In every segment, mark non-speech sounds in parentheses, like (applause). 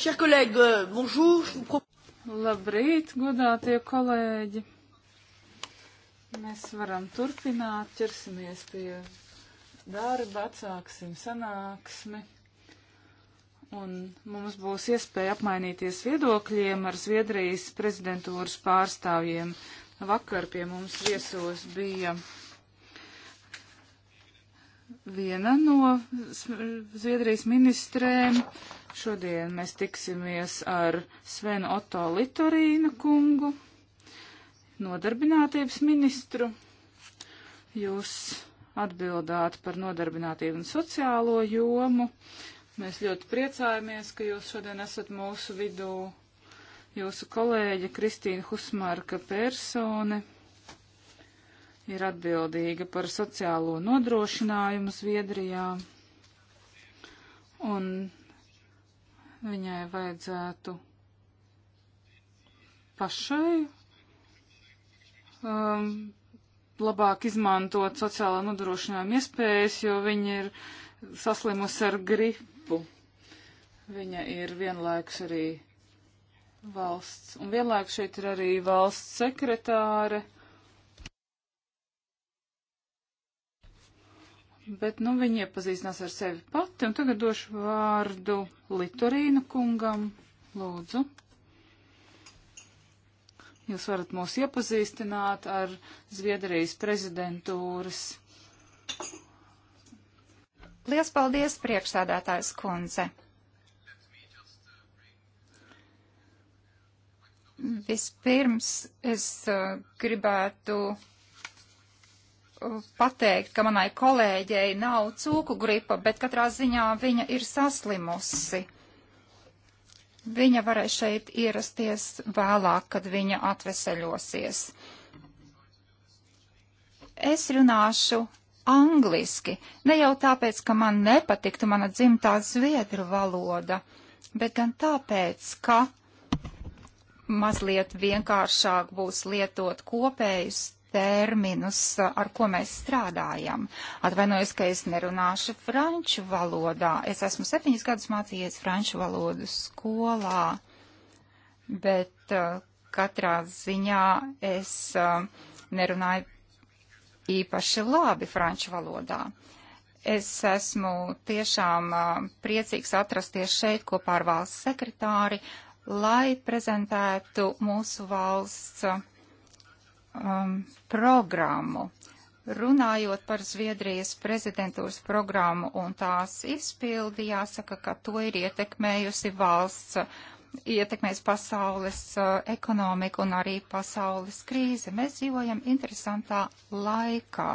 Chers collègues, euh, bonjour. Je vous propose... Labrīt, godātie kolēģi. Mēs varam turpināt, ķersimies pie darba, atsāksim sanāksmi. Un mums būs iespēja apmainīties viedokļiem ar Zviedrijas prezidentūras pārstāvjiem. Vakar pie mums viesos bija viena no Zviedrijas ministrēm. Šodien mēs tiksimies ar Svenu Oto Litorīnu kungu, nodarbinātības ministru. Jūs atbildāt par nodarbinātību un sociālo jomu. Mēs ļoti priecājamies, ka jūs šodien esat mūsu vidū. Jūsu kolēģe Kristīna Husmarka persone ir atbildīga par sociālo nodrošinājumu Zviedrijā, un viņai vajadzētu pašai um, labāk izmantot sociālā nodrošinājuma iespējas, jo viņa ir saslimusi ar gripu. Viņa ir vienlaikus arī valsts, un vienlaikus šeit ir arī valsts sekretāre. bet nu viņi iepazīstinās ar sevi pati, un tagad došu vārdu Litorīna kungam. Lūdzu. Jūs varat mūs iepazīstināt ar Zviedrijas prezidentūras. Lielas paldies, priekšsādātājs kundze. Vispirms es uh, gribētu pateikt, ka manai kolēģei nav cūku gripa, bet katrā ziņā viņa ir saslimusi. Viņa varēs šeit ierasties vēlāk, kad viņa atveseļosies. Es runāšu angliski, ne jau tāpēc, ka man nepatiktu mana dzimtā zviedru valoda, bet gan tāpēc, ka mazliet vienkāršāk būs lietot kopējus terminus, ar ko mēs strādājam. Atvainojos, ka es nerunāšu franču valodā. Es esmu septiņus gadus mācījies franču valodu skolā, bet uh, katrā ziņā es uh, nerunāju īpaši labi franču valodā. Es esmu tiešām uh, priecīgs atrasties šeit kopā ar valsts sekretāri, lai prezentētu mūsu valsts um, programmu. Runājot par Zviedrijas prezidentūras programmu un tās izpildi, jāsaka, ka to ir ietekmējusi valsts, ietekmējusi pasaules uh, ekonomiku un arī pasaules krīze. Mēs dzīvojam interesantā laikā.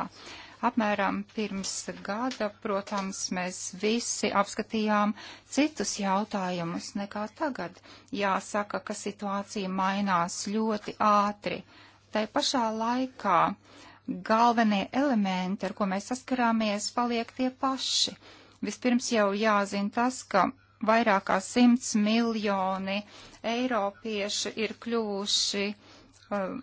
Apmēram pirms gada, protams, mēs visi apskatījām citus jautājumus nekā tagad. Jāsaka, ka situācija mainās ļoti ātri. Uh, Tai pašā laikā galvenie elementi, ar ko mēs saskarāmies, paliek tie paši. Vispirms jau jāzina tas, ka vairāk kā simts miljoni eiropieši ir kļuvuši uh,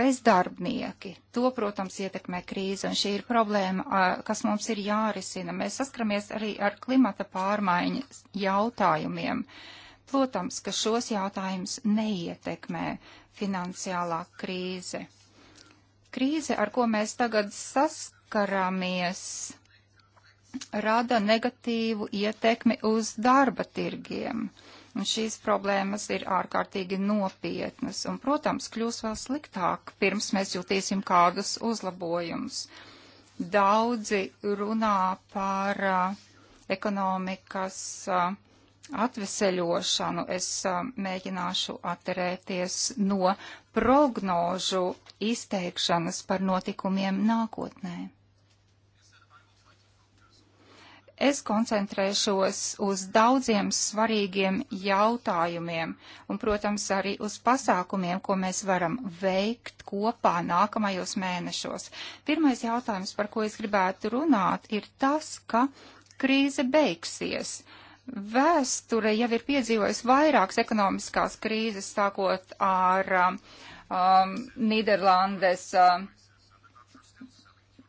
bezdarbnieki. To, protams, ietekmē krīze, un šī ir problēma, uh, kas mums ir jārisina. Mēs saskaramies arī ar klimata pārmaiņas jautājumiem. Protams, ka šos jautājumus neietekmē finansiālā krīze. Krīze, ar ko mēs tagad saskaramies, rada negatīvu ietekmi uz darba tirgiem. Un šīs problēmas ir ārkārtīgi nopietnas, un, protams, kļūs vēl sliktāk, pirms mēs jūtīsim kādus uzlabojumus. Daudzi runā par uh, ekonomikas uh, atveseļošanu, es um, mēģināšu atterēties no prognožu izteikšanas par notikumiem nākotnē. Es koncentrēšos uz daudziem svarīgiem jautājumiem un, protams, arī uz pasākumiem, ko mēs varam veikt kopā nākamajos mēnešos. Pirmais jautājums, par ko es gribētu runāt, ir tas, ka krīze beigsies. Uh, vēsture jau ir piedzīvojusi vairākas ekonomiskās krīzes, sākot ar um, Nīderlandes um,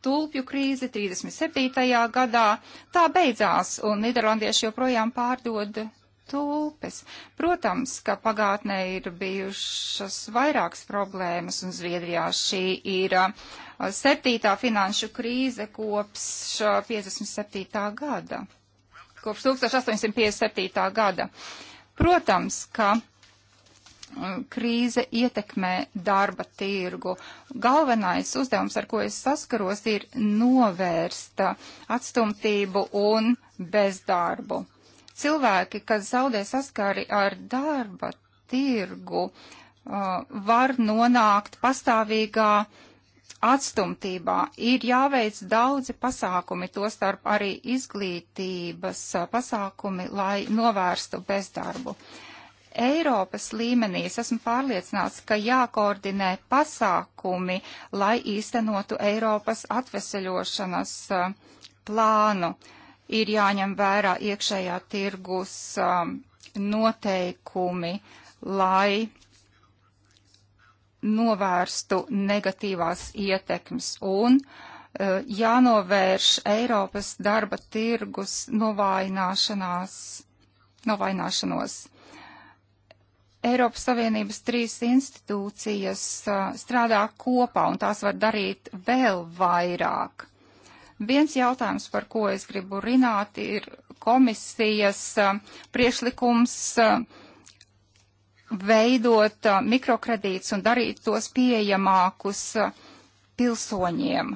tulpju krīzi 37. gadā. Tā beidzās, un Nīderlandieši joprojām pārdod tulpes. Protams, ka pagātnē ir bijušas vairākas problēmas, un Zviedrijā šī ir uh, septītā finanšu krīze kopš uh, 57. gada kopš 1857. gada. Protams, ka mm, krīze ietekmē darba tirgu. Galvenais uzdevums, ar ko es saskaros, ir novērst atstumtību un bezdarbu. Cilvēki, kas zaudē saskari ar darba tirgu, mm, var nonākt pastāvīgā atstumtībā ir jāveic daudzi pasākumi, tostarp arī izglītības pasākumi, lai novērstu bezdarbu. Eiropas līmenī es esmu pārliecināts, ka jākoordinē pasākumi, lai īstenotu Eiropas atveseļošanas plānu. Ir jāņem vērā iekšējā tirgus noteikumi, lai novērstu negatīvās ietekmes un uh, jānovērš Eiropas darba tirgus novājināšanās, novājināšanos. Eiropas Savienības trīs institūcijas uh, strādā kopā un tās var darīt vēl vairāk. Viens jautājums, par ko es gribu runāt, ir komisijas uh, priešlikums uh, veidot uh, mikrokredītus un darīt tos pieejamākus uh, pilsoņiem.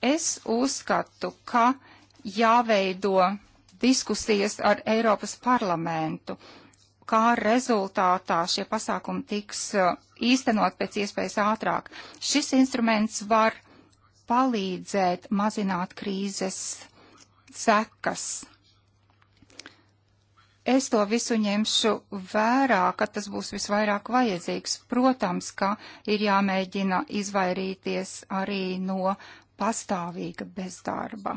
Es uzskatu, ka jāveido diskusijas ar Eiropas parlamentu, kā rezultātā šie pasākumi tiks uh, īstenot pēc iespējas ātrāk. Šis instruments var palīdzēt mazināt krīzes sekas Es to visu ņemšu vērā, kad tas būs visvairāk vajadzīgs. Protams, ka ir jāmēģina izvairīties arī no pastāvīga bezdarba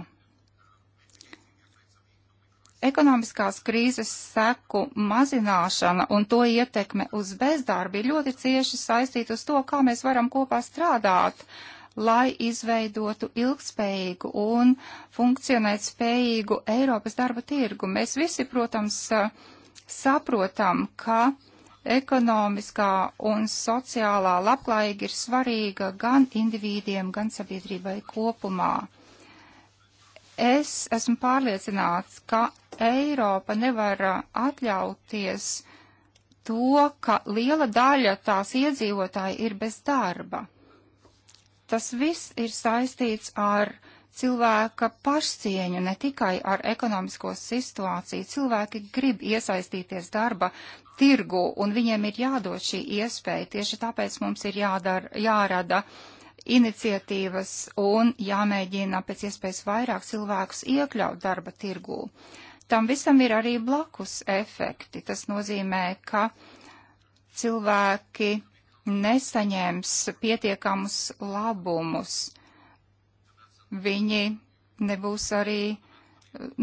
ekonomiskās krīzes seku mazināšana un to ietekme uz bezdarbi ļoti cieši saistīta uz to, kā mēs varam kopā strādāt lai izveidotu ilgspējīgu un funkcionēt spējīgu Eiropas darba tirgu. Mēs visi, protams, saprotam, ka ekonomiskā un sociālā labklājība ir svarīga gan individiem, gan sabiedrībai kopumā. Es esmu pārliecināts, ka Eiropa nevar atļauties to, ka liela daļa tās iedzīvotāji ir bez darba tas viss ir saistīts ar cilvēka pašcieņu, ne tikai ar ekonomisko situāciju. Cilvēki grib iesaistīties darba tirgu, un viņiem ir jādod šī iespēja. Tieši tāpēc mums ir jādara, jārada iniciatīvas un jāmēģina pēc iespējas vairāk cilvēkus iekļaut darba tirgū. Tam visam ir arī blakus efekti. Tas nozīmē, ka cilvēki nesaņems pietiekamus labumus. Viņi nebūs arī eh,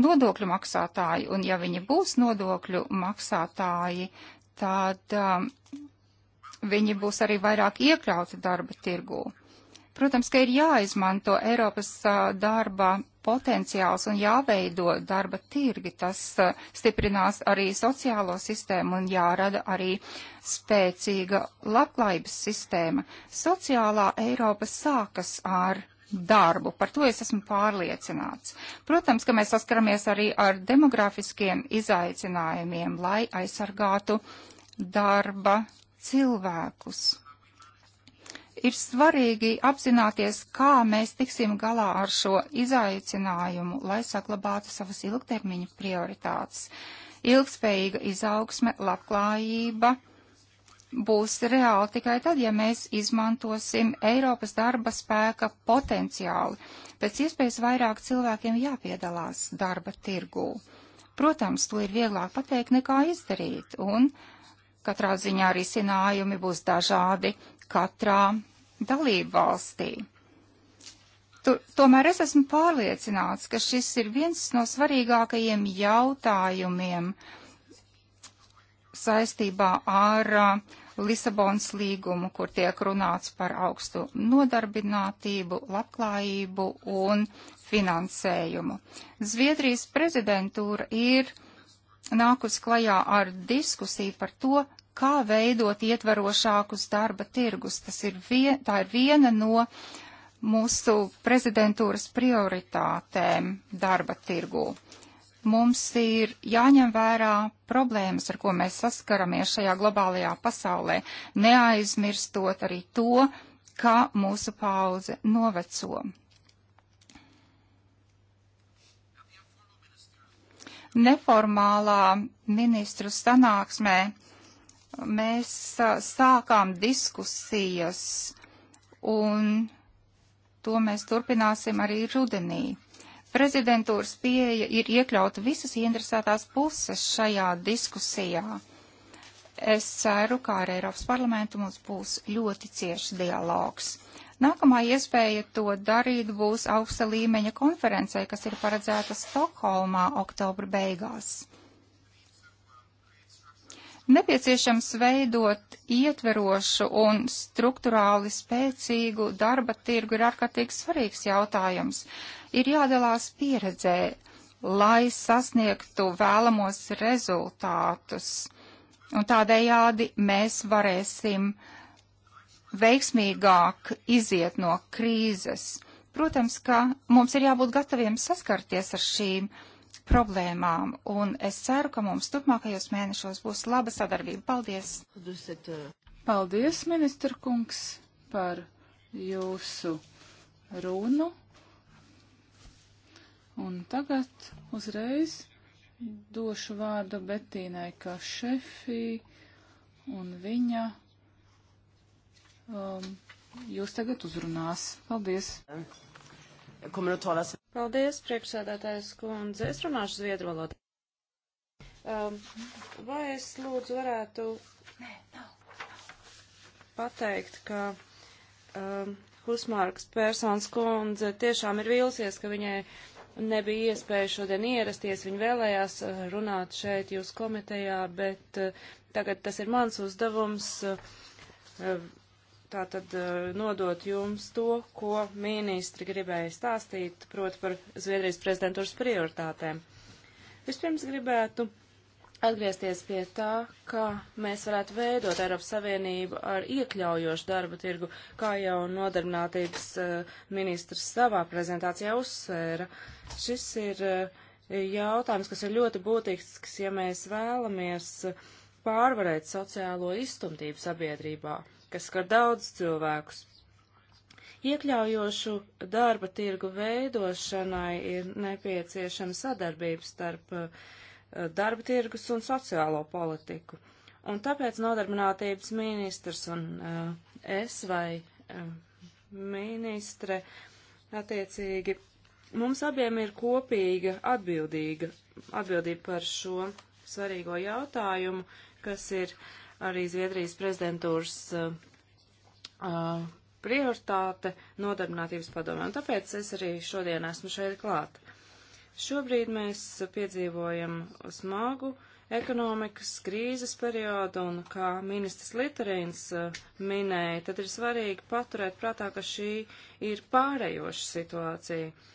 nodokļu maksātāji, un ja viņi būs nodokļu maksātāji, tad um, viņi būs arī vairāk iekļauti darba tirgū. Protams, ka ir jāizmanto Eiropas uh, darba potenciāls un jāveido darba tirgi. Tas uh, stiprinās arī sociālo sistēmu un jārada arī spēcīga labklājības sistēma. Sociālā Eiropa sākas ar darbu. Par to es esmu pārliecināts. Protams, ka mēs saskaramies arī ar demografiskiem izaicinājumiem, lai aizsargātu darba cilvēkus. Ir svarīgi apzināties, kā mēs tiksim galā ar šo izaicinājumu, lai saglabātu savas ilgtermiņa prioritātes. Ilgspējīga izaugsme, labklājība būs reāli tikai tad, ja mēs izmantosim Eiropas darba spēka potenciāli. Pēc iespējas vairāk cilvēkiem jāpiedalās darba tirgū. Protams, to ir vieglāk pateikt nekā izdarīt, un katrā ziņā risinājumi būs dažādi katrā dalību valstī. Tu, tomēr es esmu pārliecināts, ka šis ir viens no svarīgākajiem jautājumiem saistībā ar uh, Lisabonas līgumu, kur tiek runāts par augstu nodarbinātību, labklājību un finansējumu. Zviedrijas prezidentūra ir nākus klajā ar diskusiju par to, kā veidot ietvarošākus darba tirgus. Tas ir vien, tā ir viena no mūsu prezidentūras prioritātēm darba tirgū. Mums ir jāņem vērā problēmas, ar ko mēs saskaramies šajā globālajā pasaulē, neaizmirstot arī to, ka mūsu paudze noveco. Neformālā ministru sanāksmē mēs sākām diskusijas un to mēs turpināsim arī rudenī. Prezidentūras pieeja ir iekļauta visas ieinteresētās puses šajā diskusijā. Es ceru, kā ar Eiropas parlamentu mums būs ļoti cieši dialogs. Nākamā iespēja to darīt būs augsta līmeņa konferencē, kas ir paredzēta Stokholmā oktobra beigās. Nepieciešams veidot ietverošu un struktūrāli spēcīgu darba tirgu ir ārkārtīgi svarīgs jautājums. Ir jādalās pieredzē, lai sasniegtu vēlamos rezultātus. Un tādējādi mēs varēsim veiksmīgāk iziet no krīzes. Protams, ka mums ir jābūt gataviem saskarties ar šīm problēmām, un es ceru, ka mums turpmākajos mēnešos būs laba sadarbība. Paldies! Euh, Paldies, ministra kungs, par jūsu runu. Un tagad uzreiz došu vārdu Betīnai Kašefī, un viņa um, jūs tagad uzrunās. Paldies! kommer att tala sen. Paldies, priekšsēdētājs kundze. Es runāšu zviedru valodā. Um, vai es lūdzu varētu Nē, nav, nav. pateikt, ka um, Husmārks Persons kundze tiešām ir vīlusies, ka viņai nebija iespēja šodien ierasties. Viņa vēlējās uh, runāt šeit jūs komitejā, bet uh, tagad tas ir mans uzdevums. Uh, tātad eh, nodot jums to, ko ministri gribēja stāstīt, proti par Zviedrijas prezidentūras prioritātēm. Vispirms gribētu atgriezties pie tā, kā mēs varētu veidot Eiropas Savienību ar iekļaujošu darba tirgu, kā jau nodarbinātības uh, ministrs savā prezentācijā uzsvēra. Šis ir uh, jautājums, kas ir ļoti būtisks, ja mēs vēlamies pārvarēt sociālo izstumtību sabiedrībā kas skar daudz cilvēkus. Iekļaujošu darba tirgu veidošanai ir nepieciešama sadarbība starp uh, darba tirgus un sociālo politiku. Un tāpēc nodarbinātības ministrs un uh, es vai uh, ministre attiecīgi mums abiem ir kopīga atbildīga, atbildība par šo svarīgo jautājumu, kas ir uh, arī Zviedrijas prezidentūras uh, uh, prioritāte nodarbinātības padomē. Un tāpēc es arī šodien esmu šeit klāt. Šobrīd mēs piedzīvojam smagu ekonomikas krīzes periodu, un kā ministrs Literīns uh, minēja, tad ir svarīgi paturēt prātā, ka šī ir pārējoša situācija. Uh,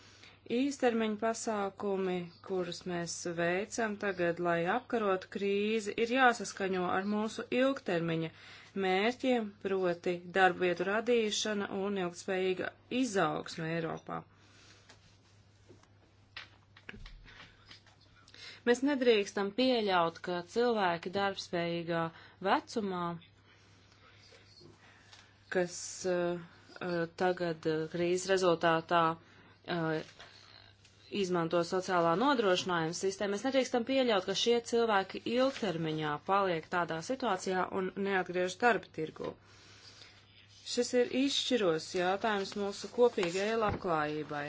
īstermiņa pasākumi, kurus mēs veicam tagad, lai apkarotu krīzi, ir jāsaskaņo ar mūsu ilgtermiņa mērķiem, proti darbvietu radīšana un ilgspējīga izaugsme Eiropā. Mēs nedrīkstam pieļaut, ka cilvēki darbspējīgā vecumā, kas uh, tagad uh, krīzes rezultātā uh, izmanto sociālā nodrošinājuma sistēmu, mēs nedrīkstam pieļaut, ka šie cilvēki ilgtermiņā paliek tādā situācijā un neatgriež darba tirgu. Šis ir izšķiros jautājums mūsu kopīgajai labklājībai.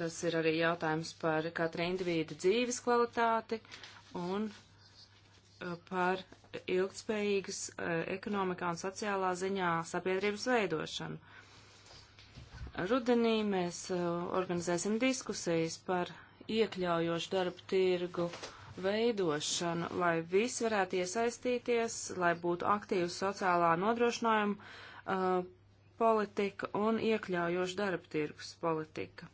Tas ir arī jautājums par katra individu dzīves kvalitāti un uh, par ilgtspējīgas uh, ekonomikā un sociālā ziņā sabiedrības veidošanu rudenī mēs uh, organizēsim diskusijas par iekļaujošu darba tirgu veidošanu, lai visi varētu iesaistīties, lai būtu aktīva sociālā nodrošinājuma uh, politika un iekļaujoša darba tirgus politika.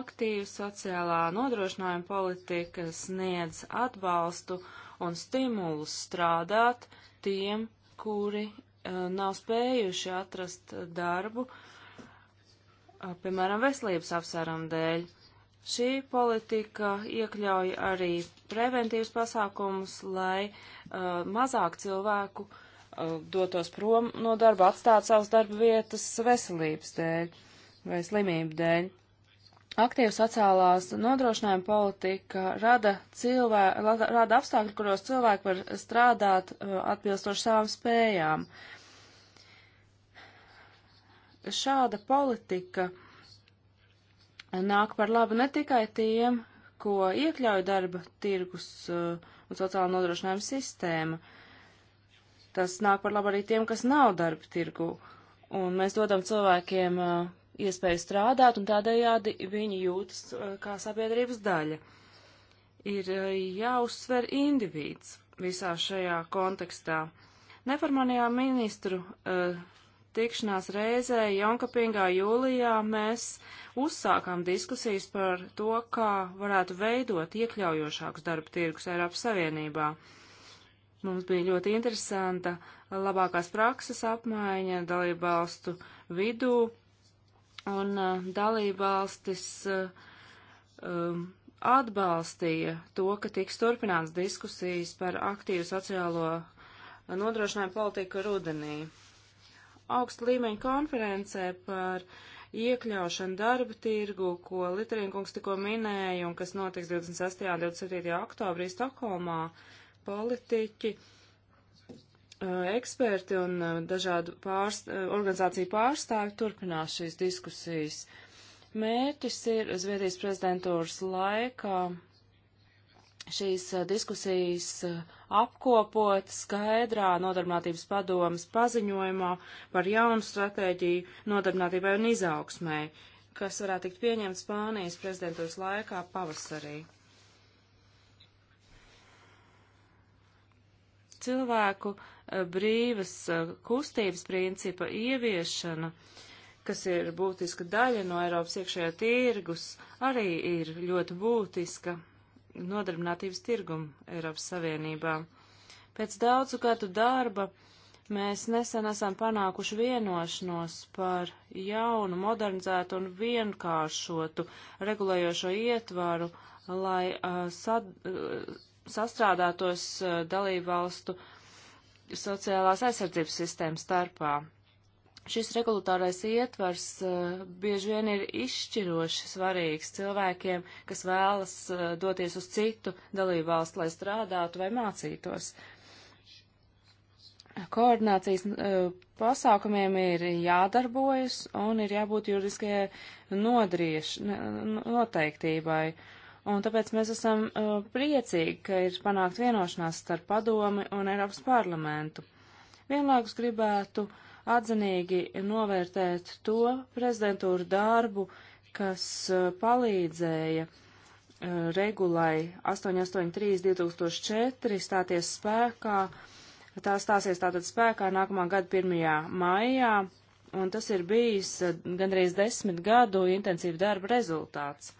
Aktīva sociālā nodrošinājuma politika sniedz atbalstu un stimulus strādāt tiem, kuri Uh, nav spējuši atrast darbu, uh, piemēram, veselības apsvērumu dēļ. Šī politika iekļauj arī preventīvas pasākumus, lai uh, mazāk cilvēku uh, dotos prom no darba, atstāt savas darba vietas veselības dēļ vai slimību dēļ aktīva sociālās nodrošinājuma politika rada, cilvē, rada apstākļi, kuros cilvēki var strādāt uh, atbilstoši savām spējām. Šāda politika nāk par labu ne tikai tiem, ko iekļauj darba tirgus uh, un sociāla nodrošinājuma sistēma. Tas nāk par labu arī tiem, kas nav darba tirgu. Un mēs dodam cilvēkiem uh, iespēju strādāt, un tādējādi viņi jūtas uh, kā sabiedrības daļa. Ir uh, jāuzsver individs visā šajā kontekstā. Neformālajā ministru uh, tikšanās reizē Jonkapingā jūlijā mēs uzsākām diskusijas par to, kā varētu veidot iekļaujošākus darba tirgus Eiropas Savienībā. Mums bija ļoti interesanta labākās prakses apmaiņa dalību valstu vidū, un uh, dalībvalstis uh, um, atbalstīja to, ka tiks turpināts diskusijas par aktīvu sociālo nodrošinājumu politiku rudenī. Augsta līmeņa konferencē par iekļaušanu darba tirgu, ko Litrinkungs tikko minēja un kas notiks 26. un 27. oktobrī Stokholmā, politiķi uh, Uh, eksperti un uh, dažādu pārst uh, organizāciju pārstāvi turpinās šīs diskusijas. Mērķis ir Zviedrijas prezidentūras laikā šīs diskusijas apkopot skaidrā nodarbinātības padomas paziņojumā par jaunu stratēģiju nodarbinātībai un izaugsmai, kas varētu tikt pieņemts Spānijas prezidentūras laikā pavasarī. Cilvēku uh, brīvas eh, kustības principa ieviešana, kas ir būtiska daļa no Eiropas iekšējā tirgus, arī ir ļoti būtiska nodarbinātības tirguma Eiropas Savienībā. Pēc daudzu gadu darba mēs nesen esam panākuši vienošanos par jaunu, modernizētu un vienkāršotu regulējošo ietvaru, lai uh, sad, uh, sastrādātos uh, dalībvalstu uh, sociālās aizsardzības sistēmas starpā. Šis regulatorais ietvars uh, bieži vien ir izšķiroši svarīgs cilvēkiem, kas vēlas uh, doties uz citu dalību valstu, lai strādātu vai mācītos. Koordinācijas uh, pasākumiem ir jādarbojas un ir jābūt juridiskajai nodrieš, noteiktībai. Uh, Un tāpēc mēs esam uh, priecīgi, ka ir panākt vienošanās starp padomi un Eiropas parlamentu. Vienlaikus gribētu atzinīgi novērtēt to prezidentūru darbu, kas uh, palīdzēja uh, regulai 883-2004 stāties spēkā. Tā stāsies tātad spēkā nākamā gada 1. maijā, un tas ir bijis uh, gandrīz desmit gadu intensīvu darbu rezultāts.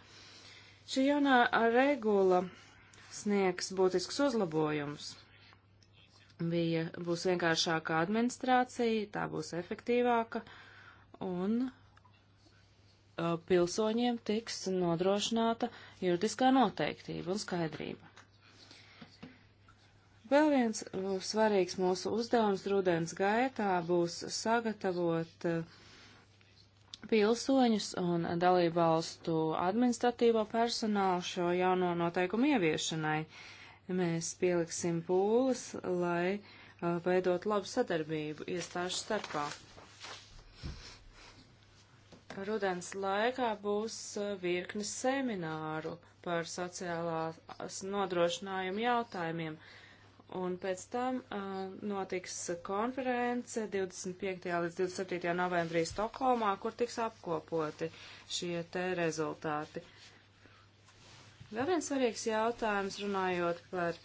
Šī jaunā regula sniegs būtisks uzlabojums. Bija, būs vienkāršāka administrācija, tā būs efektīvāka un uh, pilsoņiem tiks nodrošināta juridiskā noteiktība un skaidrība. Vēl viens uh, svarīgs mūsu uzdevums rudens gaitā būs sagatavot uh, pilsoņus un dalību valstu administratīvo personālu šo jauno noteikumu ieviešanai. Mēs pieliksim pūles, lai uh, veidot labu sadarbību iestāžu starpā. Rudens laikā būs virknes semināru par sociālās nodrošinājumu jautājumiem. Uh, Un pēc tam uh, notiks konference 25. līdz 27. novembrī Stokholmā, kur tiks apkopoti šie te rezultāti. Vēl viens svarīgs jautājums runājot par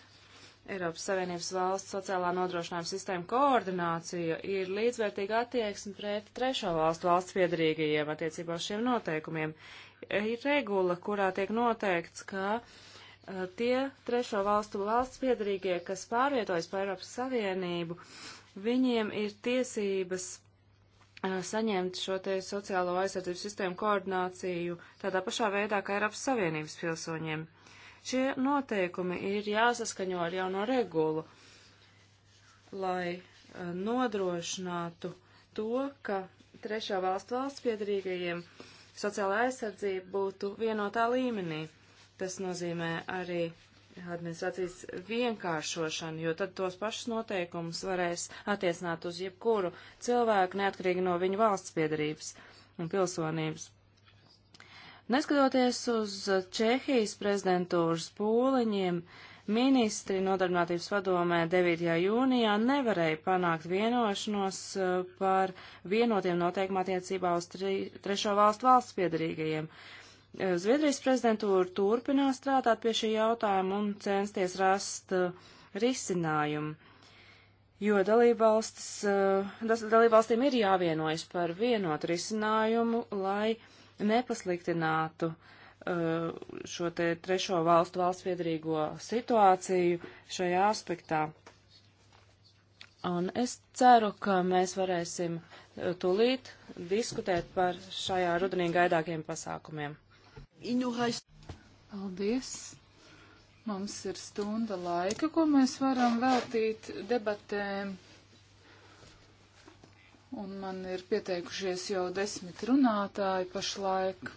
Eiropas Savienības valsts sociālā nodrošinājuma sistēmu koordināciju ir līdzvērtīga attieksme pret trešo valstu valsts piedarīgajiem attiecībā uz šiem noteikumiem. Ir regula, kurā tiek noteikts, ka uh, Uh, tie trešo valstu valsts piedarīgie, kas pārvietojas pa Eiropas Savienību, viņiem ir tiesības uh, saņemt šo te sociālo aizsardzību sistēmu koordināciju tādā pašā veidā kā Eiropas Savienības pilsoņiem. Šie noteikumi ir jāsaskaņo ar jauno regulu, lai uh, nodrošinātu to, ka trešā valstu valsts piedarīgajiem sociāla aizsardzība būtu vienotā līmenī. Uh, Tas nozīmē arī administrācijas vienkāršošanu, jo tad tos pašus noteikumus varēs attiecināt uz jebkuru cilvēku, neatkarīgi no viņa valsts piedarības un pilsonības. Neskatoties uz Čehijas prezidentūras pūliņiem, ministri nodarbinātības padomē 9. jūnijā nevarēja panākt vienošanos uh, par vienotiem noteikumā attiecībā uz tri, trešo valstu valsts piedarīgajiem. Uh, Eh, Zviedrijas prezidentūra turpinā strādāt pie šī jautājuma un censties rast uh, risinājumu, jo dalībvalstis, uh, dalībvalstīm ir jāvienojas par vienotu risinājumu, lai nepasliktinātu uh, šo te trešo valstu valstsviedrīgo situāciju šajā aspektā. Un es ceru, ka mēs varēsim tūlīt diskutēt par šajā rudenī gaidākiem pasākumiem. Paldies! Mums ir stunda laika, ko mēs varam veltīt debatēm. Un man ir pieteikušies jau desmit runātāji pašlaik.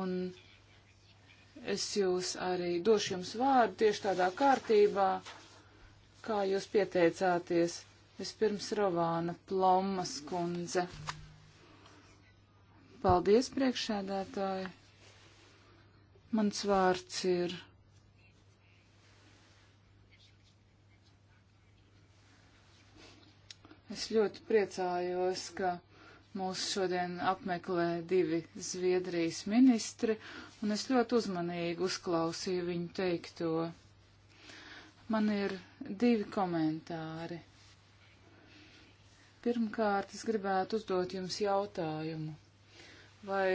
Un es jūs arī došu jums vārdu tieši tādā kārtībā, kā jūs pieteicāties. Vispirms Rovāna Plomas kundze. Paldies, priekšēdētāji. Mans vārds ir. Es ļoti priecājos, ka mūs šodien apmeklē divi Zviedrijas ministri, un es ļoti uzmanīgi uzklausīju viņu teikto. Man ir divi komentāri. Pirmkārt, es gribētu uzdot jums jautājumu, vai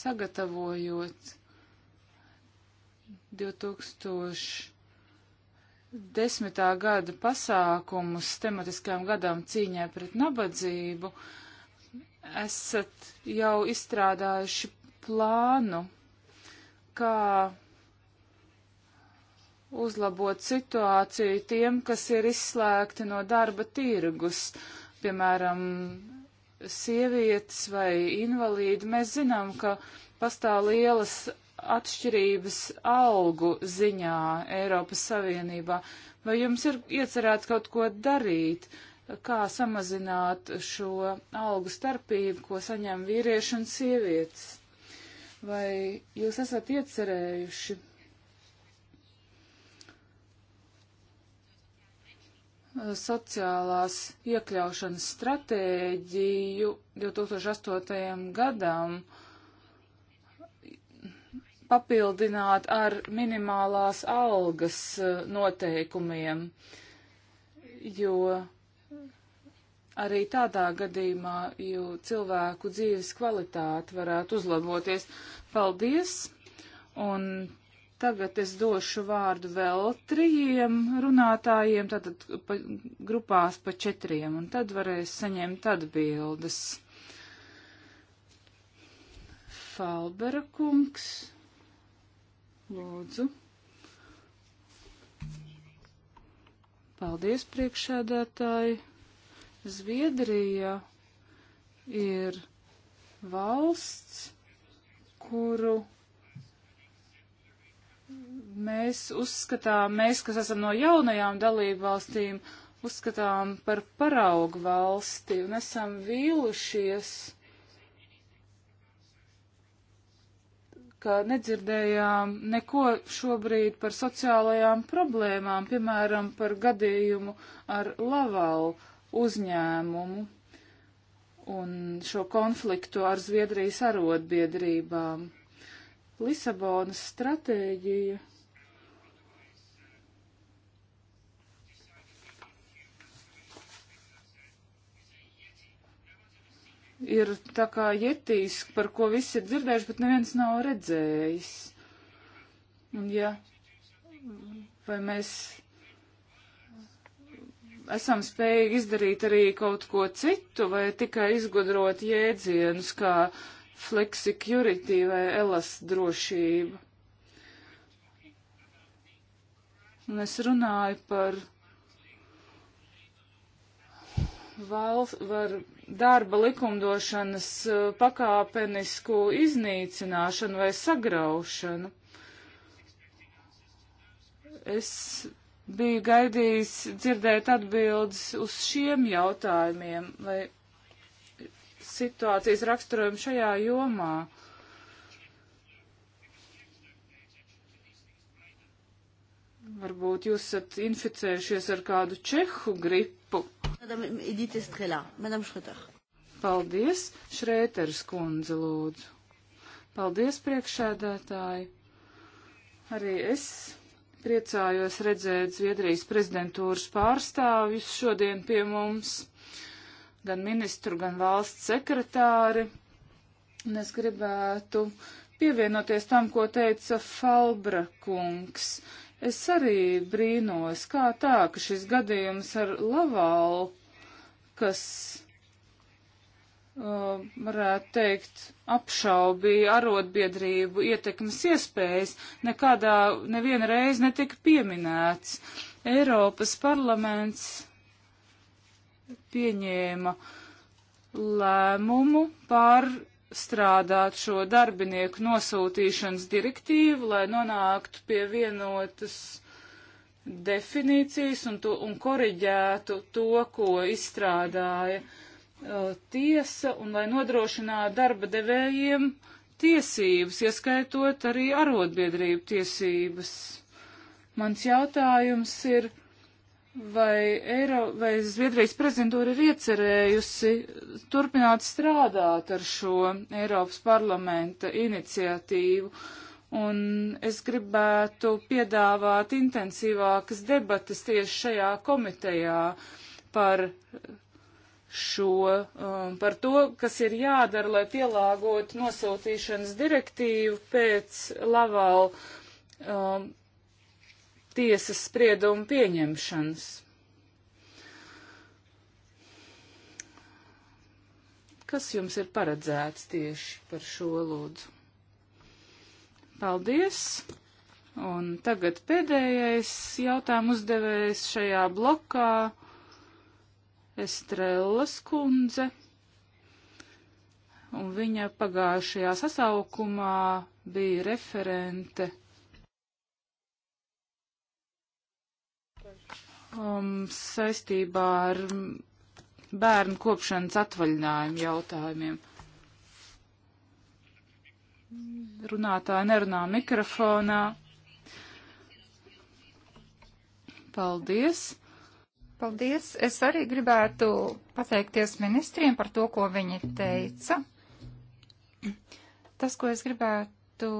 sagatavojot 2010. gada pasākumus tematiskajam gadam cīņai pret nabadzību, esat jau izstrādājuši plānu, kā uzlabot situāciju tiem, kas ir izslēgti no darba tirgus, piemēram, sievietes vai invalīdi. Mēs zinām, ka pastāv lielas atšķirības algu ziņā Eiropas Savienībā. Vai jums ir iecerēts kaut ko darīt, kā samazināt šo algu starpību, ko saņem vīrieši un sievietes? Vai jūs esat iecerējuši Eh, sociālās iekļaušanas stratēģiju 2008. gadam papildināt ar minimālās algas eh, noteikumiem, jo arī tādā gadījumā jau cilvēku dzīves kvalitāte varētu uzlaboties. Paldies! Un Tagad es došu vārdu vēl trījiem runātājiem, tātad pa, grupās pa četriem, un tad varēs saņemt atbildes. Falbera kungs, lūdzu. Paldies, priekšēdētāji. Zviedrija ir valsts, kuru mēs uzskatām, mēs, kas esam no jaunajām dalību valstīm, uzskatām par paraugu valsti un esam vīlušies, ka nedzirdējām neko šobrīd par sociālajām problēmām, piemēram, par gadījumu ar Lavalu uzņēmumu un šo konfliktu ar Zviedrijas arotbiedrībām. Lisabonas stratēģija. Ir tā kā jetīs, par ko visi ir dzirdējuši, bet neviens nav redzējis. Un ja, vai mēs esam spējīgi izdarīt arī kaut ko citu, vai tikai izgudrot jēdzienus, kā uh, flexicurity vai elas drošība. Un es runāju par valsts, var darba likumdošanas eh, pakāpenisku iznīcināšanu vai sagraušanu. Es biju gaidījis dzirdēt atbildes uz šiem jautājumiem, lai situācijas raksturojumu šajā jomā. Varbūt jūs esat inficējušies ar kādu čehu gripu. Madame Edita Strelā, Madame Šrotach. Paldies, Šrēters kundze, lūdzu. Paldies, priekšēdētāji. Arī es priecājos redzēt Zviedrijas prezidentūras pārstāvjus šodien pie mums gan ministru, gan valsts sekretāri. Un es gribētu pievienoties tam, ko teica Falbra kungs. Es arī brīnos, kā tā, ka šis gadījums ar Lavalu, kas Uh, varētu teikt, apšaubīja arotbiedrību ietekmes iespējas, nekādā nevienreiz netika pieminēts. Eiropas parlaments pieņēma lēmumu pārstrādāt šo darbinieku nosūtīšanas direktīvu, lai nonāktu pie vienotas definīcijas un, to, un koriģētu to, ko izstrādāja uh, tiesa, un lai nodrošinātu darba devējiem tiesības, ieskaitot arī arotbiedrību tiesības. Mans jautājums ir, uh, vai, Eiro, vai Zviedrijas prezidentūra ir iecerējusi turpināt strādāt ar šo Eiropas parlamenta iniciatīvu. Un es gribētu piedāvāt intensīvākas debatas tieši šajā komitejā par šo, um, par to, kas ir jādara, lai pielāgotu nosūtīšanas direktīvu pēc Laval um, tiesas spriedumu pieņemšanas. Kas jums ir paredzēts tieši par šo lūdzu? Paldies! Un tagad pēdējais jautājumu uzdevējs šajā blokā - Estrellas kundze. Un viņa pagājušajā sasaukumā bija referente um, saistībā ar bērnu kopšanas atvaļinājumu jautājumiem. Runātāja nerunā mikrofonā. Paldies! Paldies! Es arī gribētu pateikties ministriem par to, ko viņi teica. Tas, ko es gribētu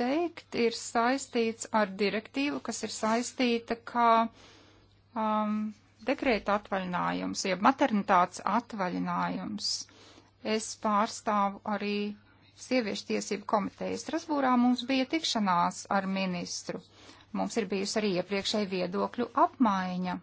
teikt, ir saistīts ar direktīvu, kas ir saistīta kā um, dekrēta atvaļinājums, jeb maternitātes atvaļinājums. Es pārstāvu arī sieviešu tiesību komiteju. Strasbūrā mums bija tikšanās ar ministru. Mums ir bijusi arī iepriekšēja viedokļu apmaiņa.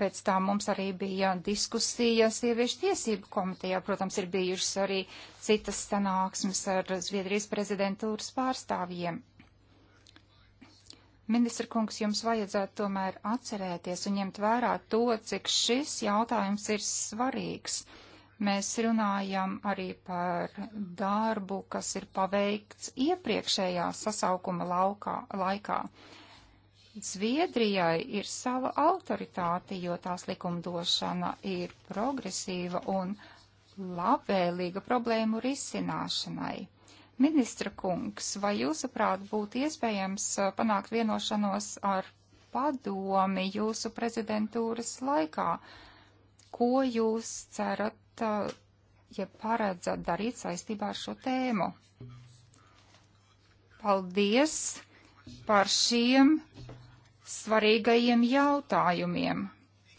Pēc tam mums arī bija diskusija sieviešu tiesību komitejā. Protams, ir bijušas arī citas sanāksmes ar Zviedrijas prezidentūras pārstāvjiem. Ministra kungs, jums vajadzētu tomēr atcerēties un ņemt vērā to, cik šis jautājums ir svarīgs. Mēs runājam arī par darbu, kas ir paveikts iepriekšējā sasaukuma laukā, laikā. laikā Zviedrijai ir sava autoritāte, jo tās likumdošana ir progresīva un labvēlīga problēmu risināšanai. Ministra kungs, vai jūsuprāt būtu iespējams uh, panākt vienošanos ar padomi jūsu prezidentūras laikā? Ko jūs cerat, uh, ja paredzat darīt saistībā ar šo tēmu? Paldies par šiem svarīgajiem jautājumiem.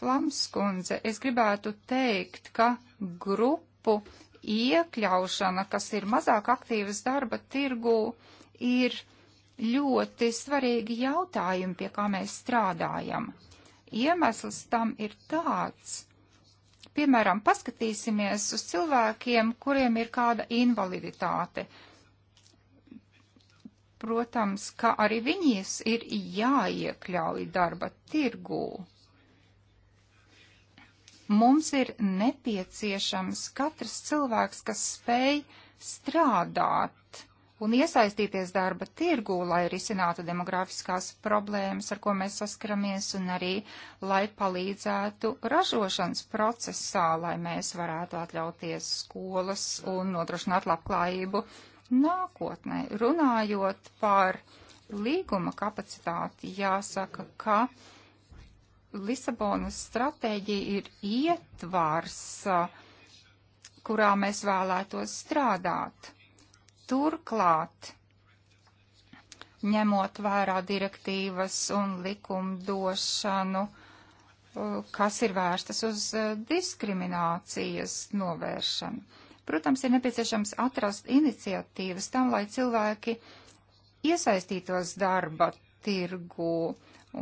Plamskundze, es gribētu teikt, ka grupu iekļaušana, kas ir mazāk aktīvas darba tirgū, ir ļoti svarīgi jautājumi, pie kā mēs strādājam. Iemesls tam ir tāds, piemēram, paskatīsimies uz cilvēkiem, kuriem ir kāda invaliditāte protams, ka arī viņas ir jāiekļauj darba tirgū. Mums ir nepieciešams katrs cilvēks, kas spēj strādāt un iesaistīties darba tirgū, lai risinātu demografiskās problēmas, ar ko mēs saskaramies, un arī, lai palīdzētu ražošanas procesā, lai mēs varētu atļauties skolas un nodrošināt labklājību nākotnē. Runājot par līguma kapacitāti, jāsaka, ka Lisabonas stratēģija ir ietvars, kurā mēs vēlētos strādāt. Turklāt, ņemot vērā direktīvas un likumdošanu, kas ir vērstas uz eh, diskriminācijas novēršanu. Protams, ir nepieciešams atrast iniciatīvas tam, lai cilvēki iesaistītos darba tirgu,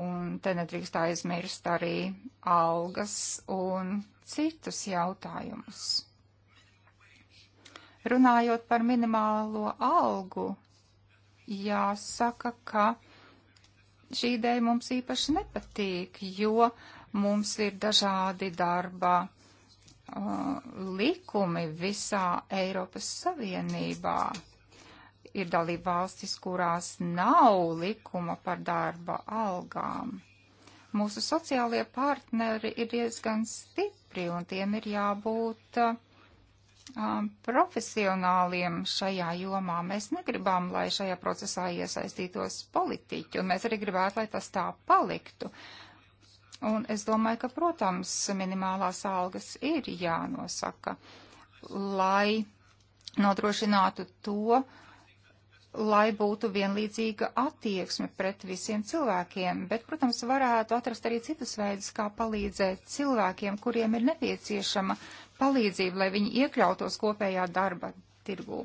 un te nedrīkst aizmirst arī algas un citus jautājumus. Runājot par minimālo algu, jāsaka, ka šī ideja mums īpaši nepatīk, jo mums ir dažādi darba uh, likumi visā Eiropas Savienībā. Ir dalība valstis, kurās nav likuma par darba algām. Mūsu sociālie partneri ir diezgan stipri un tiem ir jābūt uh, um, profesionāliem šajā jomā. Mēs negribam, lai šajā procesā iesaistītos politiķi, un mēs arī gribētu, lai tas tā paliktu. Uh, Un es domāju, ka, protams, minimālās algas ir jānosaka, lai nodrošinātu to, lai būtu vienlīdzīga attieksme pret visiem cilvēkiem, bet, protams, varētu atrast arī citus veidus, kā palīdzēt cilvēkiem, kuriem ir nepieciešama palīdzība, lai viņi iekļautos kopējā darba tirgū.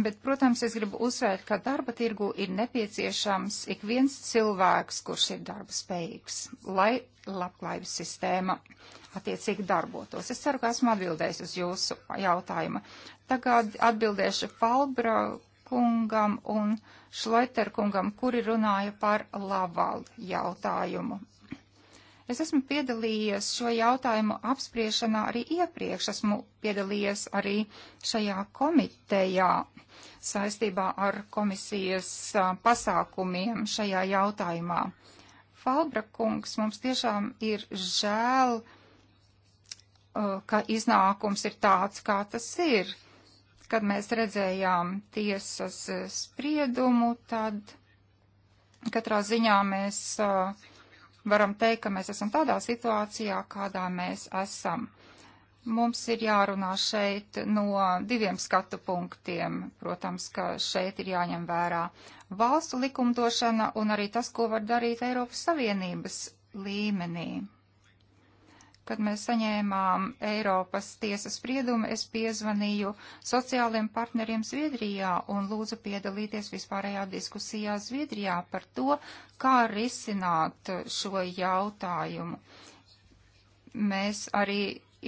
Bet, protams, es gribu uzsvērt, ka darba tirgu ir nepieciešams ik viens cilvēks, kurš ir darba spējīgs, lai labklājības sistēma attiecīgi darbotos. Es ceru, ka esmu atbildējis uz jūsu jautājumu. Tagad atbildēšu Falbra kungam un Šleiter kungam, kuri runāja par lavalu jautājumu. Es esmu piedalījies šo jautājumu apspriešanā arī iepriekš, esmu piedalījies arī šajā komitejā saistībā ar komisijas pasākumiem šajā jautājumā. Falbra kungs, mums tiešām ir žēl, ka iznākums ir tāds, kā tas ir. Kad mēs redzējām tiesas spriedumu, tad katrā ziņā mēs uh, varam teikt, ka mēs esam tādā situācijā, kādā mēs esam. Mums ir jārunā šeit no diviem skatu punktiem. Protams, ka šeit ir jāņem vērā valstu likumdošana un arī tas, ko var darīt Eiropas Savienības līmenī. Kad mēs saņēmām Eiropas tiesas spriedumu, es piezvanīju sociāliem partneriem Zviedrijā un lūdzu piedalīties vispārējā diskusijā Zviedrijā par to, kā risināt šo jautājumu. Mēs arī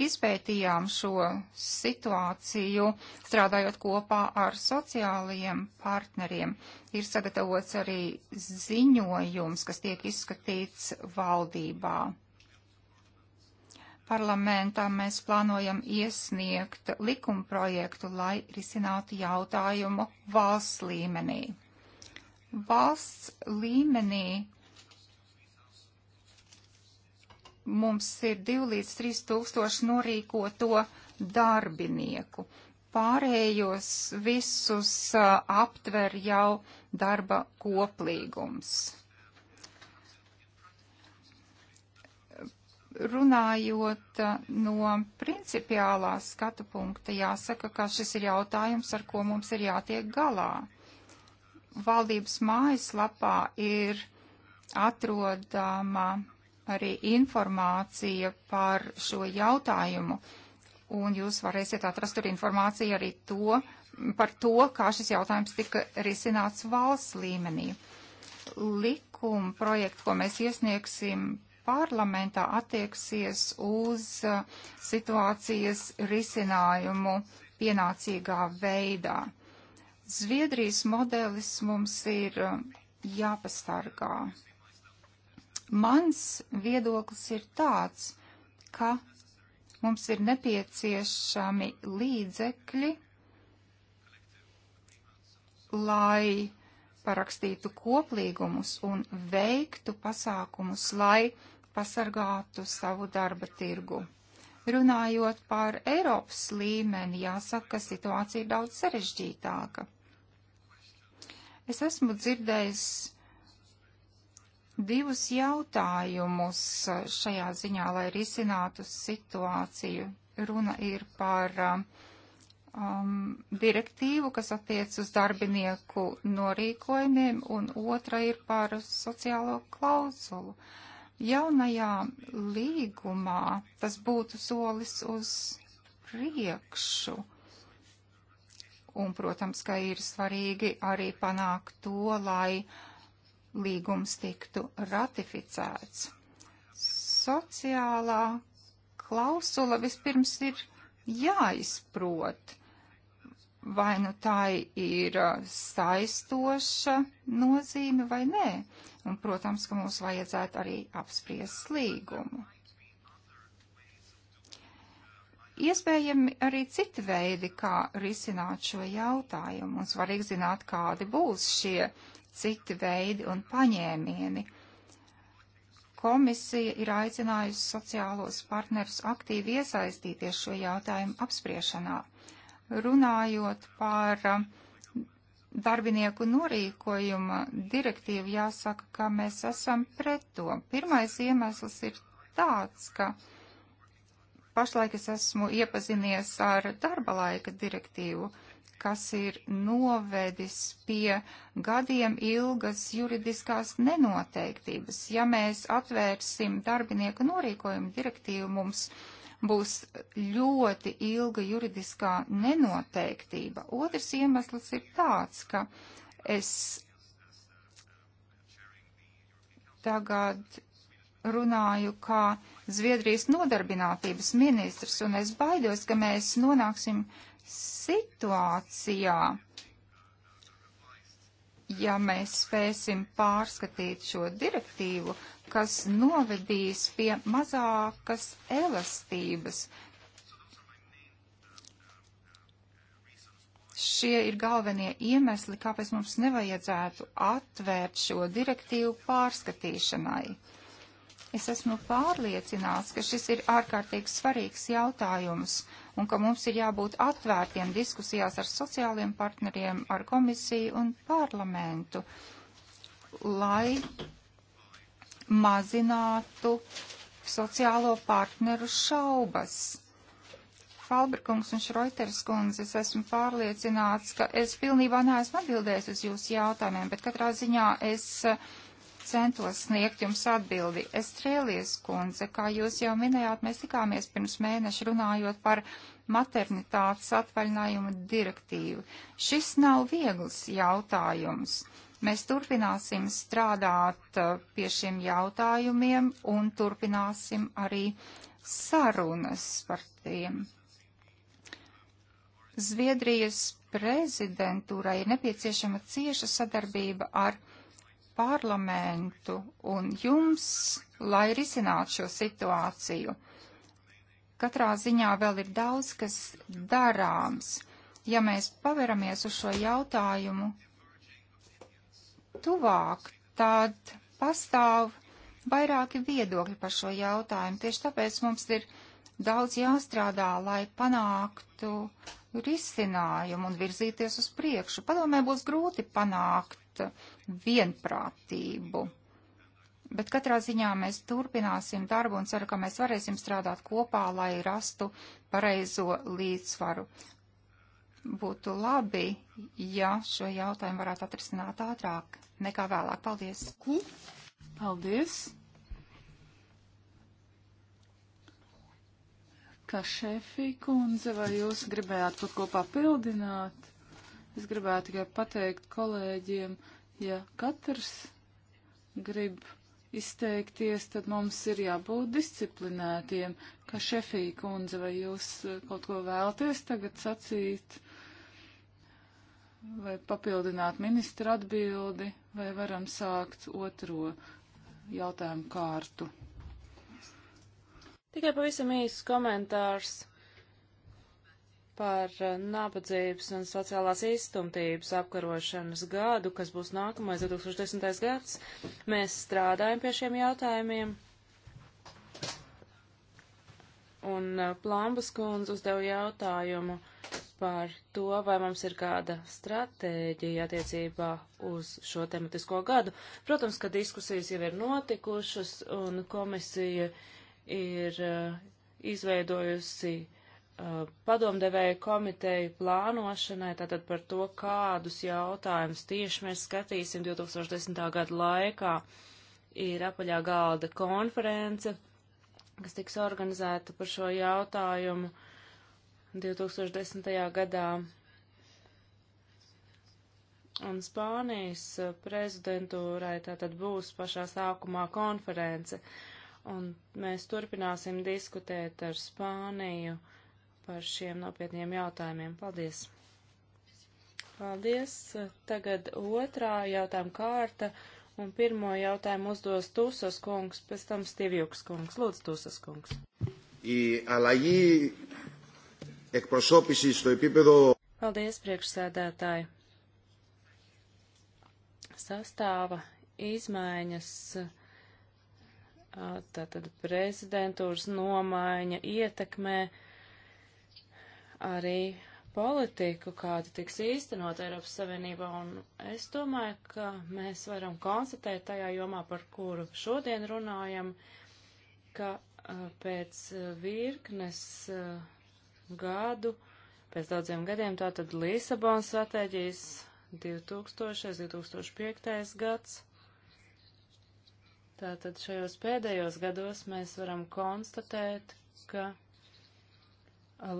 izpētījām šo situāciju, strādājot kopā ar sociālajiem partneriem. Ir sagatavots arī ziņojums, kas tiek izskatīts valdībā parlamentā mēs plānojam iesniegt likumprojektu, lai risinātu jautājumu valsts līmenī. Valsts līmenī mums ir 2 līdz 3 tūkstoši norīkoto darbinieku. Pārējos visus aptver jau darba koplīgums. Runājot eh, no principiālā skatu punkta, jāsaka, ka šis ir jautājums, ar ko mums ir jātiek galā. Valdības mājaslapā ir atrodama arī informācija par šo jautājumu, un jūs varēsiet atrast tur informāciju arī to, par to, kā šis jautājums tika risināts valsts līmenī. Likuma projektu, ko mēs iesniegsim parlamentā attieksies uz uh, situācijas risinājumu pienācīgā veidā. Zviedrijas modelis mums ir uh, jāpastargā. Mans viedoklis ir tāds, ka mums ir nepieciešami līdzekļi, lai parakstītu koplīgumus un veiktu pasākumus, lai pasargātu savu darba tirgu. Runājot par Eiropas līmeni, jāsaka, ka situācija ir daudz sarežģītāka. Es esmu dzirdējis divus jautājumus šajā ziņā, lai risinātu situāciju. Runa ir par um, um direktīvu, kas attiec uz darbinieku norīkojumiem, un otra ir par sociālo klauzulu. Uh, Jaunajā līgumā tas būtu solis uz priekšu. Un, protams, ka ir svarīgi arī panākt to, lai līgums tiktu ratificēts. Sociālā klausula vispirms ir jāizprot vai nu tā ir uh, saistoša nozīme vai nē. Un, protams, ka mums vajadzētu arī apspriest līgumu. Iespējami arī citi veidi, kā risināt šo jautājumu, un svarīgi zināt, kādi būs šie citi veidi un paņēmieni. Komisija ir aicinājusi sociālos partnerus aktīvi iesaistīties šo jautājumu apspriešanā Runājot par um, darbinieku norīkojuma direktīvu, jāsaka, ka mēs esam pret to. Pirmais iemesls ir tāds, ka pašlaik es esmu iepazinies ar darba laika direktīvu, kas ir novedis pie gadiem ilgas juridiskās nenoteiktības. Ja mēs atvērsim darbinieku norīkojumu direktīvu, mums būs ļoti ilga juridiskā nenoteiktība. Otrs iemesls ir tāds, ka es tagad runāju kā Zviedrijas nodarbinātības ministrs, un es baidos, ka mēs nonāksim situācijā, ja mēs spēsim pārskatīt šo direktīvu, kas novedīs pie mazākas elastības. Šie ir galvenie iemesli, kāpēc mums nevajadzētu atvērt šo direktīvu pārskatīšanai. Es esmu pārliecināts, ka šis ir ārkārtīgi svarīgs jautājums un ka mums ir jābūt atvērtiem diskusijās ar sociāliem partneriem, ar komisiju un parlamentu, lai mazinātu sociālo partneru šaubas. Falbrikungs un Šroiters kundze, es esmu pārliecināts, ka es pilnībā neesmu atbildējis uz jūsu jautājumiem, bet katrā ziņā es eh, centos sniegt jums atbildi. Estrēlies kundze, kā jūs jau minējāt, mēs tikāmies pirms mēneša runājot par maternitātes atvaļinājumu direktīvu. Šis nav viegls jautājums. Mēs turpināsim strādāt uh, pie šiem jautājumiem un turpināsim arī sarunas par tiem. Zviedrijas prezidentūrai ir nepieciešama cieša sadarbība ar parlamentu un jums, lai risinātu šo situāciju. Katrā ziņā vēl ir daudz, kas darāms. Ja mēs paveramies uz šo jautājumu tuvāk, tad pastāv vairāki viedokļi par šo jautājumu. Tieši tāpēc mums ir daudz jāstrādā, lai panāktu risinājumu un virzīties uz priekšu. Padomē būs grūti panākt vienprātību. Bet katrā ziņā mēs turpināsim darbu un ceru, ka mēs varēsim strādāt kopā, lai rastu pareizo līdzsvaru. Būtu labi, ja šo jautājumu varētu atrisināt ātrāk nekā vēlāk. Paldies! Paldies! Kā šefī kundze, vai jūs gribējāt kaut ko papildināt? Es gribētu tikai pateikt kolēģiem, ja katrs grib izteikties, tad mums ir jābūt disciplinētiem, kā šefī kundze, vai jūs kaut ko vēlties tagad sacīt? vai papildināt ministra atbildi, vai varam sākt otro jautājumu kārtu. Tikai pavisam īsts komentārs par eh, nabadzības un sociālās izstumtības apkarošanas gadu, kas būs nākamais 2010. gads. Mēs strādājam pie šiem jautājumiem. Un eh, Plāmbas kundze uzdeva jautājumu par to, vai mums ir kāda stratēģija attiecībā uz šo tematisko gadu. Protams, ka diskusijas jau ir notikušas un komisija ir uh, izveidojusi uh, padomdevēju komiteju plānošanai, tātad par to, kādus jautājumus tieši mēs skatīsim 2010. gada laikā. Ir apaļā galda konference, kas tiks organizēta par šo jautājumu. Uh, 2010. gadā. Un Spānijas prezidentūrai tātad būs pašā sākumā konference, un mēs turpināsim diskutēt ar Spāniju par šiem nopietniem jautājumiem. Paldies! Paldies! Tagad otrā jautājuma kārta, un pirmo jautājumu uzdos Tūsas kungs, pēc tam Stīvjuks kungs. Lūdzu, Tūsas kungs! Η αλλαγή εκπροσώπηση στο επίπεδο. Paldies, priekšsēdētāji. Sastāva izmaiņas, tātad prezidentūras nomaiņa ietekmē arī politiku, kāda tiks īstenot Eiropas Savienībā, un es domāju, ka mēs varam konstatēt tajā jomā, par kuru šodien runājam, ka pēc virknes uh, gadu, pēc daudziem gadiem, tātad Lisabonas stratēģijas 2000. 2005. gads. Tātad šajos pēdējos gados mēs varam konstatēt, ka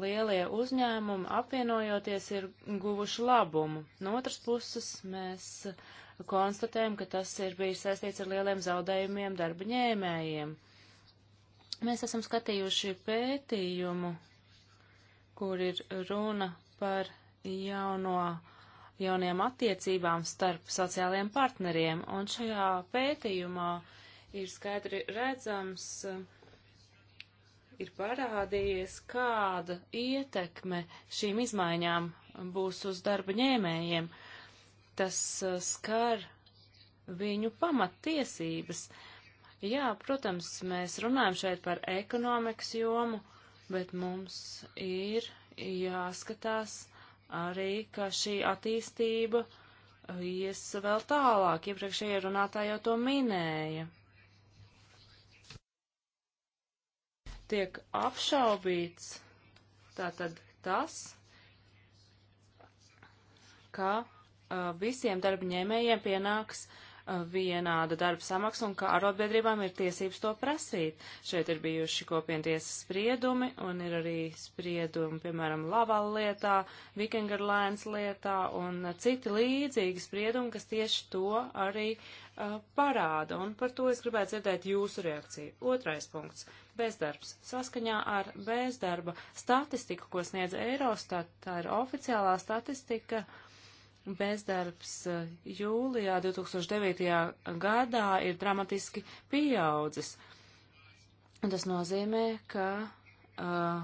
lielie uzņēmumi apvienojoties ir guvuši labumu. No otras puses mēs konstatējam, ka tas ir bijis saistīts ar lieliem zaudējumiem darba ņēmējiem. Mēs esam skatījuši pētījumu kur ir runa par jauno, jauniem attiecībām starp sociālajiem partneriem. Un šajā pētījumā ir skaidri redzams, ir parādījies, kāda ietekme šīm izmaiņām būs uz darba ņēmējiem. Tas eh, skar viņu pamattiesības. Jā, protams, mēs runājam šeit par ekonomikas jomu, uh, bet mums ir jāskatās arī, ka šī attīstība uh, ies vēl tālāk. Iepriekšējie runātāji jau to minēja. Tiek apšaubīts tātad tas, ka uh, visiem darbņēmējiem pienāks uh, vienādu darbu samaksu un ka arotbiedrībām ir tiesības to prasīt. Šeit ir bijuši kopientiesas spriedumi un ir arī spriedumi, piemēram, Lavala lietā, Vikingerlēns lietā un citi līdzīgi spriedumi, kas tieši to arī uh, parāda. Un par to es gribētu dzirdēt jūsu reakciju. Otrais punkts. Bezdarbs. Saskaņā ar bezdarba statistiku, ko sniedz Eirostat, tā ir oficiālā statistika. Uh, bezdarbs e, jūlijā 2009. gadā ir dramatiski pieaudzis. Un tas nozīmē, ka uh,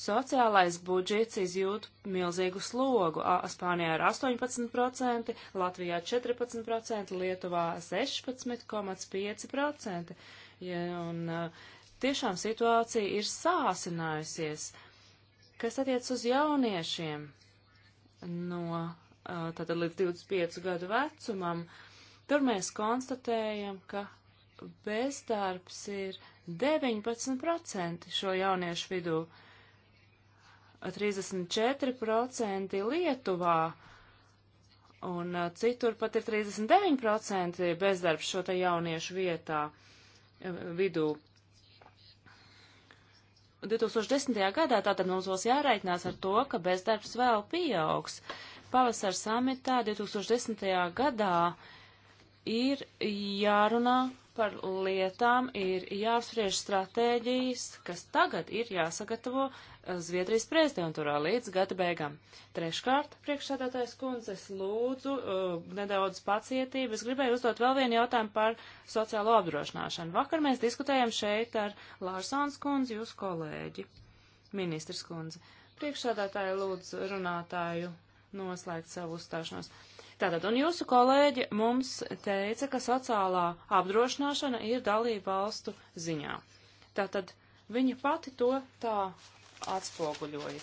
sociālais budžets izjūt milzīgu slogu. A, Spānijā ir 18%, Latvijā 14%, Lietuvā 16,5%. Ja, un uh, tiešām situācija ir sāsinājusies. Kas attiec uz jauniešiem? No tātad līdz 25 gadu vecumam, tur mēs konstatējam, ka bezdarbs ir 19% šo jauniešu vidū, 34% Lietuvā, un citur pat ir 39% bezdarbs šo te jauniešu vietā vidū. 2010. gadā tātad mums būs jāreikinās ar to, ka bezdarbs vēl pieaugs. Uh, pavasara samitā 2010. gadā ir jārunā par lietām, ir jāapspriež stratēģijas, kas tagad ir jāsagatavo Zviedrijas prezidentūrā līdz gada beigām. Treškārt, priekšsēdētājs kundze, es lūdzu uh, nedaudz pacietību. Es gribēju uzdot vēl vienu jautājumu par sociālo apdrošināšanu. Vakar mēs diskutējam šeit ar Lārsons kundzi, jūsu kolēģi, ministrs kundzi. Priekšsēdētāja lūdzu runātāju noslēgt savu uzstāšanos. Tātad, un jūsu kolēģi mums teica, ka sociālā apdrošināšana ir dalība valstu ziņā. Tātad viņa pati to tā atspoguļoja.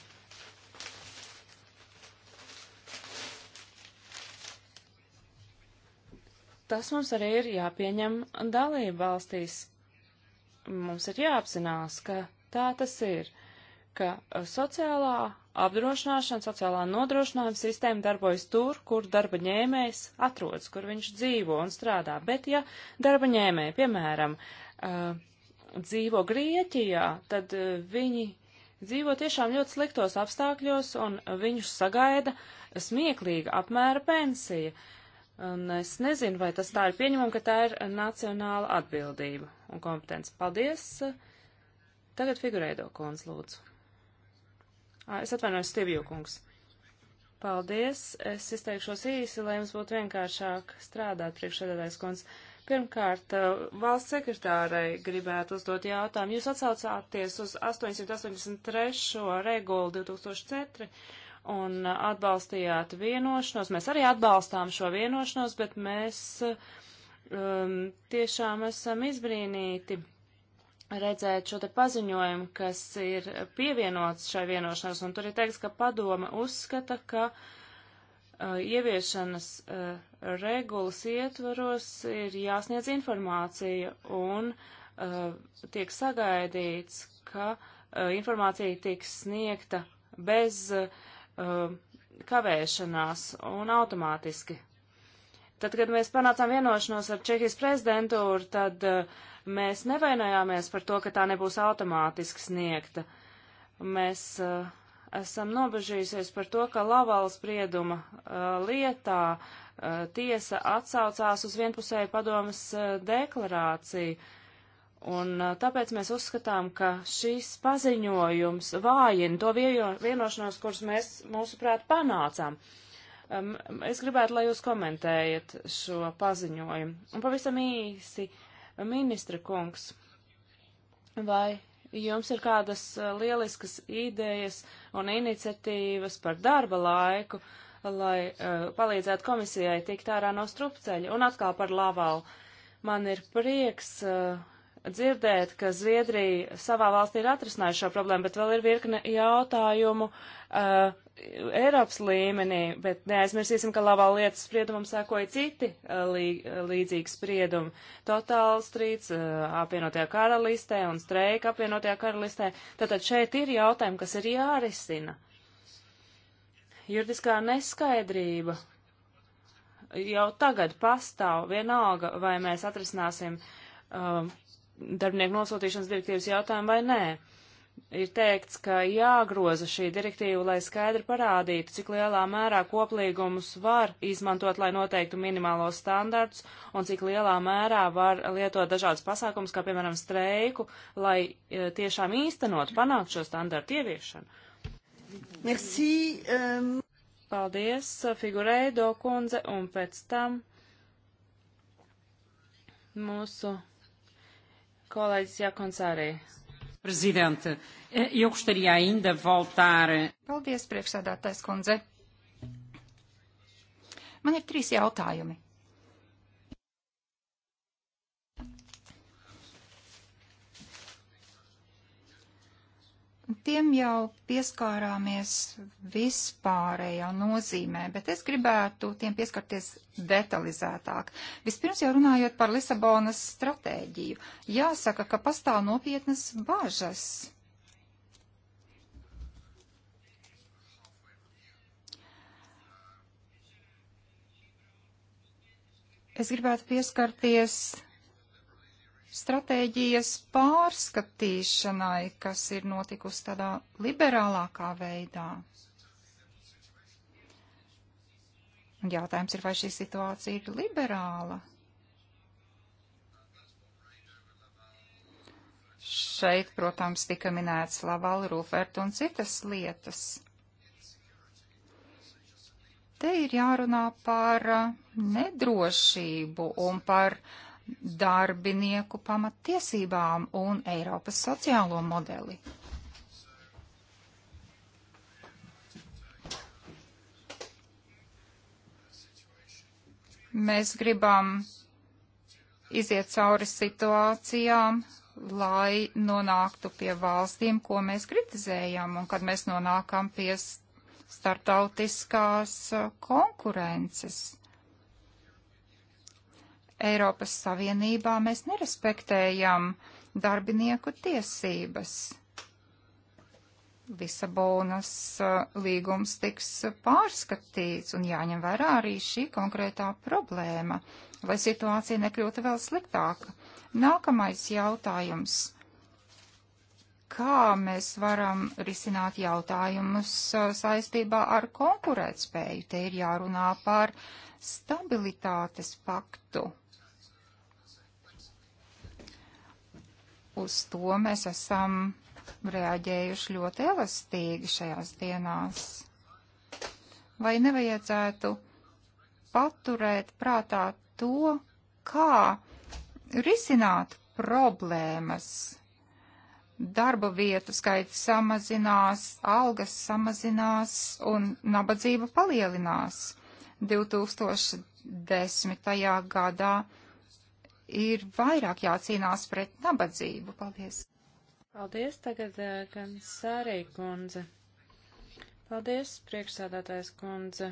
Tas mums arī ir jāpieņem dalība valstīs. Mums ir jāapzinās, ka tā tas ir. Uh, ka uh, sociālā apdrošināšana, sociālā nodrošinājuma sistēma darbojas tur, kur darba ņēmējs atrodas, kur viņš dzīvo un strādā. Bet ja darba ņēmēji, piemēram, uh, dzīvo Grieķijā, tad uh, viņi dzīvo tiešām ļoti sliktos apstākļos un viņus sagaida smieklīga apmēra pensija. Un es nezinu, vai tas tā ir pieņemama, ka tā ir nacionāla atbildība un kompetence. Paldies! Tagad figurēdo kons lūdzu. Es atvainojos, Stīvju kungs. Paldies. Es izteikšos īsi, lai jums būtu vienkāršāk strādāt priekšsēdētājs kungs. Pirmkārt, valsts sekretārei gribētu uzdot jautājumu. Jūs atsaucāties uz 883. regulu 2004 un atbalstījāt vienošanos. Mēs arī atbalstām šo vienošanos, bet mēs um, tiešām esam izbrīnīti redzēt šo te paziņojumu, kas ir pievienots šai vienošanās, un tur ir teiks, ka padome uzskata, ka uh, ieviešanas uh, regulas ietvaros ir jāsniedz informācija, un uh, tiek sagaidīts, ka informācija tiks sniegta bez kavēšanās un automātiski Tad, kad mēs panācām vienošanos ar Čehijas prezidentūru, tad uh, mēs nevainojāmies par to, ka tā nebūs automātiski sniegta. Mēs uh, esam nobežījusies par to, ka Lavals prieduma uh, eh, lietā tiesa atsaucās uz vienpusēju padomas deklarāciju. Un tāpēc mēs uzskatām, ka šis paziņojums vājina to vienošanos, kurus mēs, mūsuprāt, panācām. Uh, Es gribētu, lai jūs komentējat šo paziņojumu. Un pavisam īsi, ministra kungs, vai jums ir kādas eh, lieliskas idejas un iniciatīvas par darba laiku, lai uh, palīdzētu komisijai tikt ārā no strupceļa un atkal par lavālu? Man ir prieks uh, dzirdēt, ka Zviedrija savā valstī ir atrisinājusi šo problēmu, bet vēl ir virkne jautājumu uh, Eiropas līmenī, bet neaizmirsīsim, ka labā lietas spriedumam sēkoja citi uh, lī, uh, līdzīgi spriedumi. Total Streets, uh, apvienotajā karalistē un streika apvienotajā karalistē. Tātad šeit ir jautājumi, kas ir jārisina. Juridiskā neskaidrība jau tagad pastāv vienalga, vai mēs atrisināsim um, uh, darbinieku nosūtīšanas direktīvas jautājumu vai nē. Ir teikts, ka jāgroza šī direktīva, lai skaidri parādītu, cik lielā mērā koplīgumus var izmantot, lai noteiktu minimālos standartus, un cik lielā mērā var lietot dažādas pasākums, kā piemēram streiku, lai eh, tiešām īstenot, panākt šo standartu ieviešanu. Merci. Um... Paldies, Figureido kundze, un pēc tam mūsu Kolēģis Jākons arī. Prezidente, eh, eu gostaria ainda voltar. Paldies, priekšsēdātais kundze. Man ir trīs jautājumi. Tiem jau pieskārāmies vispārējā nozīmē, bet es gribētu tiem pieskarties detalizētāk. Vispirms jau runājot par Lisabonas stratēģiju, jāsaka, ka pastāv nopietnas bažas. Es gribētu pieskarties stratēģijas pārskatīšanai, kas ir notikusi tādā liberālākā veidā. Jautājums ir, vai šī situācija ir liberāla? Šeit, protams, tika minēts Laval, Rūfert un citas lietas. Te ir jārunā par nedrošību un par uh, darbinieku pamattiesībām un Eiropas sociālo modeli. Mēs gribam iziet cauri situācijām, lai nonāktu pie valstīm, ko mēs kritizējam, un kad mēs nonākam pie starptautiskās uh, konkurences. Eiropas Savienībā mēs nerespektējam darbinieku tiesības. Lisabonas uh, līgums tiks pārskatīts un jāņem vērā arī šī konkrētā problēma, lai situācija nekļūtu vēl sliktāka. Nākamais jautājums. Kā mēs varam risināt jautājumus uh, saistībā ar konkurētspēju? Te ir jārunā par stabilitātes paktu. uz to mēs esam reaģējuši ļoti elastīgi šajās dienās. Vai nevajadzētu paturēt prātā to, kā risināt problēmas? Darba vietu skaits samazinās, algas samazinās un nabadzība palielinās. 2010. gadā ir vairāk jācīnās pret nabadzību. Paldies! Paldies tagad eh, gan Sārī kundze. Paldies, priekšsādātājs kundze.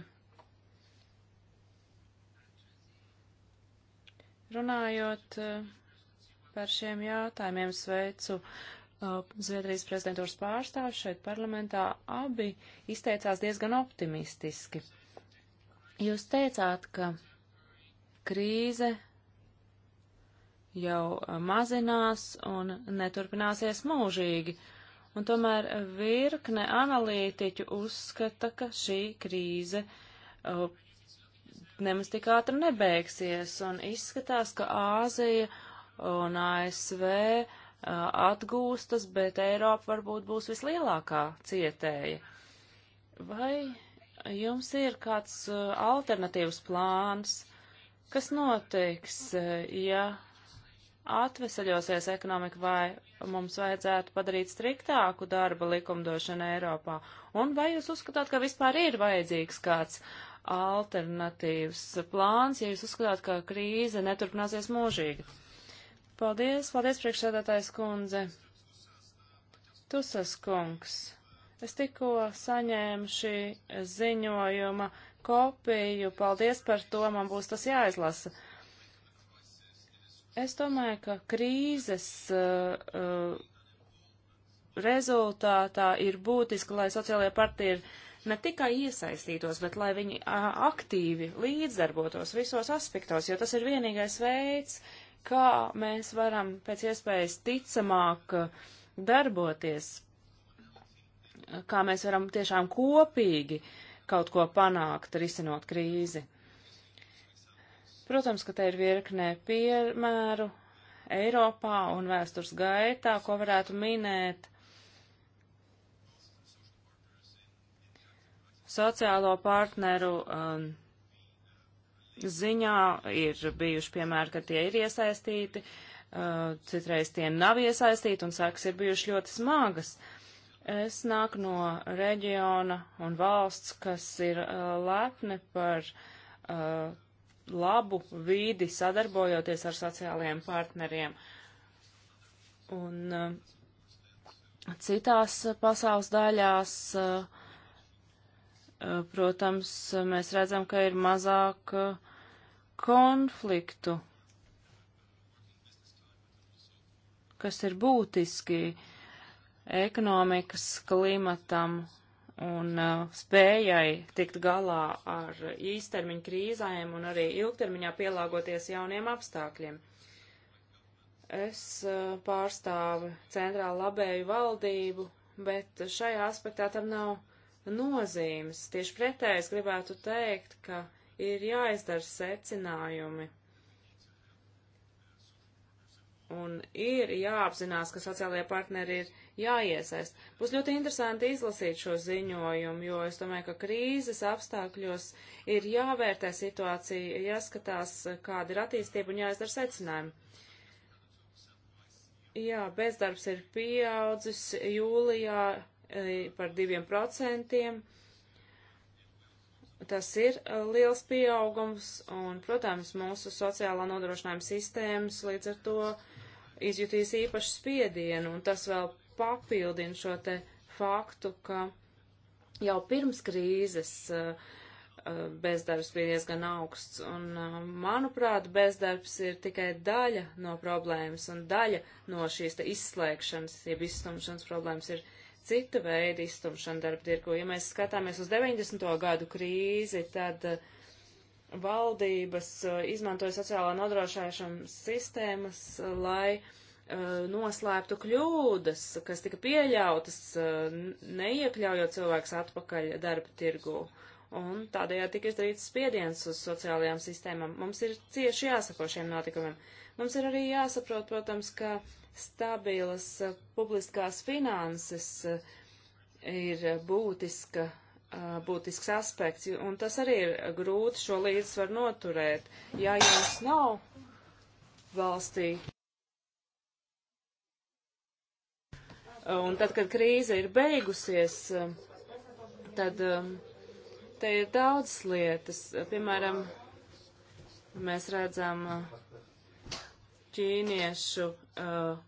Runājot eh, par šiem jautājumiem, sveicu eh, Zviedrijas prezidentūras pārstāvis šeit parlamentā abi izteicās diezgan optimistiski. Jūs teicāt, ka krīze jau eh, mazinās un neturpināsies mūžīgi. Un tomēr virkne analītiķu uzskata, ka šī krīze uh, nemaz tik ātri nebeigsies, un izskatās, ka Āzija un ASV uh, eh, atgūstas, bet Eiropa varbūt būs vislielākā cietēja. Vai jums ir kāds uh, alternatīvs plāns, kas notiks, ja atvesaļosies ekonomika vai mums vajadzētu padarīt striktāku darba likumdošanu Eiropā? Un vai jūs uzskatāt, ka vispār ir vajadzīgs kāds alternatīvs plāns, ja jūs uzskatāt, ka krīze neturpināsies mūžīgi? Paldies, paldies priekšsēdētājs kundze. Tusas kungs, es tikko saņēmu šī ziņojuma kopiju, paldies par to, man būs tas jāizlasa. Es domāju, ka krīzes uh, uh, rezultātā ir būtiski, lai sociālajie partneri ne tikai iesaistītos, bet lai viņi uh, aktīvi līdzdarbotos visos aspektos, jo tas ir vienīgais veids, kā mēs varam pēc iespējas ticamāk uh, darboties, kā mēs varam tiešām kopīgi kaut ko panākt, risinot krīzi. Protams, ka te ir virknē piemēru Eiropā un vēstures gaitā, ko varētu minēt. Sociālo partneru um, ziņā ir bijuši piemēri, ka tie ir iesaistīti, uh, citreiz tie nav iesaistīti un sekas ir bijušas ļoti smagas. Es nāku no reģiona un valsts, kas ir uh, lepni par uh, labu vīdi sadarbojoties ar sociālajiem partneriem. Un eh, citās pasaules daļās, eh, eh, protams, mēs redzam, ka ir mazāk konfliktu, kas ir būtiski ekonomikas klimatam un uh, spējai tikt galā ar īstermiņa krīzēm un arī ilgtermiņā pielāgoties jauniem apstākļiem. Es uh, pārstāvu centrālu labēju valdību, bet šajā aspektā tam nav nozīmes. Tieši pretēji es gribētu teikt, ka ir jāizdara secinājumi Un ir jāapzinās, ka sociālajie partneri ir jāiesaist. Būs ļoti interesanti izlasīt šo ziņojumu, jo es domāju, ka krīzes apstākļos ir jāvērtē situācija, jāskatās, kāda ir attīstība un jāizdara secinājumi. Jā, bezdarbs ir pieaudzis jūlijā e, par diviem procentiem. Tas ir e, liels pieaugums, un, protams, mūsu sociālā nodrošinājuma sistēmas līdz ar to uh, izjutīs īpašu spiedienu, un tas vēl papildina šo te faktu, ka jau pirms krīzes uh, uh, bezdarbs bija diezgan augsts, un uh, manuprāt, bezdarbs ir tikai daļa no problēmas, un daļa no šīs te izslēgšanas, jeb izstumšanas problēmas ir citu veidu izstumšana darba tirgu. Ja mēs skatāmies uz 90. gadu krīzi, tad uh, valdības uh, izmantoja sociālā nodrošināšanas sistēmas, uh, lai uh, noslēptu kļūdas, kas tika pieļautas, neiekļaujot cilvēks atpakaļ darba tirgū. Un tādējādi tika izdarīts spiediens uz sociālajām sistēmām. Mums ir cieši jāsako šiem notikumiem. Mums ir arī jāsaprot, protams, ka stabilas publiskās finanses ir būtiska Uh, būtisks aspekts, un tas arī ir grūti šo līdzsvaru noturēt. Ja jums nav valstī, un tad, kad krīze ir beigusies, tad um, te ir daudz lietas. Piemēram, mēs redzam uh, ķīniešu uh,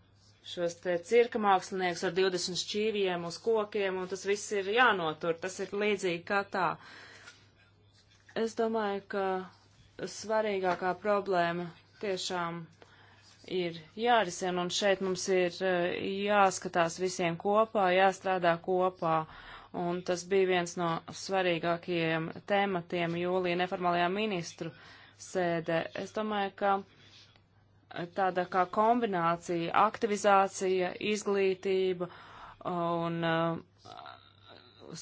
šos te cirka mākslinieks ar 20 šķīviem uz kokiem, un tas viss ir jānotur. Tas ir līdzīgi kā tā. Es domāju, ka svarīgākā problēma tiešām ir jārisina, un šeit mums ir eh, jāskatās visiem kopā, jāstrādā kopā. Un tas bija viens no svarīgākajiem tematiem jūlija neformālajā ministru sēdē. Es domāju, ka tāda kā kombinācija - aktivizācija, izglītība un uh,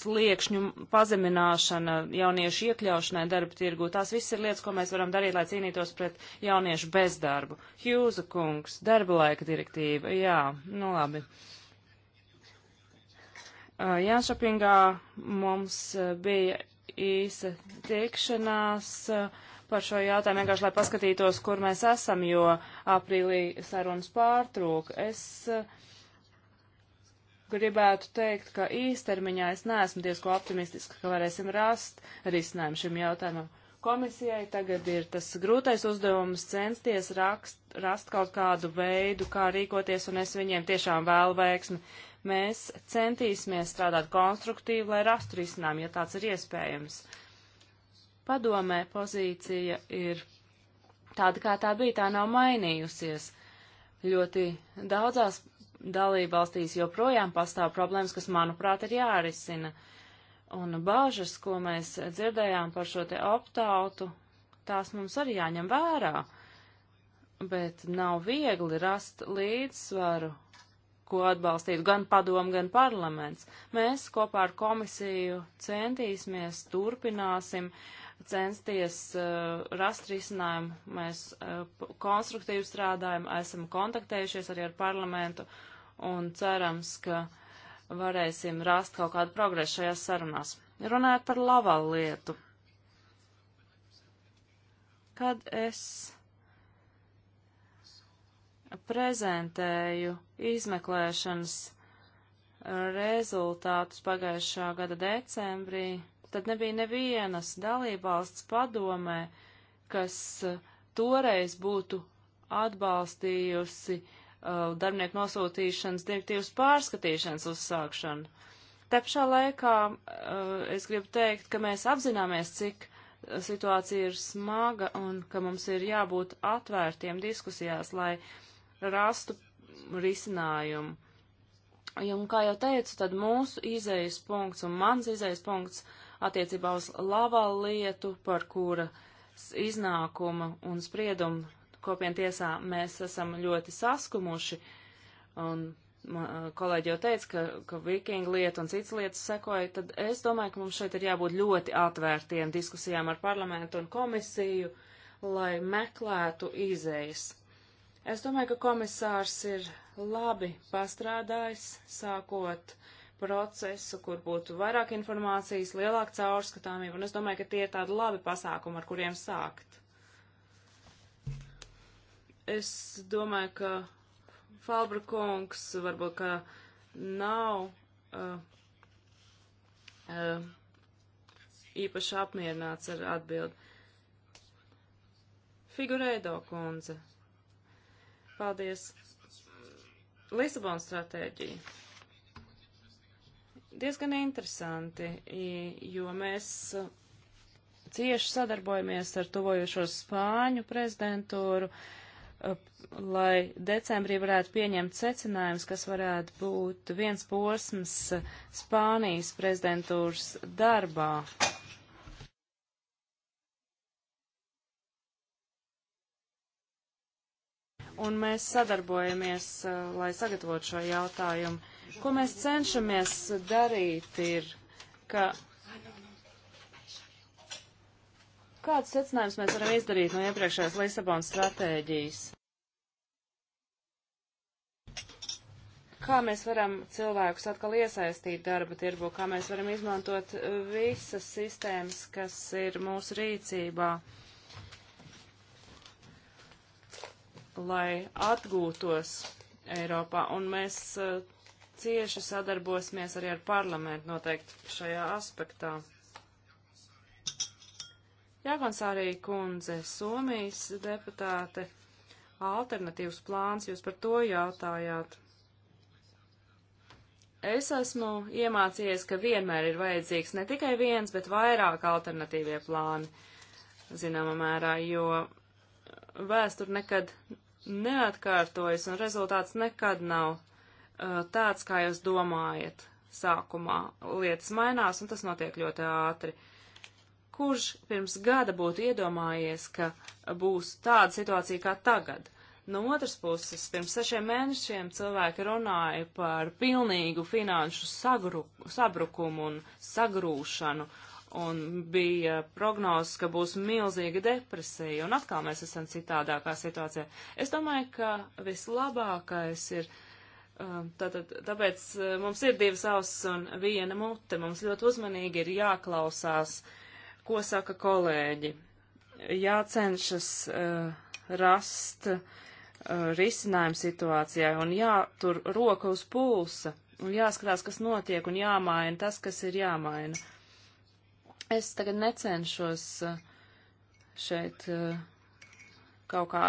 sliekšņu pazemināšana jauniešu iekļaušanai darba tirgu. Tās viss ir lietas, ko mēs varam darīt, lai cīnītos pret jauniešu bezdarbu. Hjūza kungs, darba laika direktīva, jā, nu labi. Uh, Jāšapingā mums uh, bija īsa tikšanās. Uh, par šo jautājumu, vienkārši lai paskatītos, kur mēs esam, jo aprīlī sarunas pārtrūk. Es eh, gribētu teikt, ka īstermiņā es neesmu diezko optimistiski, ka varēsim rast risinājumu šim jautājumam. Komisijai tagad ir tas grūtais uzdevums censties rakst, rast kaut kādu veidu, kā rīkoties, un es viņiem tiešām vēlu veiksmi mēs centīsimies strādāt konstruktīvi, lai rastu risinājumu, ja tāds ir iespējams. Padomē pozīcija ir tāda, kā tā bija, tā nav mainījusies. Ļoti daudzās dalībvalstīs joprojām pastāv problēmas, kas, manuprāt, ir jārisina. Un bāžas, ko mēs dzirdējām par šo te optautu, tās mums arī jāņem vērā. Bet nav viegli rast līdzsvaru, ko atbalstītu gan padomu, gan parlaments. Mēs kopā ar komisiju centīsimies, turpināsim uh, censties uh, rast risinājumu. Mēs uh, konstruktīvi strādājam, esam kontaktējušies arī ar parlamentu un cerams, ka varēsim rast kaut kādu progresu šajās sarunās. Runājot par lavalu lietu. Kad es prezentēju izmeklēšanas rezultātus pagājušā gada decembrī, tad nebija nevienas dalībvalsts padomē, kas uh, toreiz būtu atbalstījusi uh, darbinieku nosūtīšanas direktīvas pārskatīšanas uzsākšanu. Te pašā laikā uh, es gribu teikt, ka mēs apzināmies, cik uh, situācija ir smaga un ka mums ir jābūt atvērtiem diskusijās, lai rastu risinājumu. Un, kā jau teicu, tad mūsu izējas punkts un mans izējas punkts uh, attiecībā uz lavā lietu, par kura iznākumu un spriedumu kopien tiesā mēs esam ļoti saskumuši. Un kolēģi jau teica, ka, ka vikinga lieta un citas lietas sekoja, tad es domāju, ka mums šeit ir jābūt ļoti atvērtiem diskusijām ar parlamentu un komisiju, lai meklētu izējas. Es domāju, ka komisārs ir labi pastrādājis, sākot uh, procesu, kur būtu vairāk informācijas, lielāka caurskatāmība, un es domāju, ka tie ir tādi labi pasākumi, ar kuriem sākt. Es domāju, ka Falbra kungs varbūt, ka nav uh, uh, īpaši apmierināts ar atbildi. Figurēdo kundze. Paldies. Lisabonas stratēģija diezgan interesanti, jo mēs uh, cieši sadarbojamies ar tuvojošo Spāņu prezidentūru, uh, lai decembrī varētu pieņemt secinājumus, kas varētu būt viens posms Spānijas prezidentūras darbā. Un mēs sadarbojamies, uh, lai sagatavotu šo jautājumu. Ko mēs cenšamies darīt ir, ka kāds secinājums mēs varam izdarīt no iepriekšējās Lisabonas stratēģijas? Kā mēs varam cilvēkus atkal iesaistīt darba tirgu, kā mēs varam izmantot uh, visas sistēmas, kas ir mūsu rīcībā, lai atgūtos Eiropā. Un mēs uh, cieši sadarbosimies arī ar parlamentu noteikti šajā aspektā. Jāgonsārī kundze, Somijas deputāte, alternatīvs plāns, jūs par to jautājāt. Es esmu iemācījies, ka vienmēr ir vajadzīgs ne tikai viens, bet vairāk alternatīvie plāni, zināmā mērā, jo vēsture nekad neatkārtojas un rezultāts nekad nav Uh, tāds, kā jūs domājat sākumā. Lietas mainās, un tas notiek ļoti ātri. Kurš pirms gada būtu iedomājies, ka būs tāda situācija kā tagad? No otras puses, pirms sešiem mēnešiem cilvēki runāja par pilnīgu finanšu sagru, sabrukumu un sagrūšanu, un bija prognozes, ka būs milzīga depresija, un atkal mēs esam citādākā situācijā. Es domāju, ka vislabākais ir uh, Um, tātad, tāpēc uh, mums ir divas ausis un viena mute. Mums ļoti uzmanīgi ir jāklausās, ko saka kolēģi. Jācenšas uh, rast uh, risinājumu situācijai un jātur roka uz pulsa un jāskatās, kas notiek un jāmaina tas, kas ir jāmaina. Es tagad necenšos uh, šeit. Uh, kaut kā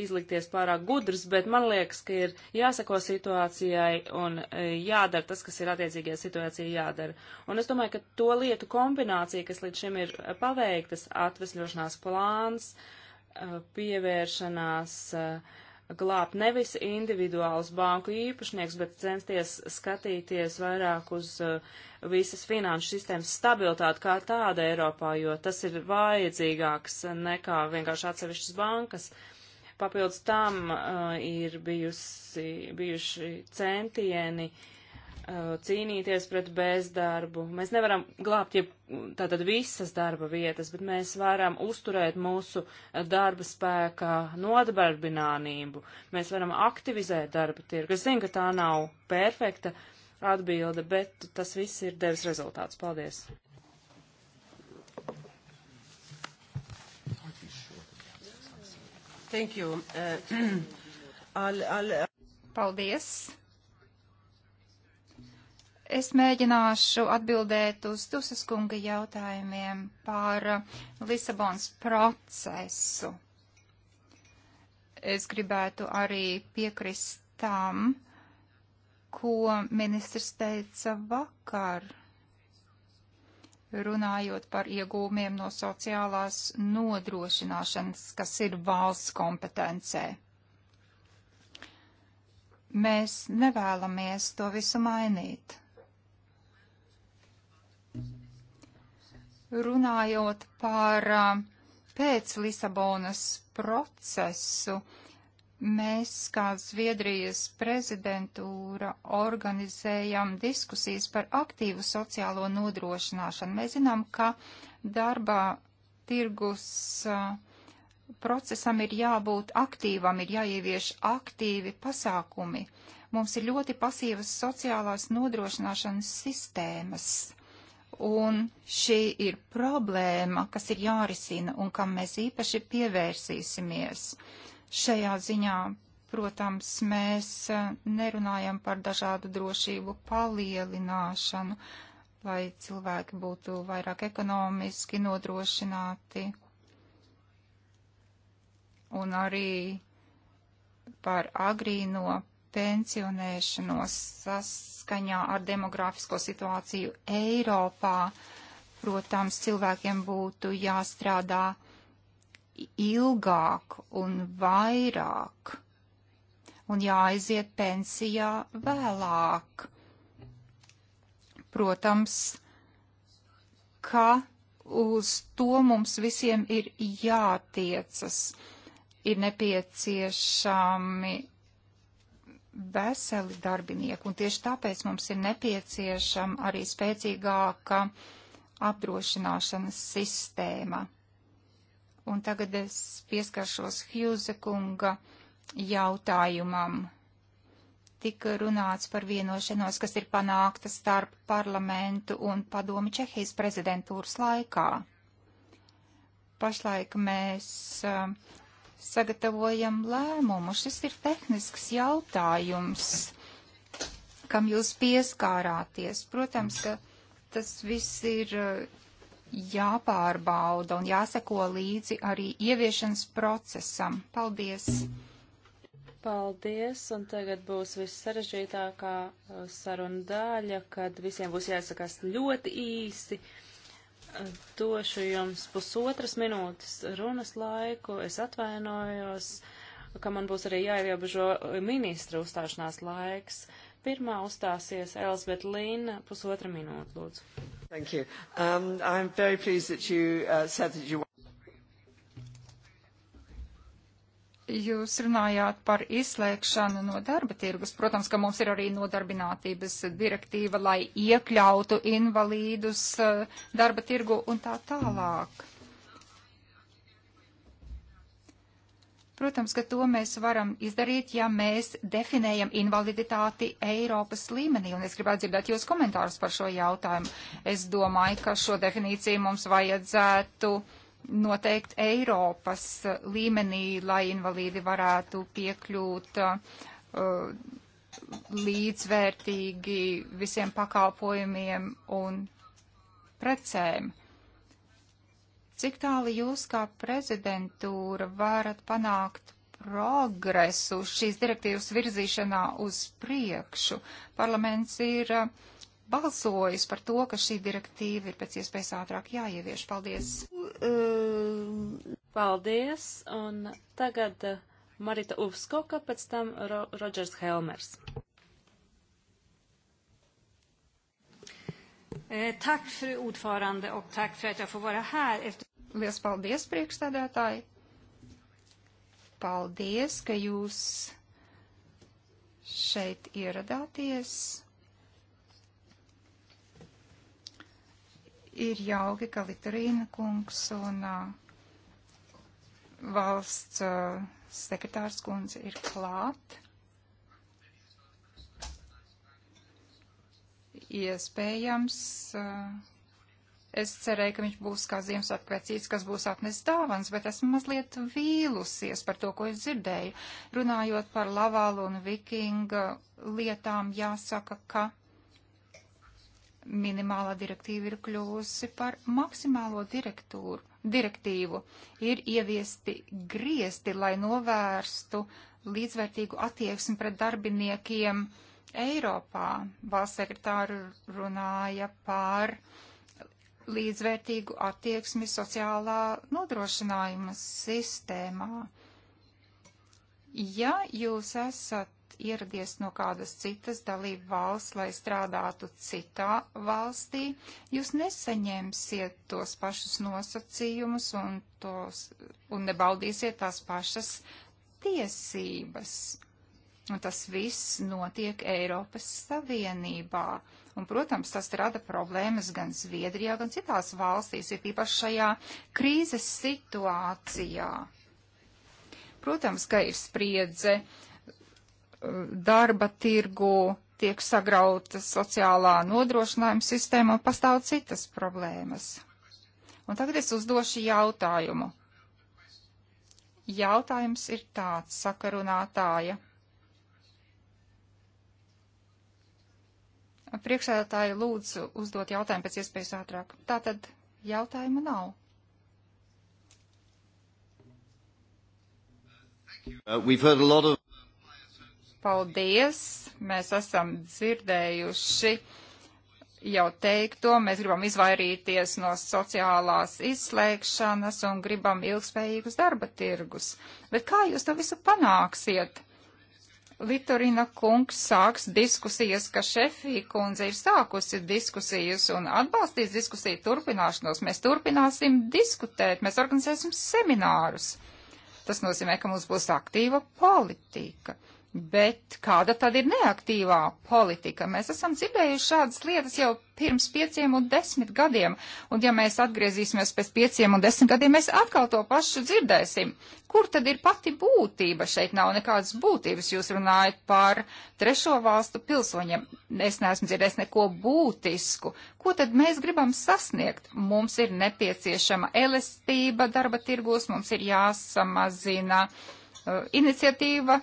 izlikties pārāk gudrs, bet man liekas, ka ir jāsako situācijai un e, jādara tas, kas ir attiecīgajā situācijā jādara. Un es domāju, ka to lietu kombinācija, kas līdz šim ir paveiktas, atvesļošanās plāns, e, pievēršanās e, glābt nevis individuāls banku īpašnieks, bet censties skatīties vairāk uz uh, visas finanšu sistēmas stabilitāti kā tāda Eiropā, jo tas ir vajadzīgāks nekā vienkārši atsevišķas bankas. Papildus tam uh, ir bijusi, bijuši centieni uh, cīnīties pret bezdarbu. Mēs nevaram glābt jeb, tātad visas darba vietas, bet mēs varam uzturēt mūsu darba spēka nodarbinātību. Mēs varam aktivizēt darba tirgu. Es zinu, ka tā nav perfekta atbilde, bet tas viss ir devis rezultāts. Paldies! Thank you. Uh, (clears throat) I'll, I'll... Uh, Paldies! Es mēģināšu atbildēt uz Tusas kunga jautājumiem par Lisabons procesu. Es gribētu arī piekrist tam, uh, ko ministrs teica vakar, runājot par iegūmiem no sociālās nodrošināšanas, kas ir valsts kompetencē. Mēs nevēlamies to visu mainīt. Runājot par pēc Lisabonas procesu, uh, Mēs, kā Zviedrijas prezidentūra, organizējam diskusijas par aktīvu sociālo nodrošināšanu. Mēs zinām, ka darbā tirgus procesam ir jābūt aktīvam, ir jāievieš aktīvi pasākumi. Mums ir ļoti pasīvas sociālās nodrošināšanas sistēmas. Un šī ir problēma, kas ir jārisina un kam mēs īpaši pievērsīsimies. Uh, Šajā ziņā, protams, mēs e, nerunājam par dažādu drošību palielināšanu, lai cilvēki būtu vairāk ekonomiski nodrošināti. Un arī par agrīno pensionēšanos saskaņā ar demografisko situāciju Eiropā. Protams, cilvēkiem būtu jāstrādā ilgāk un vairāk, un jāaiziet pensijā vēlāk. Protams, ka uz to mums visiem ir jātiecas. Ir nepieciešami veseli darbinieki, un tieši tāpēc mums ir nepieciešama arī spēcīgāka apdrošināšanas sistēma. Un tagad es pieskaršos Hjūze kunga jautājumam. Tika runāts par vienošanos, kas ir panākta starp parlamentu un padomi Čehijas prezidentūras laikā. Pašlaik mēs uh, sagatavojam lēmumu. Šis ir tehnisks jautājums, kam jūs pieskārāties. Protams, ka tas viss ir uh, jāpārbauda un jāseko līdzi arī ieviešanas procesam. Paldies! Paldies, un tagad būs viss sarežģītākā uh, saruna daļa, kad visiem būs jāsakās ļoti īsi. Uh, došu jums pusotras minūtes runas laiku, es atvainojos, ka man būs arī jāierobežo ministra uzstāšanās laiks. Uh, Pirmā uzstāsies Elizabeth Līna, pusotra minūte, lūdzu. Thank you. Um, I'm very pleased that you uh, said that you Jūs runājāt par izslēgšanu no darba tirgus. Protams, ka mums ir arī nodarbinātības direktīva, lai iekļautu invalīdus uh, darba tirgu un tā tālāk. Protams, ka to mēs varam izdarīt, ja mēs definējam invaliditāti Eiropas līmenī, un es gribētu dzirdēt jūs komentārus par šo jautājumu. Es domāju, ka šo definīciju mums vajadzētu noteikt Eiropas līmenī, lai invalīdi varētu piekļūt uh, līdzvērtīgi visiem pakalpojumiem un precēm. Cik tālu jūs kā prezidentūra varat panākt progresu šīs direktīvas virzīšanā uz priekšu? Parlaments ir uh, balsojis par to, ka šī direktīva ir pēc iespējas ātrāk jāievieš. Paldies! Paldies! Un tagad uh, Marita Uvskoka, pēc tam Ro Rodžers Helmers. Eh, tack fru ordförande och tack för att jag får vara här. Efter... Liels paldies, priekšstādātāji! Paldies, ka jūs šeit ieradāties. Ir jauki, ka Litorīna kungs un uh, valsts uh, sekretārs kundze ir klāt. Iespējams, uh, Es cerēju, ka viņš būs kā Ziemassvētku vecīts, kas būs atnesis dāvans, bet esmu mazliet vīlusies par to, ko es dzirdēju. Runājot par lavālu un vikinga lietām, jāsaka, ka minimālā direktīva ir kļuvusi par maksimālo direktūru. direktīvu. Ir ieviesti griesti, lai novērstu līdzvērtīgu attieksmi pret darbiniekiem Eiropā. Valsts sekretāri runāja par uh, līdzvērtīgu attieksmi sociālā nodrošinājuma sistēmā. Ja jūs esat ieradies no kādas citas dalību valsts, lai strādātu citā valstī, jūs nesaņemsiet tos pašus nosacījumus un, tos, un nebaudīsiet tās pašas tiesības. Un tas viss notiek Eiropas Savienībā. Un, protams, tas rada problēmas gan Zviedrijā, gan citās valstīs, ir īpaši šajā krīzes situācijā. Protams, ka ir spriedze uh, darba tirgu, tiek sagrauta sociālā nodrošinājuma sistēma un pastāv citas problēmas. Un tagad es uzdošu jautājumu. Jautājums ir tāds, saka runātāja. Priekšsēdētāji lūdzu uzdot jautājumu pēc iespējas ātrāk. Tātad jautājuma nav. Uh, Paldies! Mēs esam dzirdējuši jau teikto. Mēs gribam izvairīties no sociālās izslēgšanas un gribam ilgspējīgus darba tirgus. Bet kā jūs to visu panāksiet? Vitorina kungs sāks diskusijas, ka šefī kundze ir sākusi diskusijas un atbalstīs diskusiju turpināšanos. Mēs turpināsim diskutēt, mēs organizēsim seminārus. Tas nozīmē, ka mums būs aktīva politika. Bet kāda tad ir neaktīvā politika? Mēs esam dzirdējuši šādas lietas jau pirms pieciem un desmit gadiem, un ja mēs atgriezīsimies pēc pieciem un desmit gadiem, mēs atkal to pašu dzirdēsim. Kur tad ir pati būtība? Šeit nav nekādas būtības. Jūs runājat par trešo valstu pilsoņiem. Es neesmu dzirdējis neko būtisku. Ko tad mēs gribam sasniegt? Mums ir nepieciešama elastība darba tirgos, mums ir jāsamazina uh, iniciatīva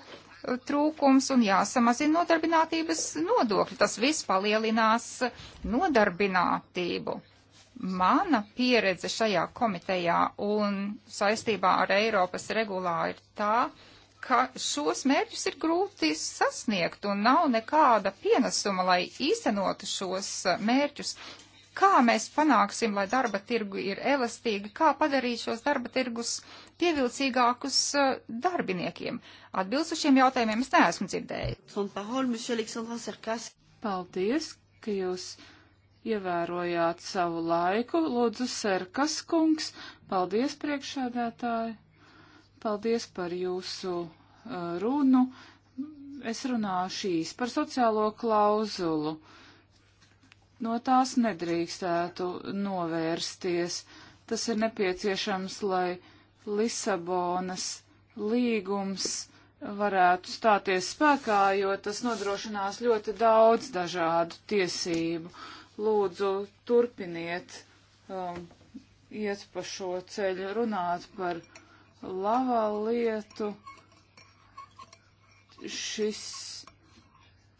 trūkums un jāsamazina nodarbinātības nodokļi. Tas viss palielinās nodarbinātību. Mana pieredze šajā komitejā un saistībā ar Eiropas regulā ir tā, ka šos mērķus ir grūti sasniegt un nav nekāda pienesuma, lai īstenotu šos mērķus. Kā mēs panāksim, lai darba tirgu ir elastīgi, kā padarīt šos darba tirgus pievilcīgākus uh, darbiniekiem? Atbildes uz šiem jautājumiem es neesmu dzirdējis. Paldies, ka jūs ievērojāt savu laiku. Lūdzu, Serkas kungs, paldies priekšādētāji, paldies par jūsu uh, runu. Es runāšu šīs par sociālo klauzulu. Uh, no tās nedrīkstētu novērsties. Tas ir nepieciešams, lai Lisabonas līgums varētu stāties spēkā, jo tas nodrošinās ļoti daudz dažādu tiesību. Lūdzu, turpiniet um, iet pa šo ceļu, runāt par lavā lietu. Šis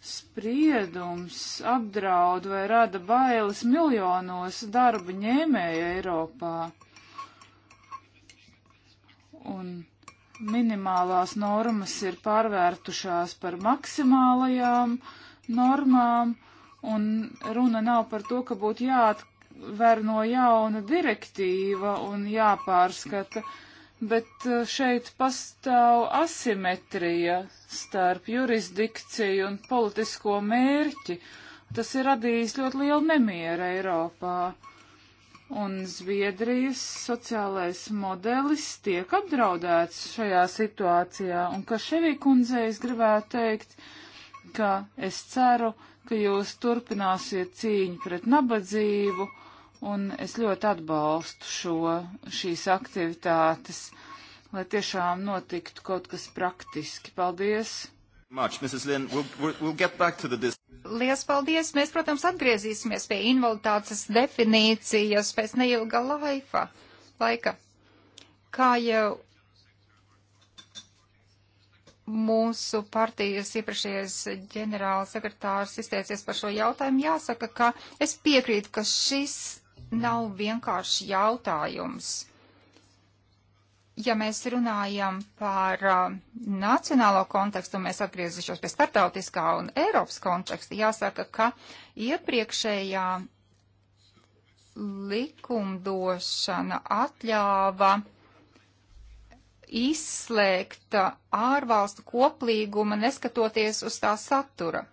spriedums apdraud vai rada bailes miljonos darba ņēmēju Eiropā. Un minimālās normas ir pārvērtušās par maksimālajām normām, un runa nav par to, ka būtu jāatver no jauna direktīva un jāpārskata bet eh, šeit pastāv asimetrija starp jurisdikciju un politisko mērķi. Tas ir radījis ļoti lielu nemieru Eiropā. Un Zviedrijas sociālais modelis tiek apdraudēts šajā situācijā. Un ka Ševī kundzei es gribētu teikt, ka es ceru, ka jūs turpināsiet cīņu pret nabadzību un es ļoti atbalstu šo, šīs aktivitātes, lai tiešām notiktu kaut kas praktiski. Paldies! Much, Lien, we'll, we'll, we'll Lielas paldies! Mēs, protams, atgriezīsimies pie invaliditātes definīcijas pēc neilga laifa, laika. Kā jau mūsu partijas iepriekšējais ģenerāls sekretārs izteicies par šo jautājumu, jāsaka, ka es piekrītu, ka šis nav vienkārši jautājums. Ja mēs runājam par uh, nacionālo kontekstu, mēs atgriezīšos pie startautiskā un Eiropas konteksta, jāsaka, ka iepriekšējā likumdošana atļāva izslēgt ārvalstu koplīguma, neskatoties uz tā satura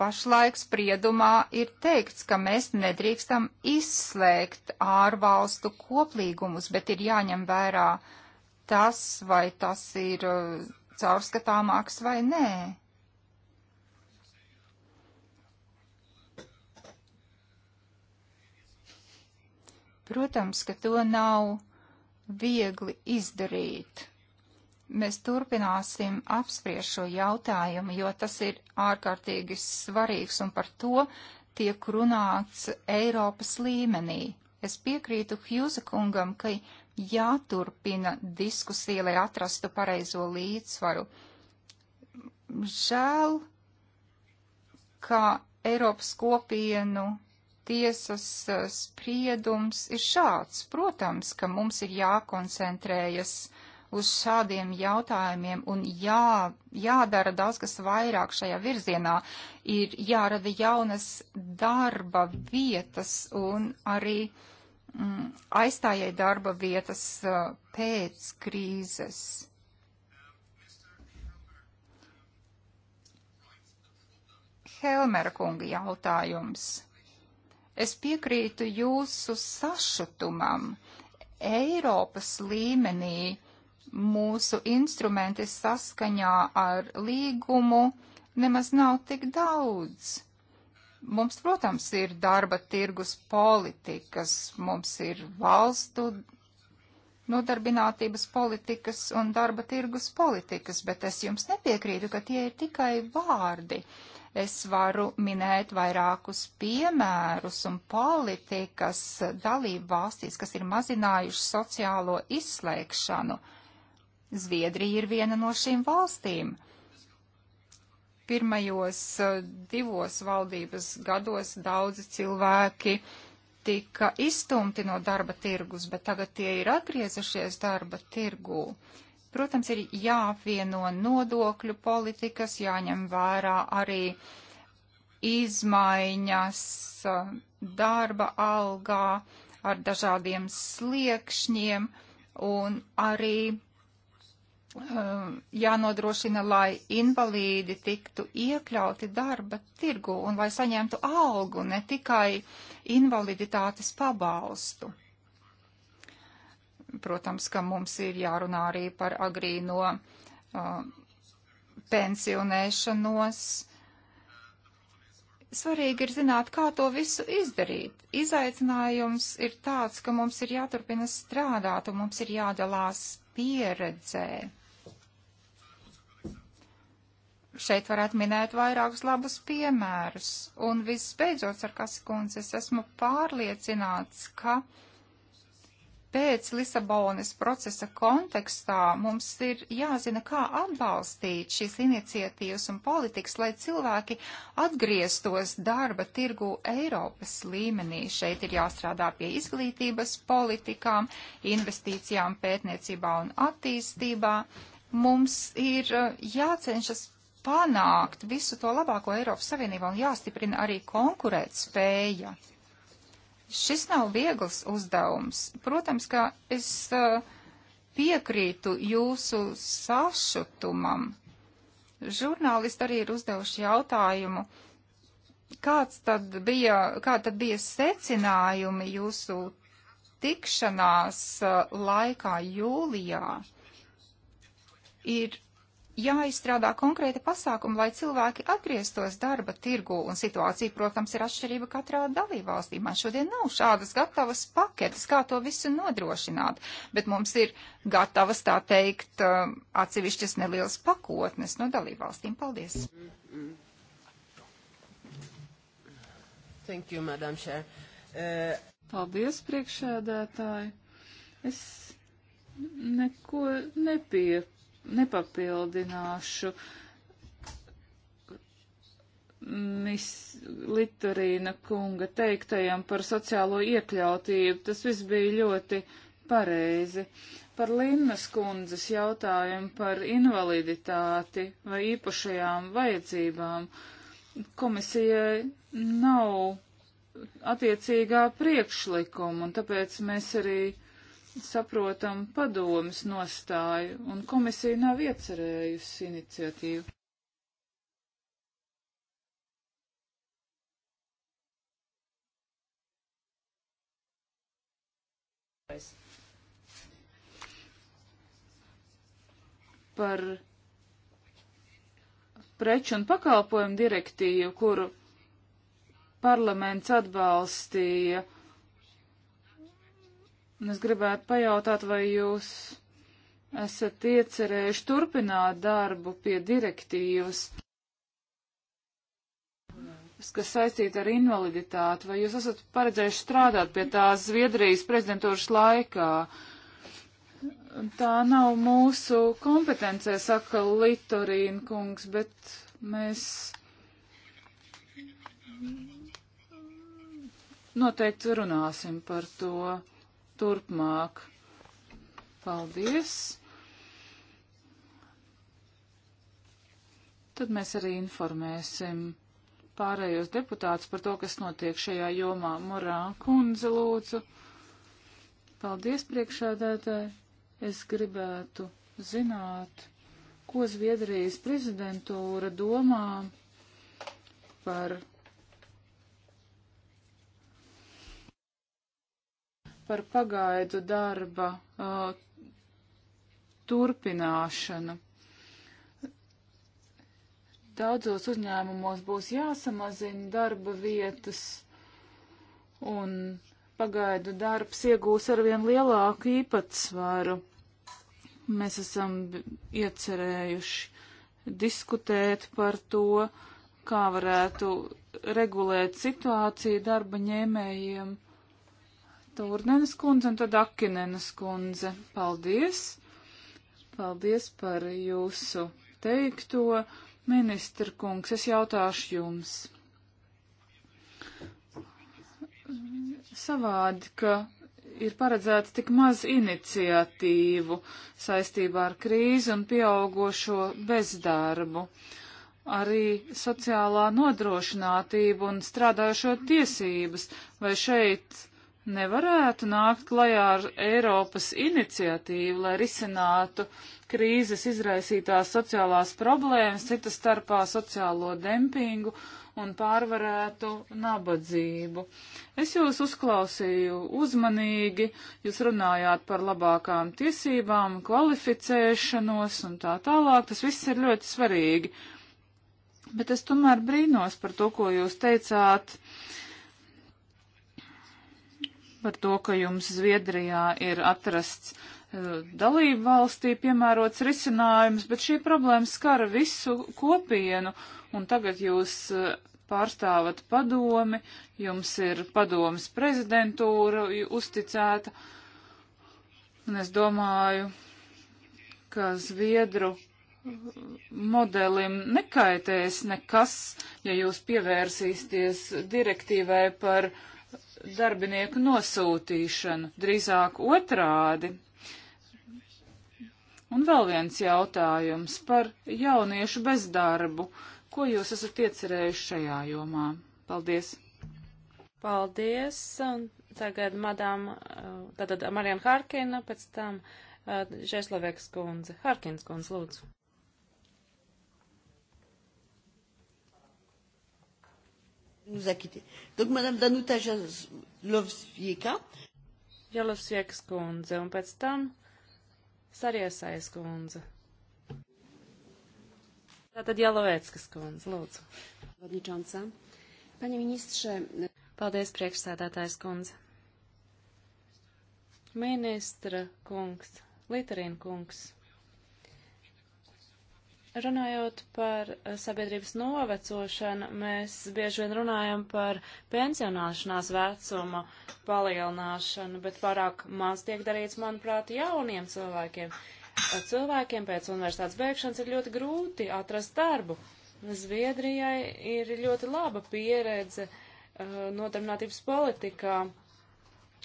pašlaik spriedumā ir teikts, ka mēs nedrīkstam izslēgt ārvalstu koplīgumus, bet ir jāņem vērā tas, vai tas ir uh, caurskatāmāks vai nē. Protams, ka to nav viegli izdarīt. Mēs turpināsim apspriest šo jautājumu, jo tas ir ārkārtīgi svarīgs un par to tiek runāts Eiropas līmenī. Es piekrītu Hjūza kungam, ka jāturpina diskusija, lai atrastu pareizo līdzsvaru. Žēl, ka Eiropas kopienu tiesas eh, spriedums ir šāds. Protams, ka mums ir jākoncentrējas uz šādiem jautājumiem un jā, jādara daudz kas vairāk šajā virzienā. Ir jārada jaunas darba vietas un arī mm, aizstājai darba vietas uh, pēc krīzes. Helmera kunga jautājums. Es piekrītu jūsu sašutumam. Eiropas līmenī mūsu instrumenti saskaņā ar līgumu nemaz nav tik daudz. Mums, protams, ir darba tirgus politikas, mums ir valstu nodarbinātības politikas un darba tirgus politikas, bet es jums nepiekrītu, ka tie ir tikai vārdi. Es varu minēt vairākus piemērus un politikas dalību valstīs, kas ir mazinājuši sociālo izslēgšanu. Uh, Zviedrija ir viena no šīm valstīm. Pirmajos eh, divos valdības gados daudzi cilvēki tika izstumti no darba tirgus, bet tagad tie ir atgriezušies darba tirgū. Protams, ir jāapvieno nodokļu politikas, jāņem vērā arī izmaiņas eh, darba algā ar dažādiem sliekšņiem un arī Um, jānodrošina, lai invalīdi tiktu iekļauti darba tirgu un lai saņemtu algu, ne tikai invaliditātes pabalstu. Protams, ka mums ir jārunā arī par agrīno uh, um, pensionēšanos. Svarīgi ir zināt, kā to visu izdarīt. Izaicinājums ir tāds, ka mums ir jāturpina strādāt un mums ir jādalās pieredzē Šeit varētu minēt vairākus labus piemērus. Un visbeidzot, ar kasikundzi, es esmu pārliecināts, ka pēc Lisabonas procesa kontekstā mums ir jāzina, kā atbalstīt šīs iniciatīvas un politikas, lai cilvēki atgrieztos darba tirgu Eiropas līmenī. Šeit ir jāstrādā pie izglītības politikām, investīcijām pētniecībā un attīstībā. Mums ir uh, jācenšas panākt visu to labāko Eiropas Savienībā un jāstiprina arī konkurēt spēja. Šis nav viegls uzdevums. Protams, ka es eh, piekrītu jūsu sašutumam. Žurnālisti arī ir uzdevuši jautājumu, kāds tad bija, kā tad bija secinājumi jūsu tikšanās eh, laikā jūlijā. Ir jāizstrādā konkrēti pasākumi, lai cilvēki atgrieztos darba tirgu, un situācija, protams, ir atšķirība katrā dalībvalstī. Man šodien nav šādas gatavas paketes, kā to visu nodrošināt, bet mums ir gatavas, tā teikt, um, atsevišķas nelielas pakotnes no dalībvalstīm. Paldies! Thank you, Madam Chair. Uh... Paldies, priekšēdētāji. Es neko nepieku nepapildināšu. Mis Litorīna kunga teiktajam par sociālo iekļautību, tas viss bija ļoti pareizi. Par Linnas kundzes jautājumu par invaliditāti vai īpašajām vajadzībām komisijai nav attiecīgā priekšlikuma, un tāpēc mēs arī saprotam padomas nostāju, un komisija nav iecerējusi iniciatīvu. Par preču un pakalpojumu direktīvu, kuru parlaments atbalstīja Un es gribētu pajautāt, vai jūs esat iecerējuši turpināt darbu pie direktīvas, kas saistīta ar invaliditāti, vai jūs esat paredzējuši strādāt pie tās Zviedrijas prezidentūras laikā? Tā nav mūsu kompetencē, saka Litorīna kungs, bet mēs noteikti runāsim par to turpmāk. Paldies! Tad mēs arī informēsim pārējos deputātus par to, kas notiek šajā jomā. Morā kundze lūdzu. Paldies priekšādētāji. Es gribētu zināt, ko Zviedrijas prezidentūra domā par par pagaidu darba uh, turpināšanu. Daudzos uzņēmumos būs jāsamazina darba vietas un pagaidu darbs iegūs arvien lielāku īpatsvaru. Mēs esam iecerējuši diskutēt par to, kā varētu regulēt situāciju darba ņēmējiem Turnenes kundze un tad Akinenes kundze. Paldies! Paldies par jūsu teikto, ministra kungs. Es jautāšu jums. Savādi, ka ir paredzēts tik maz iniciatīvu saistībā ar krīzi un pieaugošo bezdarbu. Arī sociālā nodrošinātība un strādājošo tiesības, vai šeit nevarētu nākt klajā ar Eiropas iniciatīvu, lai risinātu krīzes izraisītās sociālās problēmas, citas starpā sociālo dempingu un pārvarētu nabadzību. Es jūs uzklausīju uzmanīgi, jūs runājāt par labākām tiesībām, kvalificēšanos un tā tālāk, tas viss ir ļoti svarīgi. Bet es tomēr brīnos par to, ko jūs teicāt. Uh, par to, ka jums Zviedrijā ir atrasts uh, dalību valstī piemērots risinājums, bet šī problēma skara visu kopienu, un tagad jūs uh, pārstāvat padomi, jums ir padomas prezidentūra uzticēta, un es domāju, ka Zviedru modelim nekaitēs nekas, ja jūs pievērsīsties direktīvai par uh, darbinieku nosūtīšanu, drīzāk otrādi. Un vēl viens jautājums par jauniešu bezdarbu. Ko jūs esat iecerējuši šajā jomā? Paldies! Paldies! Tagad madām, eh, tātad Marijana Harkina, pēc tam eh, Žeslavēks kundze. Harkins kundze, lūdzu. nous a quittés. Donc, Madame Danuta Jalovsvieka. Jalovsviekas kundze, un pēc tam Sariesajas kundze. Tātad Jalovēckas kundze, lūdzu. Vadničonca. Paņa ministrē. Paldies, priekšsēdētājs kundze. Ministra kungs, Litarīna kungs. Runājot par eh, sabiedrības novecošanu, mēs bieži vien runājam par pensionāšanās vecuma palielināšanu, bet pārāk maz tiek darīts, manuprāt, jauniem cilvēkiem. Eh, cilvēkiem pēc universitātes beigšanas ir ļoti grūti atrast darbu. Zviedrijai ir ļoti laba pieredze eh, nodarbinātības politikā.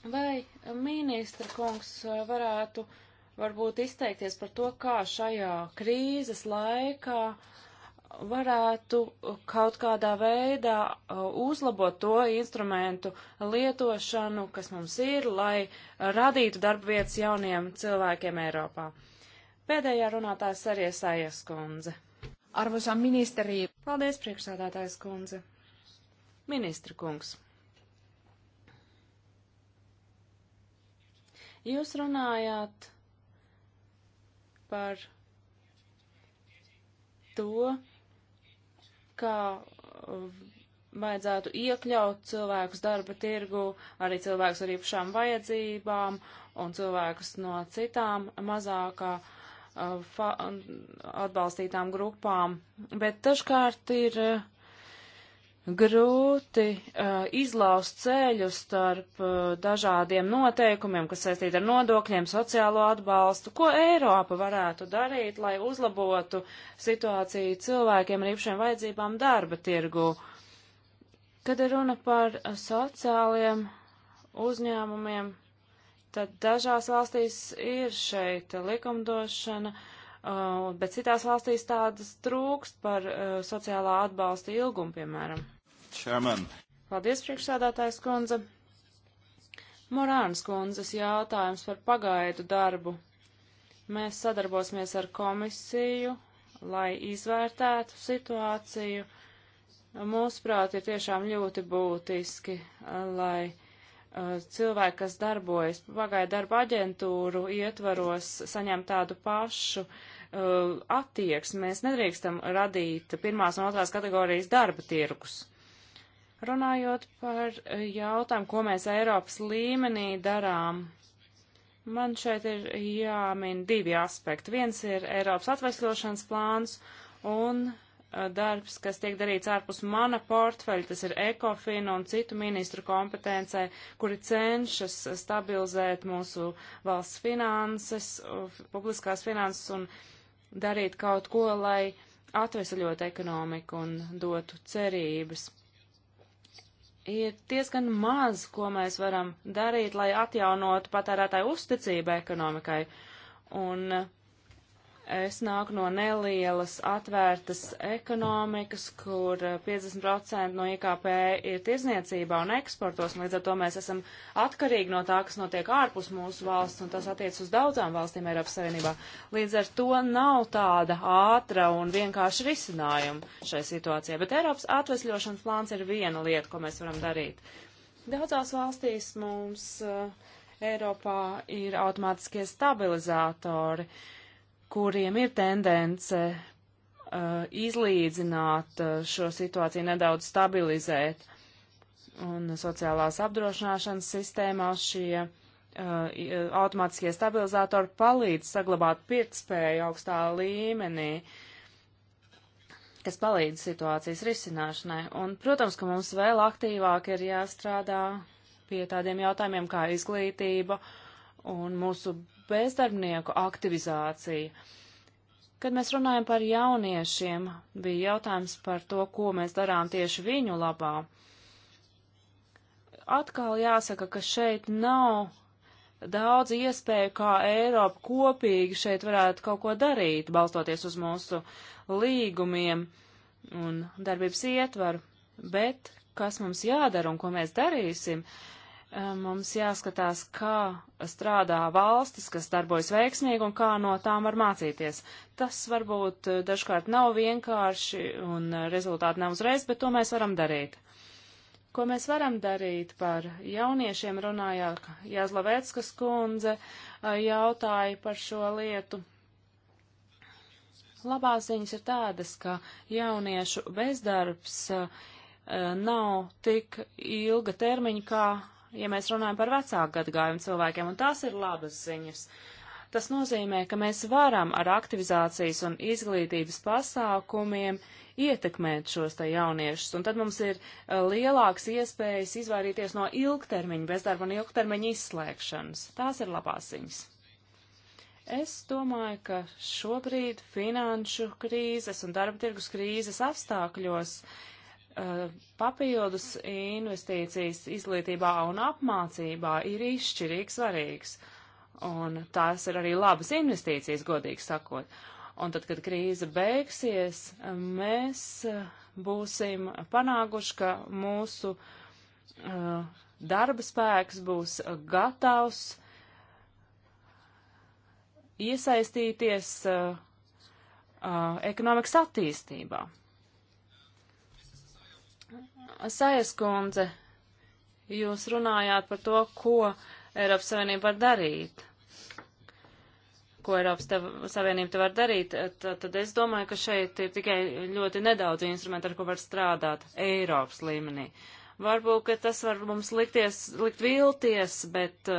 Vai ministra kungs varētu uh, varbūt izteikties par to, kā šajā krīzes laikā varētu kaut kādā veidā uh, uzlabot to instrumentu lietošanu, kas mums ir, lai radītu darba vietas jauniem cilvēkiem Eiropā. Pēdējā runātājs arī Sājas kundze. Arvoisa ministeri. Paldies, priekšsādātājs kundze. Ministra kungs. Jūs runājāt par to, kā uh, vajadzētu iekļaut cilvēkus darba tirgu, arī cilvēkus ar īpašām vajadzībām un cilvēkus no citām mazākā uh, atbalstītām grupām. Bet dažkārt ir uh, grūti uh, izlaust ceļu starp uh, dažādiem noteikumiem, kas saistīti ar nodokļiem, sociālo atbalstu. Ko Eiropa varētu darīt, lai uzlabotu situāciju cilvēkiem ar īpašiem vajadzībām darba tirgu? Kad ir runa par sociāliem uzņēmumiem, tad dažās valstīs ir šeit likumdošana. Uh, Uh, bet citās valstīs tādas trūkst par uh, sociālā atbalsta ilgumu, piemēram. Chairman. Paldies, priekšsādātājs kundze. Morānas kundzes jautājums par pagaidu darbu. Mēs sadarbosimies ar komisiju, lai izvērtētu situāciju. Mūsuprāt, ir tiešām ļoti būtiski, uh, lai uh, cilvēki, kas darbojas pagaidu darba aģentūru ietvaros, saņem tādu pašu uh, uh, attieksmi. Mēs nedrīkstam radīt pirmās un otrās kategorijas darba tirgus. Runājot par uh, jautājumu, ko mēs Eiropas līmenī darām, man šeit ir jāmin divi aspekti. Viens ir Eiropas atvesļošanas plāns un uh, darbs, kas tiek darīts ārpus mana portfeļa, tas ir ECOFIN un citu ministru kompetencē, kuri cenšas stabilizēt mūsu valsts finanses, uh, publiskās finanses un darīt kaut ko, lai atvesaļot ekonomiku un dotu cerības. Ir diezgan maz, ko mēs varam darīt, lai atjaunotu patērētāju uzticību ekonomikai. Un uh, Es nāku no nelielas atvērtas ekonomikas, kur 50% eh, no IKP ir tirzniecībā un eksportos, un līdz ar to mēs esam atkarīgi no tā, kas notiek ārpus mūsu valsts, un tas attiec uz daudzām valstīm Eiropas Savienībā. Līdz ar to nav tāda ātra un vienkārša risinājuma šai situācijai, bet Eiropas atvesļošanas plāns ir viena lieta, ko mēs varam darīt. Daudzās valstīs mums uh, Eiropā ir automātiskie stabilizātori. Uh, kuriem ir tendence uh, izlīdzināt uh, šo situāciju, nedaudz stabilizēt. Un sociālās apdrošināšanas sistēmās šie uh, uh, automātiskie stabilizatori palīdz saglabāt pirktspēju augstā līmenī, kas palīdz situācijas risināšanai. Un, protams, ka mums vēl aktīvāk ir jāstrādā pie tādiem jautājumiem kā izglītība un mūsu bezdarbnieku aktivizācija. Kad mēs runājam par jauniešiem, bija jautājums par to, ko mēs darām tieši viņu labā. Atkal jāsaka, ka šeit nav daudz iespēju, kā Eiropa kopīgi šeit varētu kaut ko darīt, balstoties uz mūsu līgumiem un darbības ietvaru. Bet kas mums jādara un ko mēs darīsim? Uh, mums jāskatās, kā strādā valstis, kas darbojas veiksmīgi un kā no tām var mācīties. Tas varbūt eh, dažkārt nav vienkārši un eh, rezultāti nav uzreiz, bet to mēs varam darīt. Ko mēs varam darīt par jauniešiem, runājā Jāzlavēckas kundze, eh, jautāja par šo lietu. Labās ziņas ir tādas, ka jauniešu bezdarbs nav tik ilga termiņa, kā ja mēs runājam par vecāku gadgājumu cilvēkiem, un tās ir labas ziņas. Tas nozīmē, ka mēs varam ar aktivizācijas un izglītības pasākumiem ietekmēt šos te jauniešus, un tad mums ir eh, lielāks iespējas izvairīties no ilgtermiņa bezdarba un ilgtermiņa izslēgšanas. Tās ir labās ziņas. Es domāju, ka šobrīd finanšu krīzes un darba tirgus krīzes apstākļos uh, Eh, papildus investīcijas izglītībā un apmācībā ir izšķirīgi svarīgs. Un tās ir arī labas investīcijas, godīgi sakot. Un tad, kad krīze beigsies, mēs eh, būsim panākuši, ka mūsu uh, darba spēks būs gatavs iesaistīties uh, uh, ekonomikas attīstībā. Sajas kundze, jūs runājāt par to, ko Eiropas Savienība var darīt. Ko Eiropas tev, Savienība te var darīt, tad, tad es domāju, ka šeit ir tikai ļoti nedaudz instrumentu, ar ko var strādāt Eiropas līmenī. Varbūt, ka tas var mums likties, likt vilties, bet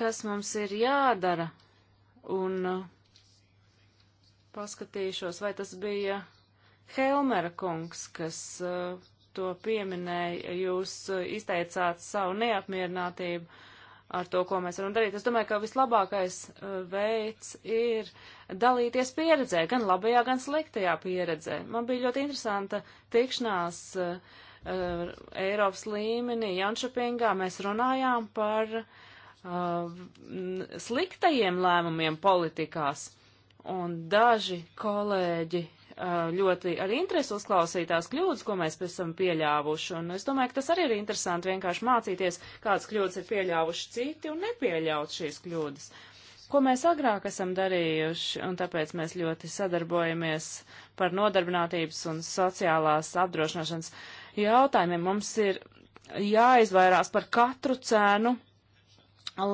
kas mums ir jādara? Un paskatīšos, vai tas bija Helmera kungs, kas uh, to pieminēja, jūs uh, izteicāt savu neapmierinātību ar to, ko mēs varam darīt. Es domāju, ka vislabākais uh, veids ir dalīties pieredzē, gan labajā, gan sliktajā pieredzē. Man bija ļoti interesanta tikšanās uh, uh, Eiropas līmenī Janšapingā. Mēs runājām par uh, sliktajiem lēmumiem politikās, un daži kolēģi Eh, ļoti ar interesi uzklausītās kļūdas, ko mēs esam pieļāvuši. Un es domāju, ka tas arī ir interesanti vienkārši mācīties, kādas kļūdas ir pieļāvuši citi un nepieļaut šīs kļūdas. Ko mēs agrāk esam darījuši, un tāpēc mēs ļoti sadarbojamies par nodarbinātības un sociālās apdrošināšanas jautājumiem. Mums ir jāizvairās par katru cenu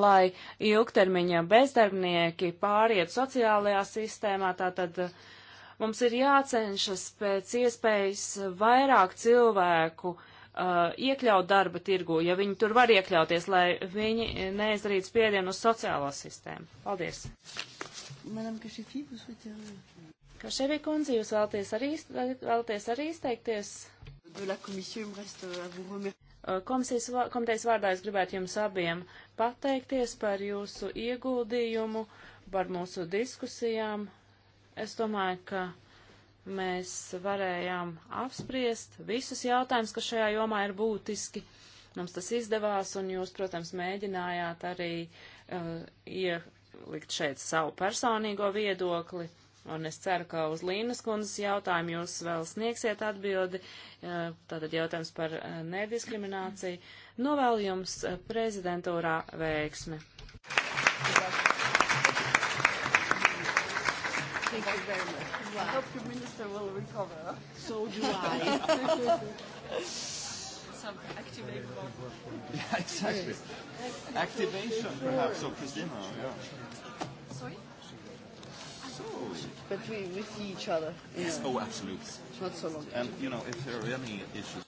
lai ilgtermiņa bezdarbnieki pāriet sociālajā sistēmā, tātad uh, Mums ir jācenšas pēc iespējas vairāk cilvēku uh, iekļaut darba tirgu, ja viņi tur var iekļauties, lai viņi neizdarītu spiedienu uz sociālo sistēmu. Paldies! Madame Kašefī, jūs vēlaties? Kašefī kundze, jūs vēlaties arī, vēlaties arī izteikties? Uh, komisijas, komitejas vārdā es gribētu jums abiem pateikties par jūsu ieguldījumu, par mūsu diskusijām Es domāju, ka mēs varējām apspriest visus jautājumus, kas šajā jomā ir būtiski. Mums tas izdevās, un jūs, protams, mēģinājāt arī uh, ielikt šeit savu personīgo viedokli. Un es ceru, ka uz Līnas kundzes jautājumu jūs vēl sniegsiet atbildi. Uh, tātad jautājums par uh, nediskrimināciju. Novēlu jums uh, prezidentūrā veiksmi. Gracias. very much. Wow. I hope the minister will recover. So do I. (laughs) Some activate (laughs) Yeah, exactly. Activation, Activation perhaps, of Christina. Yeah. Sorry? So. But we, we see each other. Yes, know. oh, absolutely. It's not so long. And, you know, if there are any issues.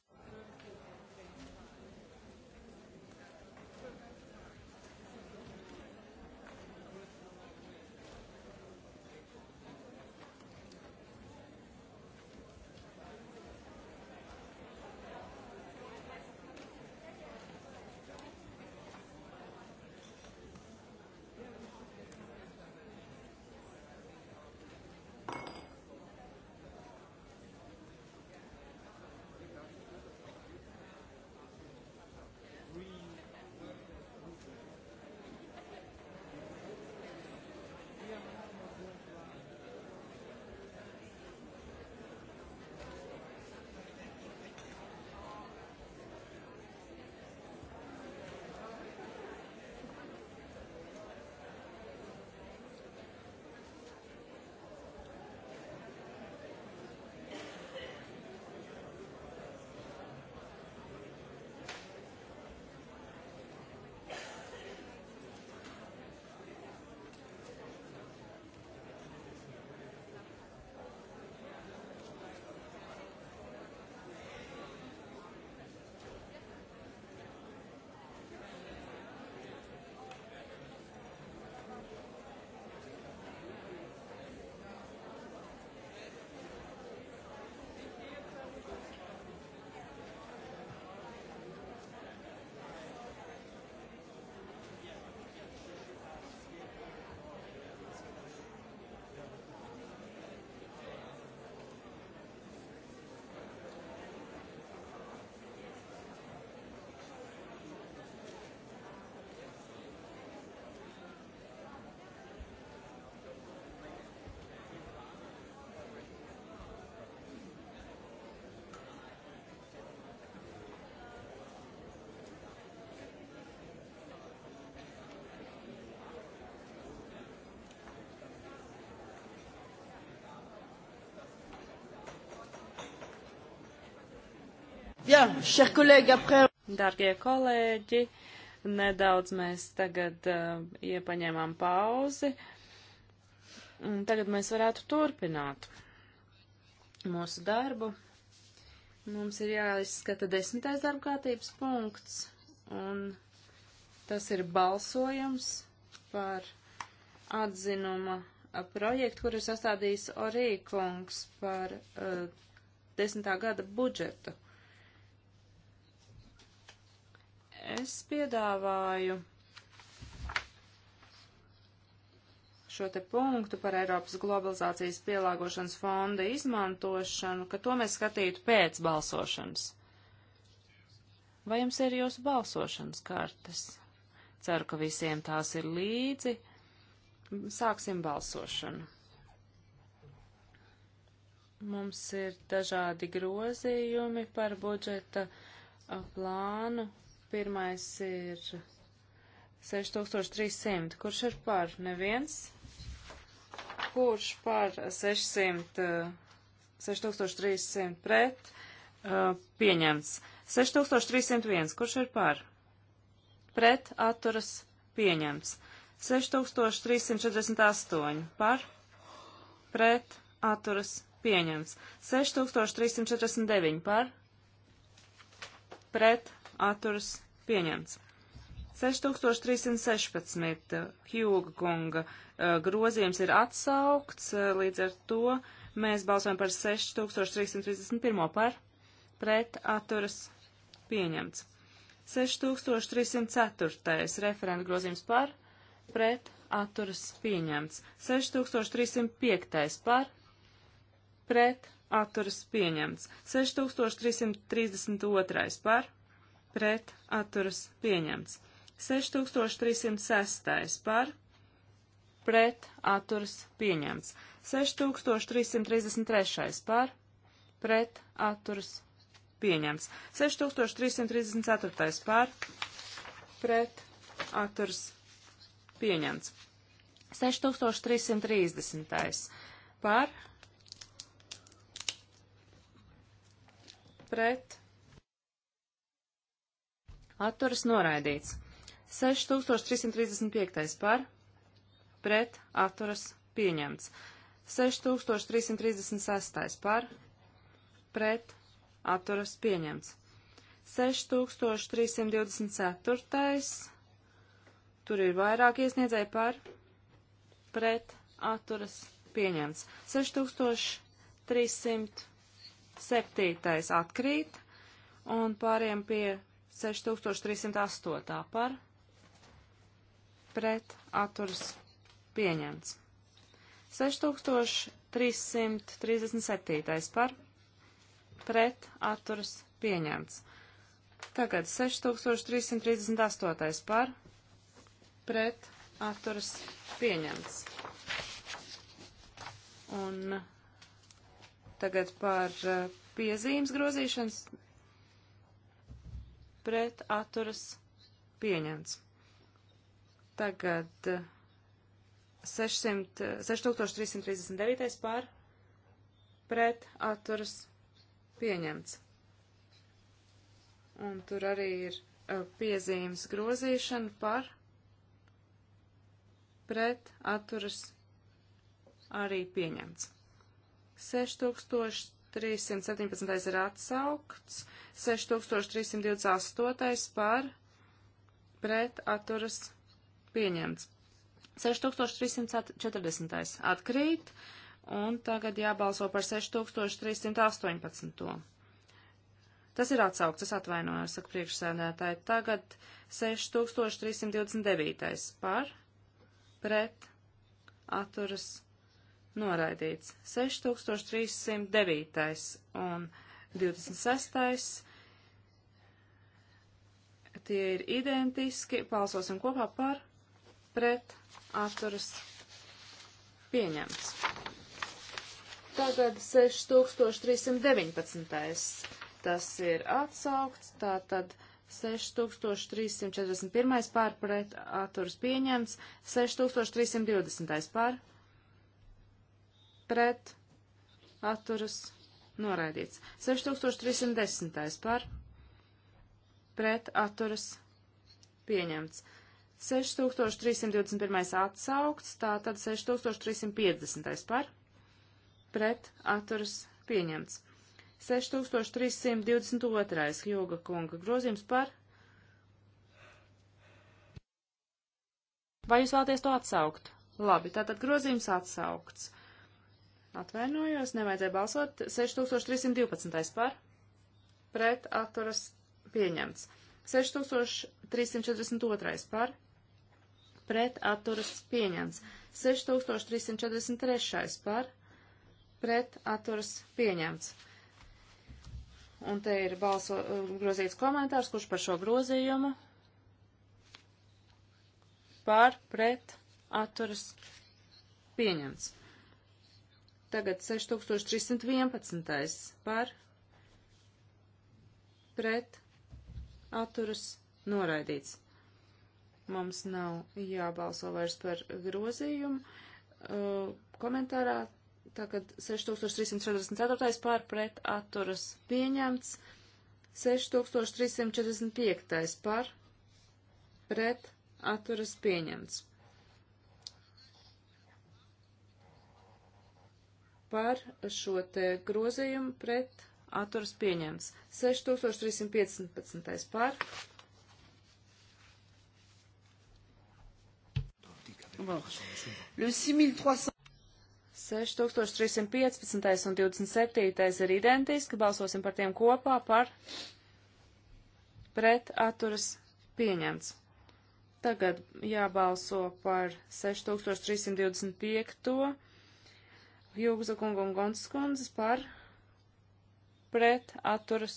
Jā, šie kolēģi apkārt. Darbie kolēģi, nedaudz mēs tagad uh, iepaņēmām pauzi. Un tagad mēs varētu turpināt mūsu darbu. Mums ir jāizskata desmitais darba kārtības punkts, un tas ir balsojums par atzinuma projektu, kur ir sastādījis Orīkungs par uh, desmitā gada budžetu. Es piedāvāju šo te punktu par Eiropas globalizācijas pielāgošanas fonda izmantošanu, ka to mēs skatītu pēc balsošanas. Vai jums ir jūsu balsošanas kartes? Ceru, ka visiem tās ir līdzi. Sāksim balsošanu. Mums ir dažādi grozījumi par budžeta plānu Pirmais ir 6300. Kurš ir par? Neviens. Kurš par 600, 6300 eh, pret? Eh, pieņemts. 6301. Kurš ir par? Pret atturas pieņemts. 6348. Par? Pret atturas pieņemts. 6349. Par? Pret atturas pieņemts. 6316 eh, Hjūga kunga eh, grozījums ir atsaukts, eh, līdz ar to mēs balsojam par 6331 par pret atturas pieņemts. 6304 referenta grozījums par pret atturas pieņemts. 6305 par pret atturas pieņemts. 6332 par pret atturas pieņemts. 6306. par pret atturas pieņemts. 6333. par pret atturas pieņemts. 6334. par pret atturas pieņemts. 6330. par pret atturas noraidīts. 6335 par, pret, atturas pieņemts. 6336 par, pret, atturas pieņemts. 6324. Tur ir vairāk iesniedzēji par, pret, atturas pieņemts. 6307. atkrīt un pāriem pie 6308 par pret atturas pieņemts. 6337 par pret atturas pieņemts. Tagad 6338 par pret atturas pieņemts. Un tagad par eh, piezīmes grozīšanas pret atturas pieņemts. Tagad 600, 6339 pār pret atturas pieņemts. Un tur arī ir uh, piezīmes grozīšana par pret atturas arī pieņemts. 6339 317. ir atsaukts, 6328. par pret atturas pieņemts. 6340. atkrīt, un tagad jābalso par 6318. Tas ir atsaukts, es atvainojos, saka priekšsēdētāji. Tagad 6329. par, pret, atturas, noraidīts 6309 un 26. Tie ir identiski, balsosim kopā par, pret, atturas, pieņemts. Tagad 6319. Tas ir atsaukts, tātad 6341 pār pret atturas pieņemts, 6320 pār pret atturas noraidīts. 6310. par pret atturas pieņemts. 6321. atsaukts, tātad 6350. par pret atturas pieņemts. 6322. Joga kunga grozījums par. Vai jūs vēlaties to atsaukt? Labi, tātad grozījums atsaukts. Atvainojos, nevajadzēja balsot. 6312 par, pret atturas pieņemts. 6342 par, pret atturas pieņemts. 6343 par, pret atturas pieņemts. Un te ir balso, grozīts komentārs, kurš par šo grozījumu par, pret atturas pieņemts. Tagad 6311. par pret atturas noraidīts. Mums nav jābalso vairs par grozījumu. Uh, komentārā tagad 6344. pār pret atturas pieņemts. 6345. pār pret atturas pieņemts. par šo te grozījumu pret atturas pieņemts. 6315 par. Le 6300. 6315 un 27 ir identiski, balsosim par tiem kopā par pret atturas pieņemts. Tagad jābalso par 6325 Jūgza kunga un Gonsas kundzes par pret atturas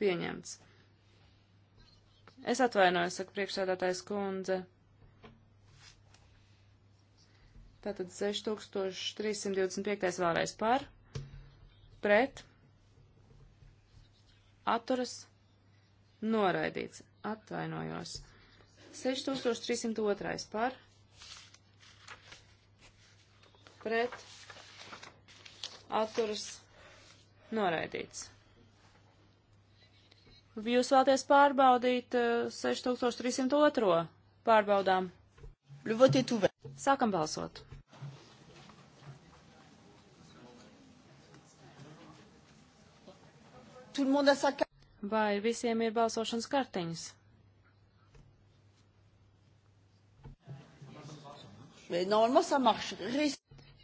pieņemts. Es atvainojos, saka priekšsēdētājs kundze. Tātad 6325 vēlreiz par, pret, atturas, noraidīts, atvainojos. 6302 par, pret, atturas noraidīts. Jūs vēlaties pārbaudīt 6302. Eh, pārbaudām. Sākam balsot. Vai visiem ir balsošanas kartiņas? Mais normalement, ça marche.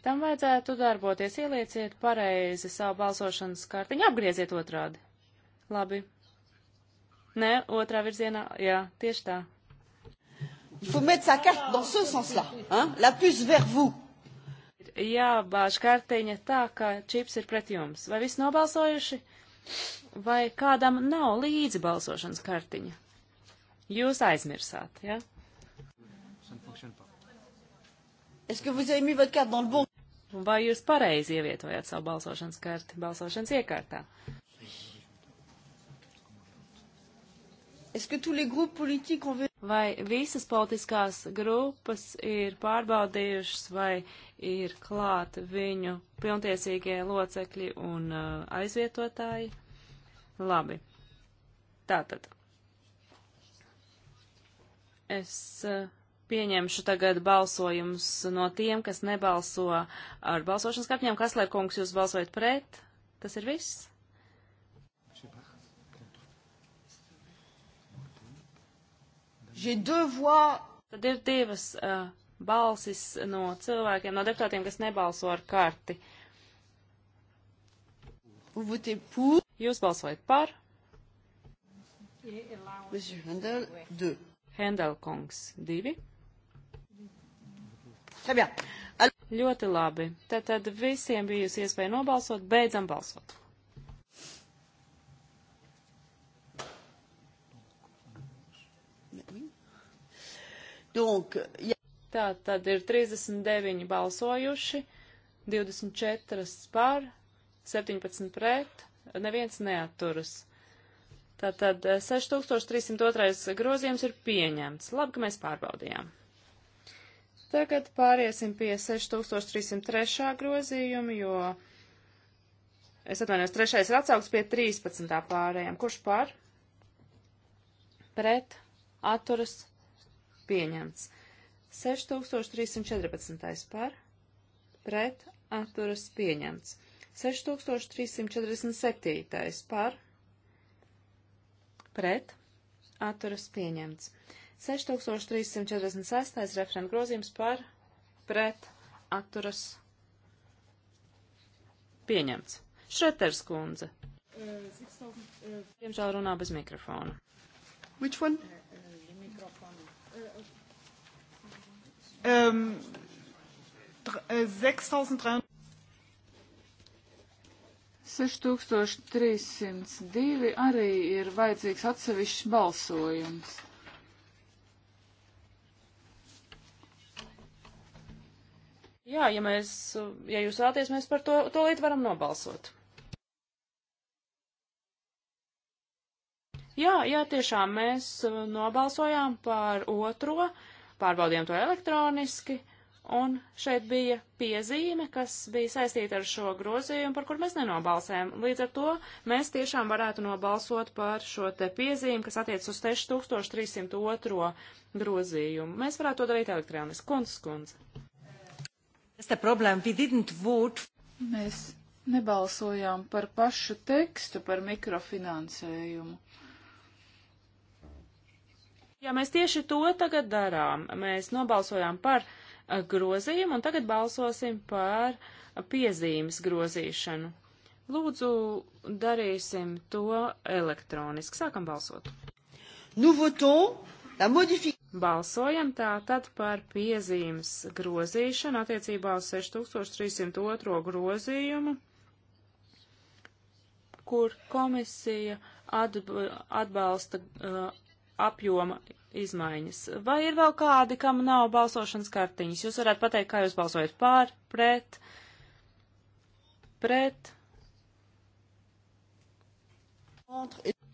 Tam vajadzētu darboties, ielieciet pareizi savu balsošanas kartiņu, apgrieziet otrādi. Labi. Nē, otrā virzienā, jā, tieši tā. Jā, bāž kartiņa tā, ka čips ir pret jums. Vai viss nobalsojuši? Vai kādam nav līdzi balsošanas kartiņa? Jūs aizmirsāt, jā? Ja? Est-ce que vous avez mis votre carte dans le bon Vai jūs pareizi ievietojāt savu balsošanas karti balsošanas iekārtā? Vai visas politiskās grupas ir pārbaudījušas, vai ir klāt viņu pilntiesīgie locekļi un uh, aizvietotāji? Labi. Tātad. Es. Uh, pieņemšu tagad balsojumus no tiem, kas nebalso ar balsošanas kapņiem. Kaslēr kungs, jūs balsojat pret? Tas ir viss? Tad ir divas uh, balsis no cilvēkiem, no deputātiem, kas nebalso ar karti. Jūs balsojat par? Hendel kungs, divi. Ļoti labi. Tātad visiem bijusi iespēja nobalsot. Beidzam balsot. Donc, ja... Tā tad ir 39 balsojuši, 24 par, 17 pret, neviens neaturas. Tātad 6302 eh, grozījums ir pieņemts. Labi, ka mēs pārbaudījām. Tagad pāriesim pie 6303. grozījuma, jo es atvainojos, trešais ir atsaugs pie 13. pārējiem. Kurš par? Pret atturas pieņemts. 6314. par? Pret atturas pieņemts. 6347. par? Pret atturas pieņemts. 6346. referenta grozījums par pret atturas pieņemts. Šreters kundze. Diemžēl runā bez mikrofona. Which one? Um, 6300. 6302 uh, arī ir vajadzīgs atsevišķs balsojums. Jā, ja mēs, ja jūs vēlaties, mēs par to, to lietu varam nobalsot. Jā, jā, tiešām mēs uh, nobalsojām par otro, pārbaudījām to elektroniski, un šeit bija piezīme, kas bija saistīta ar šo grozījumu, par kur mēs nenobalsējām. Līdz ar to mēs tiešām varētu nobalsot par šo te piezīmi, kas attiec uz 6302 grozījumu. Mēs varētu to darīt elektroniski. Kundz, kundze. Mēs nebalsojām par pašu tekstu, par mikrofinansējumu. Jā, mēs tieši to tagad darām. Mēs nobalsojām par eh, grozījumu un tagad balsosim par eh, piezīmes grozīšanu. Lūdzu, darīsim to elektroniski. Sākam balsot. Nous votons la modification. Balsojam tātad par piezīmes grozīšanu attiecībā uz 6302 grozījumu, kur komisija atb atbalsta uh, apjoma izmaiņas. Vai ir vēl kādi, kam nav balsošanas kartiņas? Jūs varētu pateikt, kā jūs balsojat pār, pret, pret.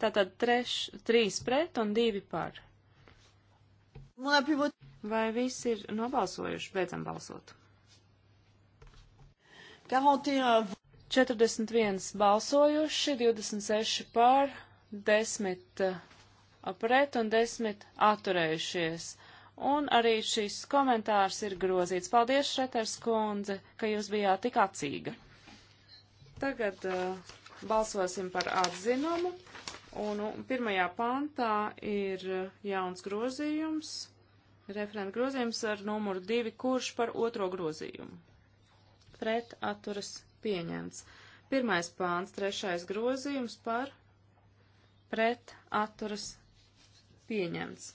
Tātad treš, trīs pret un divi par. Vai visi ir nobalsojuši? Beidzam balsot. 41 balsojuši, 26 pār, 10 pret un 10 atturējušies. Un arī šis komentārs ir grozīts. Paldies, Šreters kundze, ka jūs bijāt tik acīga. Tagad uh, balsosim par atzinumu. Un, un pirmajā pantā ir uh, jauns grozījums, referenta grozījums ar numuru 2, kurš par otro grozījumu. Pret atturas pieņemts. Pirmais pāns, trešais grozījums par pret atturas pieņemts.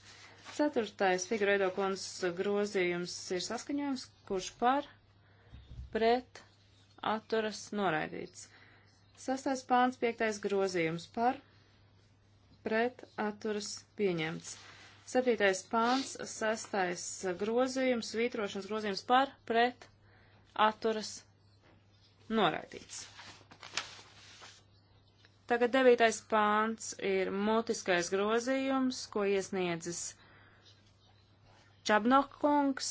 Ceturtais figureido konsts grozījums ir saskaņojums, kurš par pret atturas noraidīts. Sastais pāns, piektais grozījums par pret pret atturas pieņemts. Septītais pāns, sestais grozījums, svītrošanas grozījums par pret atturas noraidīts. Tagad devītais pāns ir mutiskais grozījums, ko iesniedzis Čabnok kungs.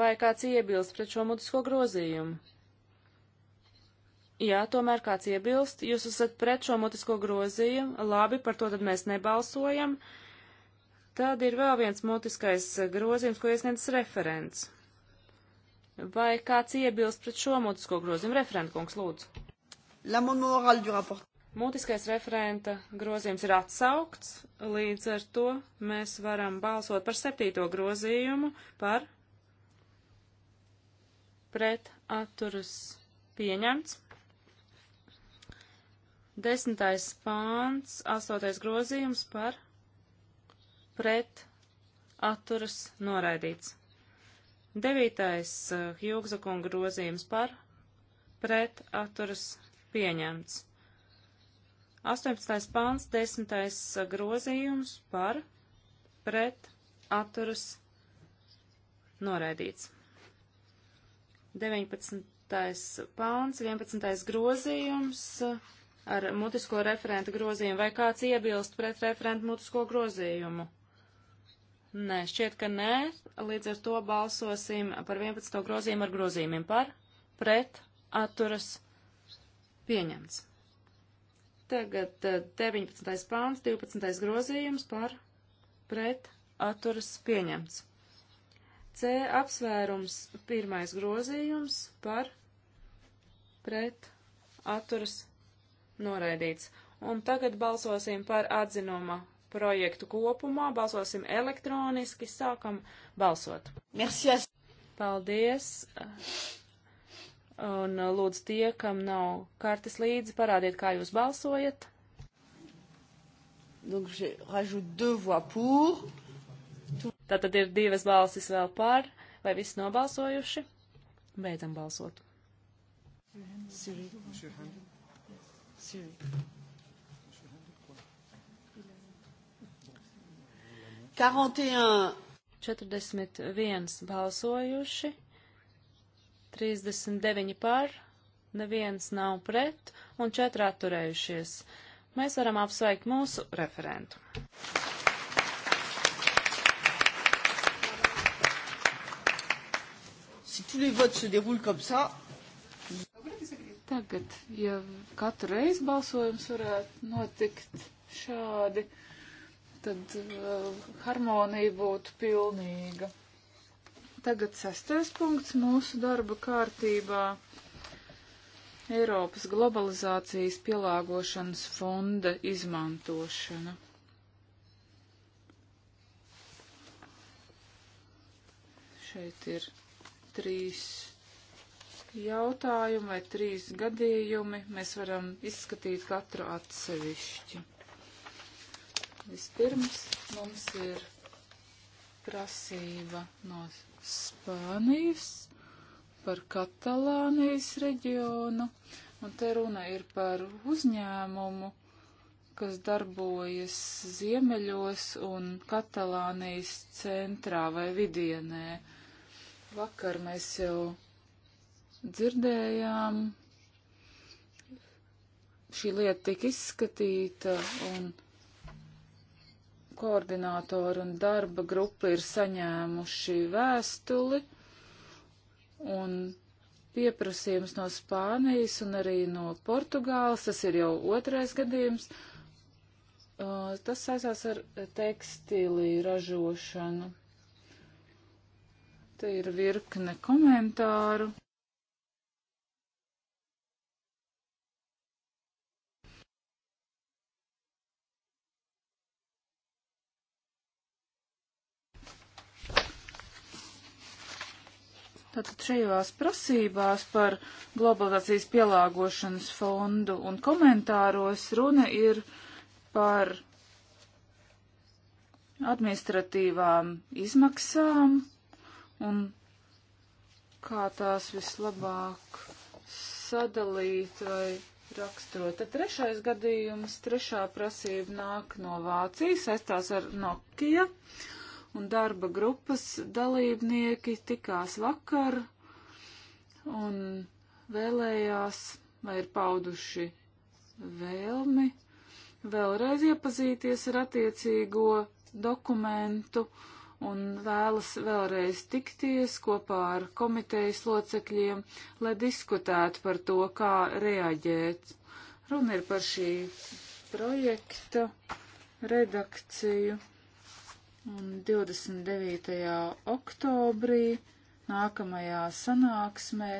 Vai kāds iebilst pret šo mutisko grozījumu? Jā, tomēr kāds iebilst, jūs esat pret šo mutisko grozījumu, labi, par to tad mēs nebalsojam. Tad ir vēl viens mutiskais grozījums, ko iesniedz referents. Vai kāds iebilst pret šo mutisko grozījumu? Referentkungs, lūdzu. Mutiskais referenta grozījums ir atsaukts, līdz ar to mēs varam balsot par septīto grozījumu par pret atturas pieņemts. Desmitais pāns, astotais grozījums par pret atturas noraidīts. Devītais eh, Hjūgza kunga grozījums par pret atturas pieņemts. 18. pāns, 10. Eh, grozījums par pret atturas noraidīts. 19. pāns, 11. grozījums eh, ar mutisko referentu grozījumu. Vai kāds iebilst pret referentu mutisko grozījumu? Nē, šķiet, ka nē. Līdz ar to balsosim par 11. grozījumu ar grozījumiem par, pret, atturas, pieņemts. Tagad 19. Eh, pāns, 12. grozījums par, pret, atturas, pieņemts. C apsvērums pirmais grozījums par pret atturas noraidīts. Un tagad balsosim par atzinuma projektu kopumā, balsosim elektroniski, sākam balsot. Merci. Paldies. Un uh, lūdzu tie, kam nav kartes līdzi, parādiet, kā jūs balsojat. Donc, je rajoute deux voix pour. Tātad ir divas balsis vēl par, vai viss nobalsojuši? Beidzam balsot. Siri. Siri. Monsieur. Quarante-un. 41 balsojuši, 39 par, neviens nav pret un 4 atturējušies. Mēs varam apsveikt mūsu referentu. Si tous les votes se déroulent comme ça, Tagad, ja katru reizi balsojums varētu notikt šādi, tad uh, harmonija būtu pilnīga. Tagad sestais punkts mūsu darba kārtībā - Eiropas globalizācijas pielāgošanas fonda izmantošana. Šeit ir trīs jautājumu vai trīs gadījumi. Mēs varam izskatīt katru atsevišķi. Vispirms mums ir prasība no Spānijas par Katalānijas reģionu, un te runa ir par uzņēmumu, kas darbojas ziemeļos un Katalānijas centrā vai vidienē. Vakar mēs jau dzirdējām, šī lieta tika izskatīta un koordinātori un darba grupa ir saņēmuši vēstuli un pieprasījums no Spānijas un arī no Portugāles, tas ir jau otrais gadījums, tas saistās ar tekstīlī ražošanu. Te ir virkne komentāru. Tātad šajās prasībās par globalizācijas pielāgošanas fondu un komentāros runa ir par administratīvām izmaksām un kā tās vislabāk sadalīt vai raksturot. Tad trešais gadījums, trešā prasība nāk no Vācijas, saistās ar Nokia. Uh, un darba grupas dalībnieki tikās vakar un vēlējās vai ir pauduši vēlmi vēlreiz iepazīties ar attiecīgo dokumentu un vēlas vēlreiz tikties kopā ar komitejas locekļiem, lai diskutētu par to, kā reaģēt. Runa ir par šī projekta redakciju. Un 29. oktobrī nākamajā sanāksmē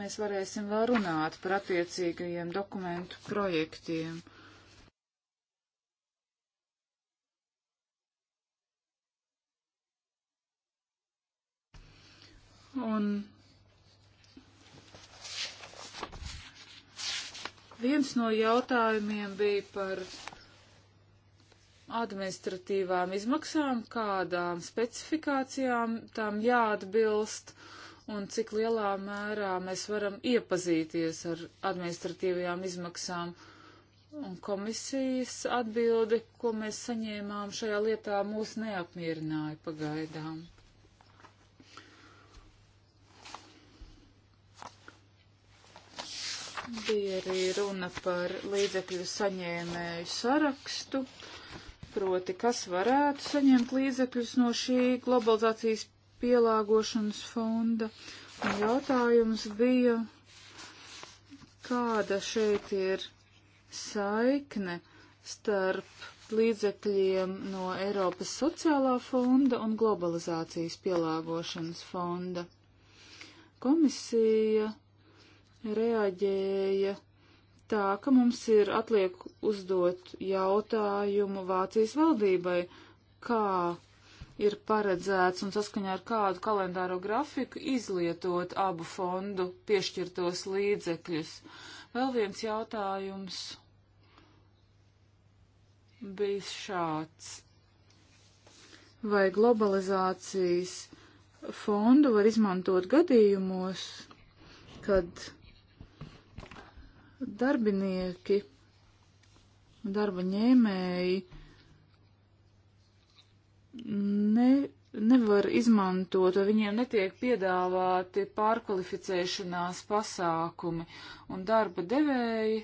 mēs varēsim vēl runāt par attiecīgajiem dokumentu projektiem. Un viens no jautājumiem bija par administratīvām izmaksām, kādām specifikācijām tām jāatbilst un cik lielā mērā mēs varam iepazīties ar administratīvajām izmaksām. Un komisijas atbildi, ko mēs saņēmām šajā lietā, mūs neapmierināja pagaidām. Bija arī runa par līdzekļu saņēmēju sarakstu. Uh, proti, kas varētu saņemt līdzekļus no šī globalizācijas pielāgošanas fonda. Un jautājums bija, kāda šeit ir saikne starp līdzekļiem no Eiropas sociālā fonda un globalizācijas pielāgošanas fonda. Komisija reaģēja tā, ka mums ir atliek uzdot jautājumu Vācijas valdībai, kā ir paredzēts un saskaņā ar kādu kalendāro grafiku izlietot abu fondu piešķirtos līdzekļus. Vēl viens jautājums bija šāds. Vai globalizācijas fondu var izmantot gadījumos, kad Darbinieki, darba ņēmēji ne, nevar izmantot, vai viņiem netiek piedāvāti pārkvalificēšanās pasākumi, un darba devēji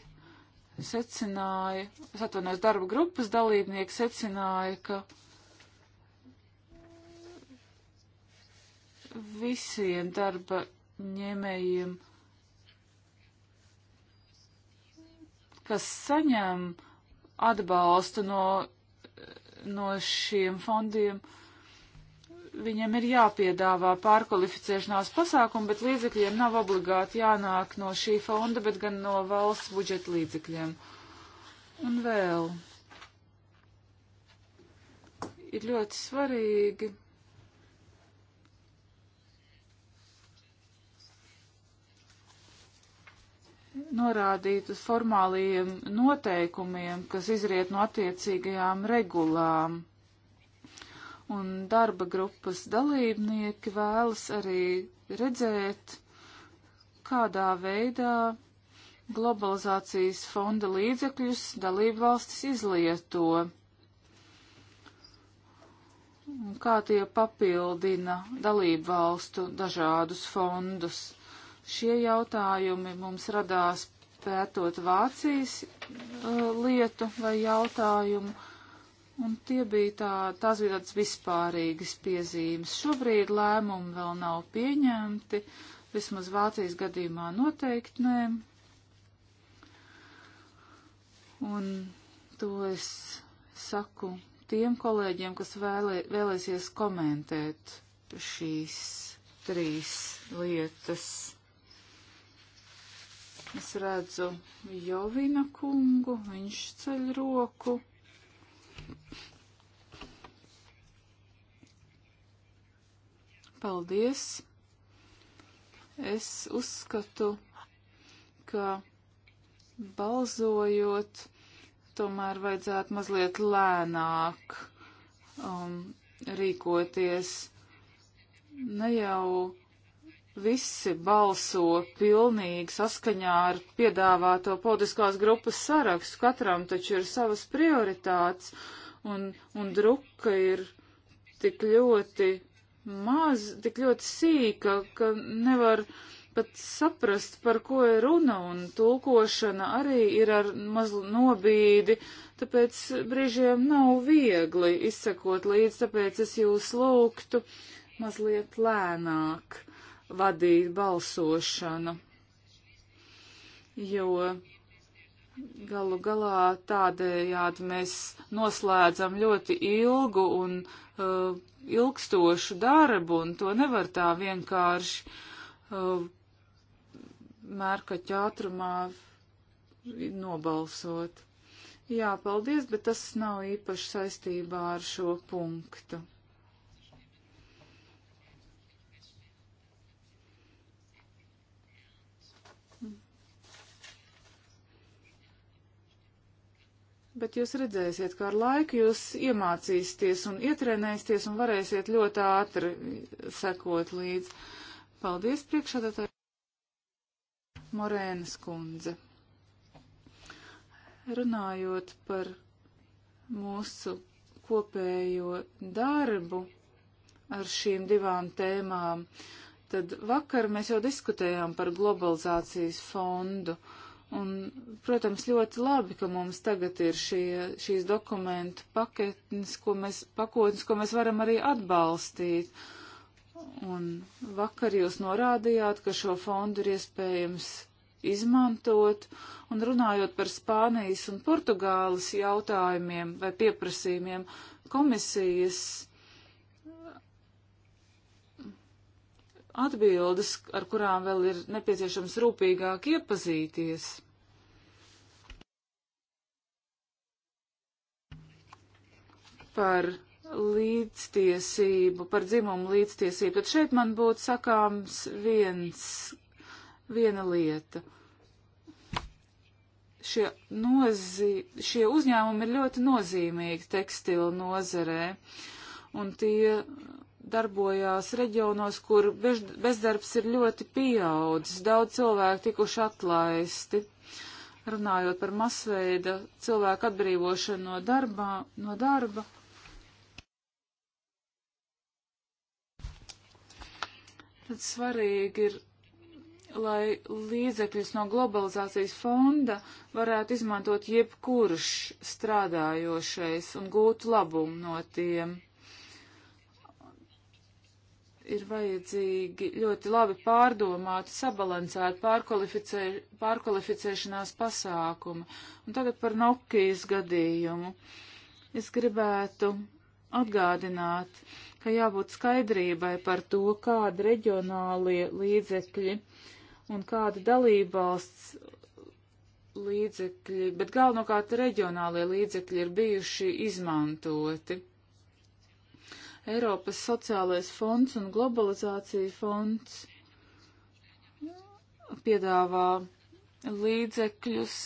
secināja, es atvainojos, darba grupas dalībnieki secināja, ka visiem darba ņēmējiem kas saņem atbalstu no, no šiem fondiem, viņiem ir jāpiedāvā pārkvalificēšanās pasākumi, bet līdzekļiem nav obligāti jānāk no šī fonda, bet gan no valsts budžeta līdzekļiem. Un vēl ir ļoti svarīgi norādīt uz formālajiem noteikumiem, kas izriet no attiecīgajām regulām. Un darba grupas dalībnieki vēlas arī redzēt, kādā veidā globalizācijas fonda līdzekļus dalību valstis izlieto un kā tie papildina dalību valstu dažādus fondus. Šie jautājumi mums radās pētot Vācijas uh, lietu vai jautājumu, un tie bija tā, tās bija tādas vispārīgas piezīmes. Šobrīd lēmumi vēl nav pieņemti, vismaz Vācijas gadījumā noteikti nē. Un to es saku tiem kolēģiem, kas vēlē, vēlēsies komentēt šīs trīs lietas. Es redzu Jovina kungu, viņš ceļ roku. Paldies! Es uzskatu, ka balzojot, tomēr vajadzētu mazliet lēnāk um, rīkoties. Ne jau visi balso pilnīgi saskaņā ar piedāvāto politiskās grupas sarakstu. Katram taču ir savas prioritātes, un, un druka ir tik ļoti maz, tik ļoti sīka, ka nevar pat saprast, par ko ir runa, un tulkošana arī ir ar mazu nobīdi, tāpēc brīžiem nav viegli izsekot līdz, tāpēc es jūs lūgtu mazliet lēnāk vadīt balsošanu, jo galu galā tādējādi mēs noslēdzam ļoti ilgu un uh, ilgstošu darbu, un to nevar tā vienkārši uh, mērkaķa ātrumā nobalsot. Jā, paldies, bet tas nav īpaši saistībā ar šo punktu. Bet jūs redzēsiet, ka ar laiku jūs iemācīsieties un ietrenēsieties un varēsiet ļoti ātri sekot līdzi. Paldies priekšādātāji Morēnas kundze. Runājot par mūsu kopējo darbu ar šīm divām tēmām, tad vakar mēs jau diskutējām par globalizācijas fondu. Uh, Un, protams, ļoti labi, ka mums tagad ir šie, šīs dokumentu paketnes, ko mēs, pakotnes, ko mēs varam arī atbalstīt. Un vakar jūs norādījāt, ka šo fondu ir iespējams izmantot, un runājot par Spānijas un Portugāles jautājumiem vai pieprasījumiem, komisijas atbildes, ar kurām vēl ir nepieciešams rūpīgāk iepazīties. Par līdztiesību, par dzimumu līdztiesību, tad šeit man būtu sakāms viens, viena lieta. Šie, nozī, šie uzņēmumi ir ļoti nozīmīgi tekstilu nozarē, un tie darbojās reģionos, kur bezdarbs ir ļoti pieaudzis, daudz cilvēku tikuši atlaisti. Runājot par masveida cilvēku atbrīvošanu no, darbā, no darba. Tad svarīgi ir, lai līdzekļus no globalizācijas fonda varētu izmantot jebkurš strādājošais un gūt labumu no tiem ir vajadzīgi ļoti labi pārdomāti, sabalansēti pārkvalificē, pārkvalificēšanās pasākumi. Un tagad par Nokijas gadījumu. Es gribētu atgādināt, ka jābūt skaidrībai par to, kāda reģionālie līdzekļi un kāda dalībvalsts līdzekļi, bet galvenokārt reģionālie līdzekļi ir bijuši izmantoti. Eiropas sociālais fonds un globalizācija fonds piedāvā līdzekļus,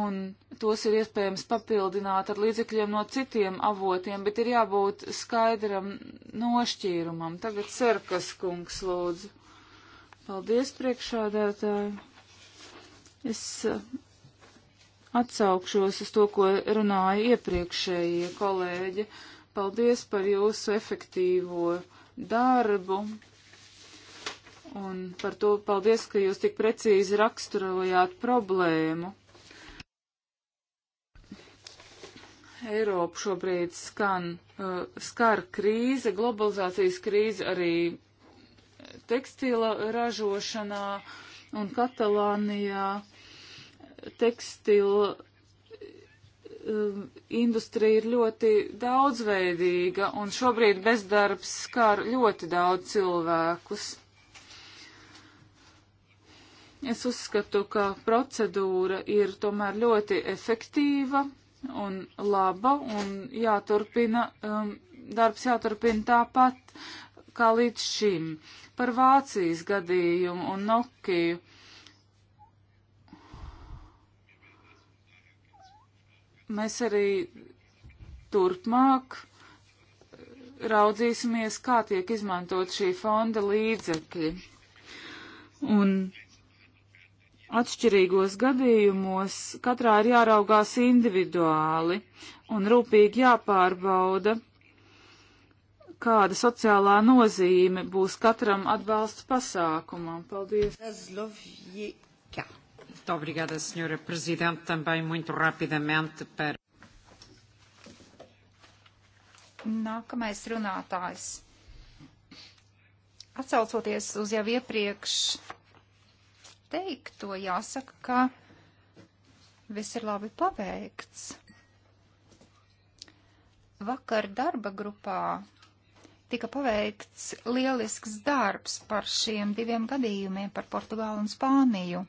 un tos ir iespējams papildināt ar līdzekļiem no citiem avotiem, bet ir jābūt skaidram nošķīrumam. Tagad Serkas kungs lūdzu. Paldies priekšādētāji. Es atsaukšos uz to, ko runāja iepriekšējie kolēģi. Paldies par jūsu efektīvo darbu. Un par to paldies, ka jūs tik precīzi raksturojāt problēmu. Eiropu šobrīd skan, uh, skar krīze, globalizācijas krīze arī tekstila ražošanā un Katalānijā tekstila um, industrija ir ļoti daudzveidīga, un šobrīd bezdarbs skar ļoti daudz cilvēkus. Es uzskatu, ka procedūra ir tomēr ļoti efektīva un laba, un jāturpina, um, darbs jāturpina tāpat kā līdz šim. Par Vācijas gadījumu un Nokiju mēs arī turpmāk eh, raudzīsimies, kā tiek izmantot šī fonda līdzekļi. Un atšķirīgos gadījumos katrā ir jāraugās individuāli un rūpīgi jāpārbauda, kāda sociālā nozīme būs katram atbalsta pasākumam. Paldies! Muito obrigada, Senhora Presidente. Também muito rapidamente para. Nākamais runātājs. Atcaucoties uz jau iepriekš teikto, jāsaka, ka viss ir labi paveikts. Vakar darba grupā tika paveikts lielisks darbs par šiem diviem gadījumiem par Portugālu un Spāniju.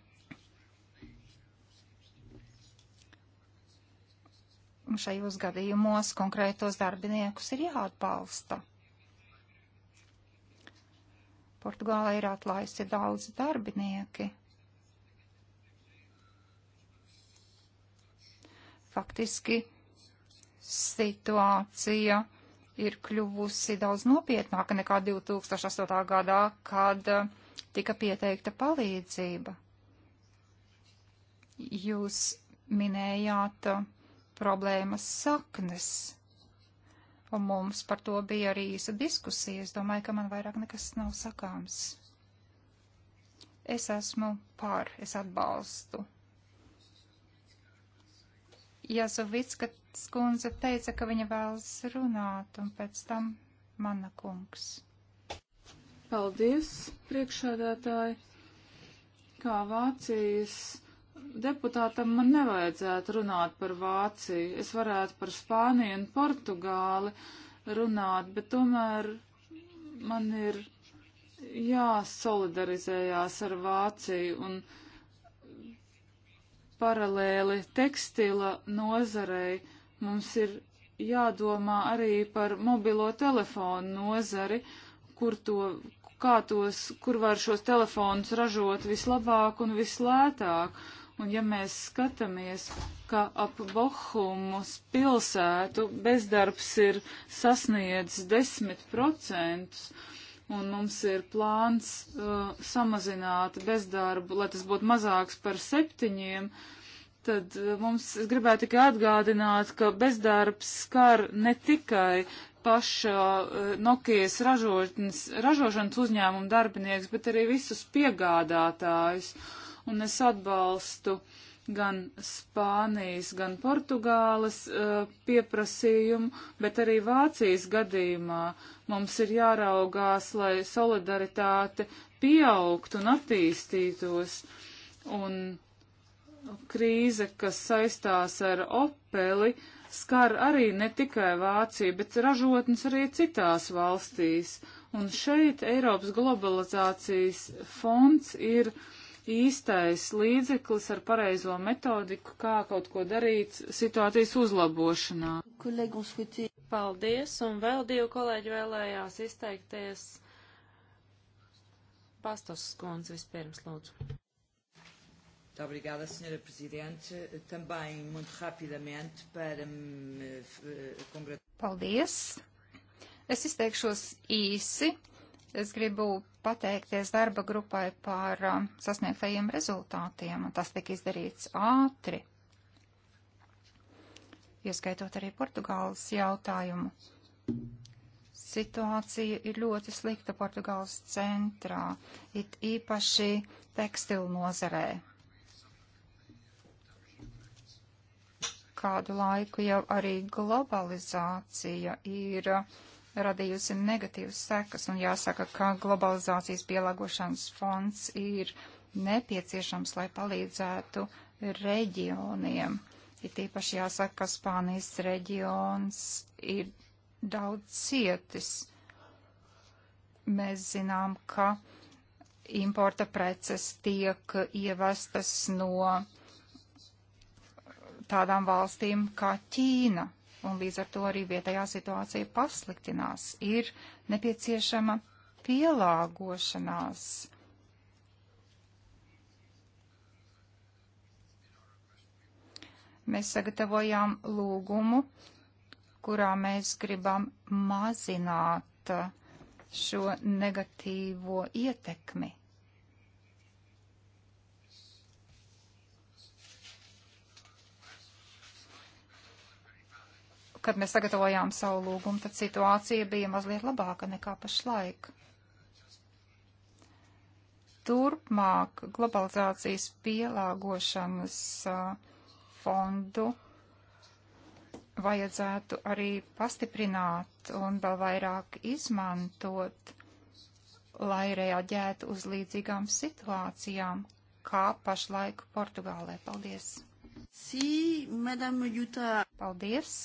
šajos gadījumos konkrētos darbiniekus ir jāatbalsta. Portugāla ir atlaisti daudzi darbinieki. Faktiski situācija ir kļuvusi daudz nopietnāka nekā 2008. gadā, kad tika pieteikta palīdzība. Jūs minējāt uh, problēmas saknes. Un mums par to bija arī īsa diskusija. Es domāju, ka man vairāk nekas nav sakāms. Es esmu pār, es atbalstu. Jasovicka skundze teica, ka viņa vēlas runāt, un pēc tam mana kungs. Paldies, priekšādātāji! Kā Vācijas deputātam man nevajadzētu runāt par Vāciju. Es varētu par Spāniju un Portugāli runāt, bet tomēr man ir jāsolidarizējās ar Vāciju un paralēli tekstila nozarei mums ir jādomā arī par mobilo telefonu nozari, kur to, kā tos, kur var šos telefonus ražot vislabāk un vislētāk. Un ja mēs skatāmies, ka ap Bohumus pilsētu bezdarbs ir sasniedzis 10%, un mums ir plāns uh, samazināt bezdarbu, lai tas būtu mazāks par septiņiem, tad uh, mums es gribētu tikai atgādināt, ka bezdarbs skar ne tikai paša uh, Nokijas ražošanas, ražošanas uzņēmuma darbinieks, bet arī visus piegādātājus. Uh, un es atbalstu gan Spānijas, gan Portugāles uh, pieprasījumu, bet arī Vācijas gadījumā mums ir jāraugās, lai solidaritāte pieaugt un attīstītos. Un krīze, kas saistās ar Opeli, skar arī ne tikai Vāciju, bet ražotnes arī citās valstīs. Un šeit Eiropas globalizācijas fonds ir uh, īstais līdzeklis ar pareizo metodiku, kā kaut ko darīt situācijas uzlabošanā. Paldies, un vēl divi kolēģi vēlējās izteikties. Pastos skundz vispirms, lūdzu. Muito obrigada, Sra. Presidente. Também, muito rapidamente, para me eh, congratular. Paldies! Es izteikšos īsi, Es gribu pateikties darba grupai par uh, sasniegtajiem rezultātiem, un tas tika izdarīts ātri, ieskaitot arī Portugāles jautājumu. Situācija ir ļoti slikta Portugāles centrā, it īpaši tekstilu nozarē. Kādu laiku jau arī globalizācija ir uh, radījusi negatīvas sekas, un jāsaka, ka globalizācijas pielāgošanas fonds ir nepieciešams, lai palīdzētu reģioniem. Ir tīpaši jāsaka, ka Spānijas reģions ir daudz cietis. Mēs zinām, ka importa preces tiek ievestas no tādām valstīm kā Ķīna, un līdz ar to arī vietējā situācija pasliktinās. Ir nepieciešama pielāgošanās. Mēs sagatavojām lūgumu, kurā mēs gribam mazināt šo negatīvo ietekmi kad mēs sagatavojām savu lūgumu, tad situācija bija mazliet labāka nekā pašlaik. Turpmāk globalizācijas pielāgošanas fondu vajadzētu arī pastiprināt un vēl vairāk izmantot, lai reaģētu uz līdzīgām situācijām, kā pašlaik Portugālē. Paldies! Sī, Madame Jutā. Paldies!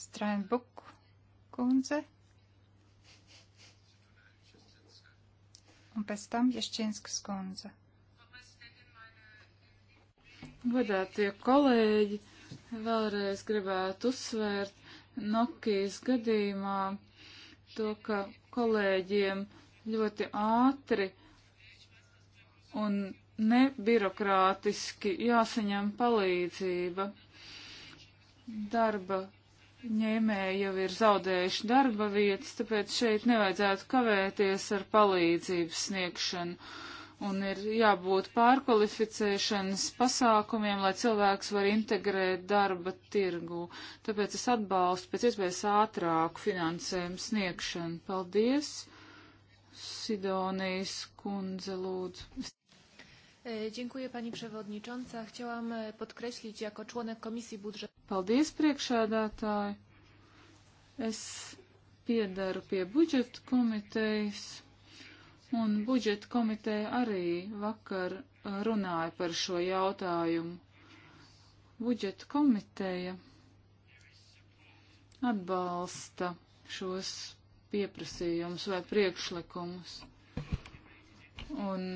Strainbuk kundze. Un pēc tam Jašķinskas kundze. Godātie kolēģi, vēlreiz gribētu uzsvērt Nokijas gadījumā to, ka kolēģiem ļoti ātri un nebirokrātiski jāsaņem palīdzība darba ņēmēji jau ir zaudējuši darba vietas, tāpēc šeit nevajadzētu kavēties ar palīdzības sniegšanu. Un ir jābūt pārkvalificēšanas pasākumiem, lai cilvēks var integrēt darba tirgu. Tāpēc es atbalstu pēc iespējas ātrāku finansējumu sniegšanu. Paldies! Sidonijas kundze lūdzu. E, dziękuję Pani Przewodnicząca. Chciałam e, podkreślić jako członek Komisji Budżetowej. Paldies, priekšēdētāji. Es piedaru pie budžeta komitejas, un budžeta komiteja arī vakar runāja par šo jautājumu. Budžeta komiteja atbalsta šos pieprasījumus vai priekšlikumus. Un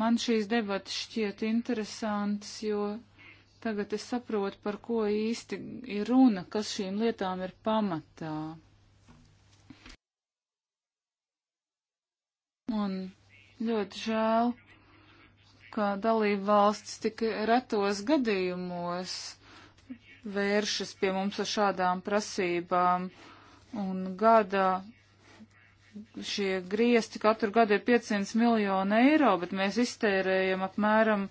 Man šīs debatas šķiet interesantas, jo tagad es saprotu, par ko īsti ir runa, kas šīm lietām ir pamatā. Un ļoti žēl, ka dalība valsts tik retos gadījumos vēršas pie mums ar šādām prasībām, un gada šie griezti katru gadu ir 500 miljonu eiro, bet mēs iztērējam apmēram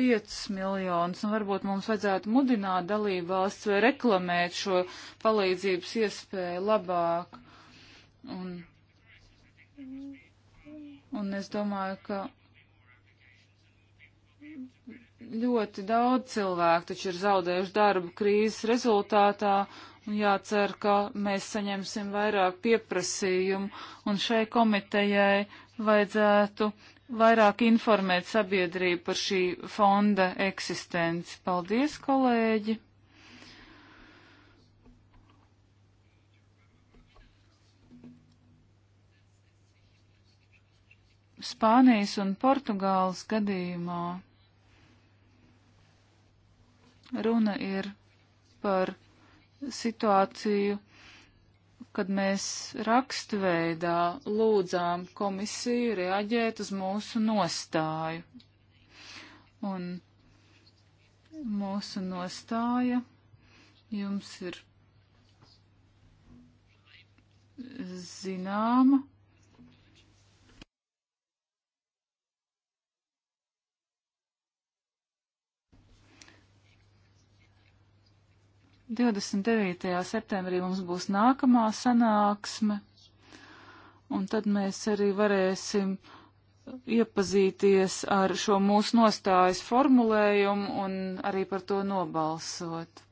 5 miljonus, un varbūt mums vajadzētu mudināt dalību valsts vai reklamēt šo palīdzības iespēju labāk. Un, un es domāju, ka ļoti daudz cilvēku taču ir zaudējuši darbu krīzes rezultātā, Jācer, ka mēs saņemsim vairāk pieprasījumu un šai komitejai vajadzētu vairāk informēt sabiedrību par šī fonda eksistenci. Paldies, kolēģi! Spānijas un Portugāles gadījumā runa ir par situāciju, kad mēs rakstveidā lūdzām komisiju reaģēt uz mūsu nostāju. Un mūsu nostāja jums ir zināma. 29. septembrī mums būs nākamā sanāksme, un tad mēs arī varēsim iepazīties ar šo mūsu nostājas formulējumu un arī par to nobalsot.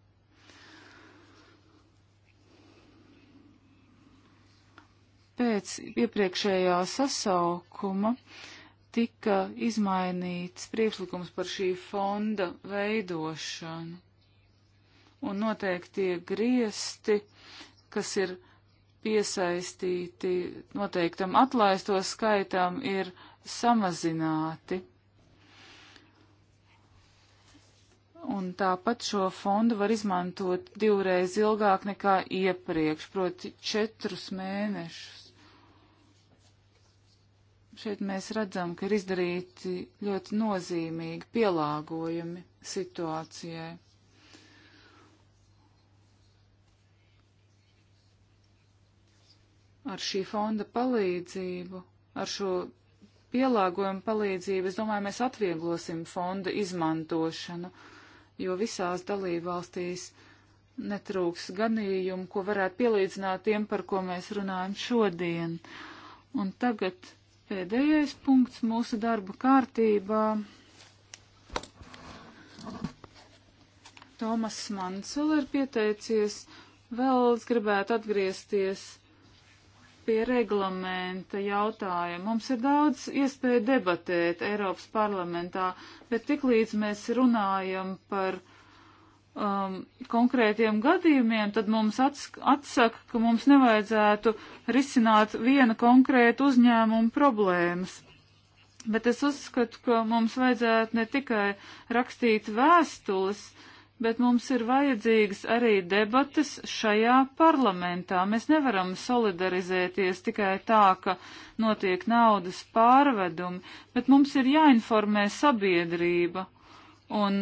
Pēc iepriekšējā sasaukuma tika izmainīts priekšlikums par šī fonda veidošanu un noteiktie griesti, kas ir piesaistīti noteiktam atlaisto skaitam, ir samazināti. Un tāpat šo fondu var izmantot divreiz ilgāk nekā iepriekš, proti četrus mēnešus. Šeit mēs redzam, ka ir izdarīti ļoti nozīmīgi pielāgojumi situācijai. ar šī fonda palīdzību, ar šo pielāgojumu palīdzību, es domāju, mēs atvieglosim fonda izmantošanu, jo visās dalībvalstīs netrūks ganījumu, ko varētu pielīdzināt tiem, par ko mēs runājam šodien. Un tagad pēdējais punkts mūsu darba kārtībā. Tomas Mansel ir pieteicies, vēl es gribētu atgriezties pie reglamenta jautājuma. Mums ir daudz iespēju debatēt Eiropas parlamentā, bet tiklīdz mēs runājam par um, konkrētiem gadījumiem, tad mums atsaka, ka mums nevajadzētu risināt viena konkrēta uzņēmuma problēmas. Bet es uzskatu, ka mums vajadzētu ne tikai rakstīt vēstules, uh, bet mums ir vajadzīgas arī debatas šajā parlamentā. Mēs nevaram solidarizēties tikai tā, ka notiek naudas pārvedumi, bet mums ir jāinformē sabiedrība. Un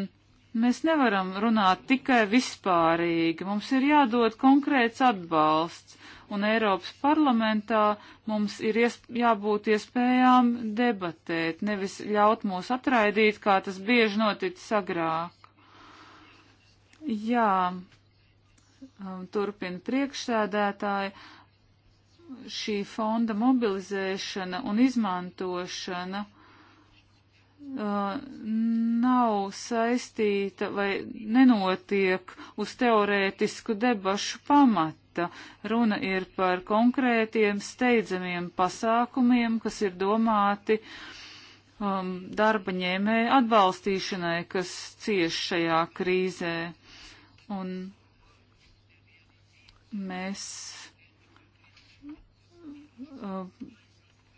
mēs nevaram runāt tikai vispārīgi, mums ir jādod konkrēts atbalsts. Un Eiropas parlamentā mums ir iesp jābūt iespējām debatēt, nevis ļaut mūs atraidīt, kā tas bieži noticis agrāk. Jā, um, turpina priekšsēdētāji, šī fonda mobilizēšana un izmantošana uh, nav saistīta vai nenotiek uz teorētisku debašu pamata. Runa ir par konkrētiem steidzamiem pasākumiem, kas ir domāti um, darba ņēmēja atbalstīšanai, kas cieš šajā krīzē. Un mēs uh,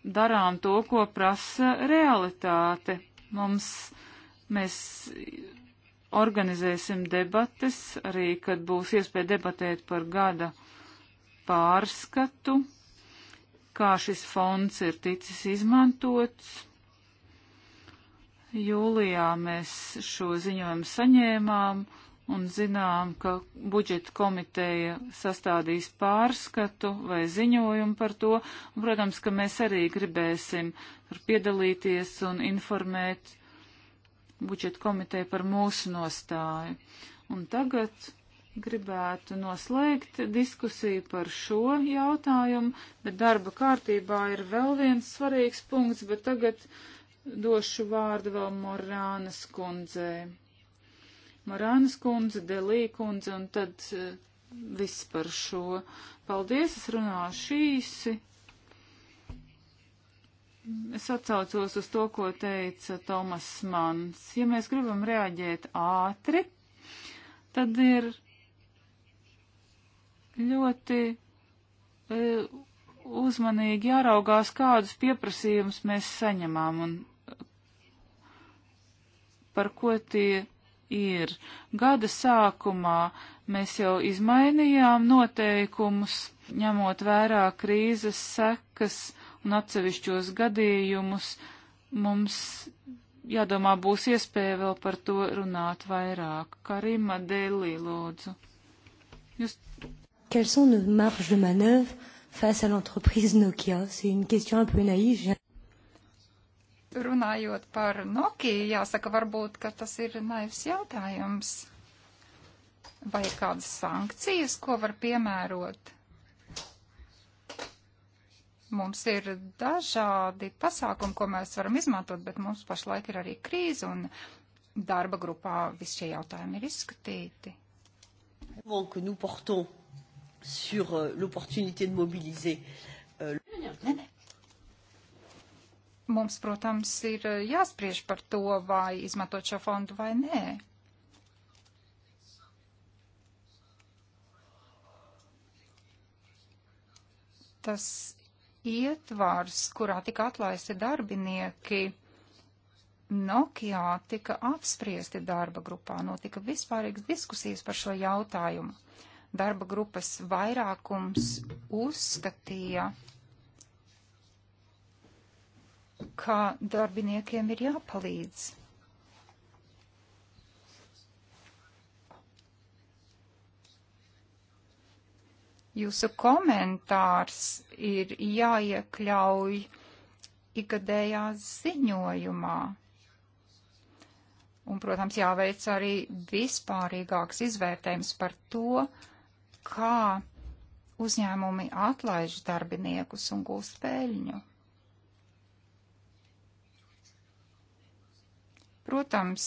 darām to, ko prasa realitāte. Mums, mēs organizēsim debates, arī kad būs iespēja debatēt par gada pārskatu, kā šis fonds ir ticis izmantots. Jūlijā mēs šo ziņojumu saņēmām. Uh, un zinām, ka budžeta komiteja sastādīs pārskatu vai ziņojumu par to, un, protams, ka mēs arī gribēsim piedalīties un informēt budžeta komiteju par mūsu nostāju. Un tagad gribētu noslēgt diskusiju par šo jautājumu, bet darba kārtībā ir vēl viens svarīgs punkts, bet tagad došu vārdu vēl Morānas kundzei. Marānas kundze, Delī kundze un tad eh, viss par šo. Paldies, es runāšu īsi. Es atcaucos uz to, ko teica Tomas Mans. Ja mēs gribam reaģēt ātri, tad ir ļoti e, uzmanīgi jāraugās, kādus pieprasījumus mēs saņemam un par ko tie ir. Gada sākumā mēs jau izmainījām noteikumus, ņemot vērā krīzes sekas un atsevišķos gadījumus. Mums jādomā būs iespēja vēl par to runāt vairāk. Karima Delī, lūdzu. Jūs... Quelles sont nos marges de manœuvre face à l'entreprise Nokia C'est une question un peu naïve. Runājot par Nokiju, jāsaka varbūt, ka tas ir naivs jautājums. Vai ir kādas sankcijas, ko var piemērot? Mums ir dažādi pasākumi, ko mēs varam izmantot, bet mums pašlaik ir arī krīze un darba grupā visi šie jautājumi ir izskatīti. Sur euh, l'opportunité de mobiliser. Euh mums, protams, ir eh, jāspriež par to, vai izmantot šo fondu vai nē. Tas ietvars, kurā tika atlaisti darbinieki, Nokijā tika apspriesti darba grupā, notika vispārīgas diskusijas par šo jautājumu. Darba grupas vairākums uzskatīja, ka darbiniekiem ir jāpalīdz. Jūsu komentārs ir jāiekļauj ikgadējā ziņojumā. Un, protams, jāveic arī vispārīgāks izvērtējums par to, kā uzņēmumi atlaiž darbiniekus un gūst peļņu. Protams,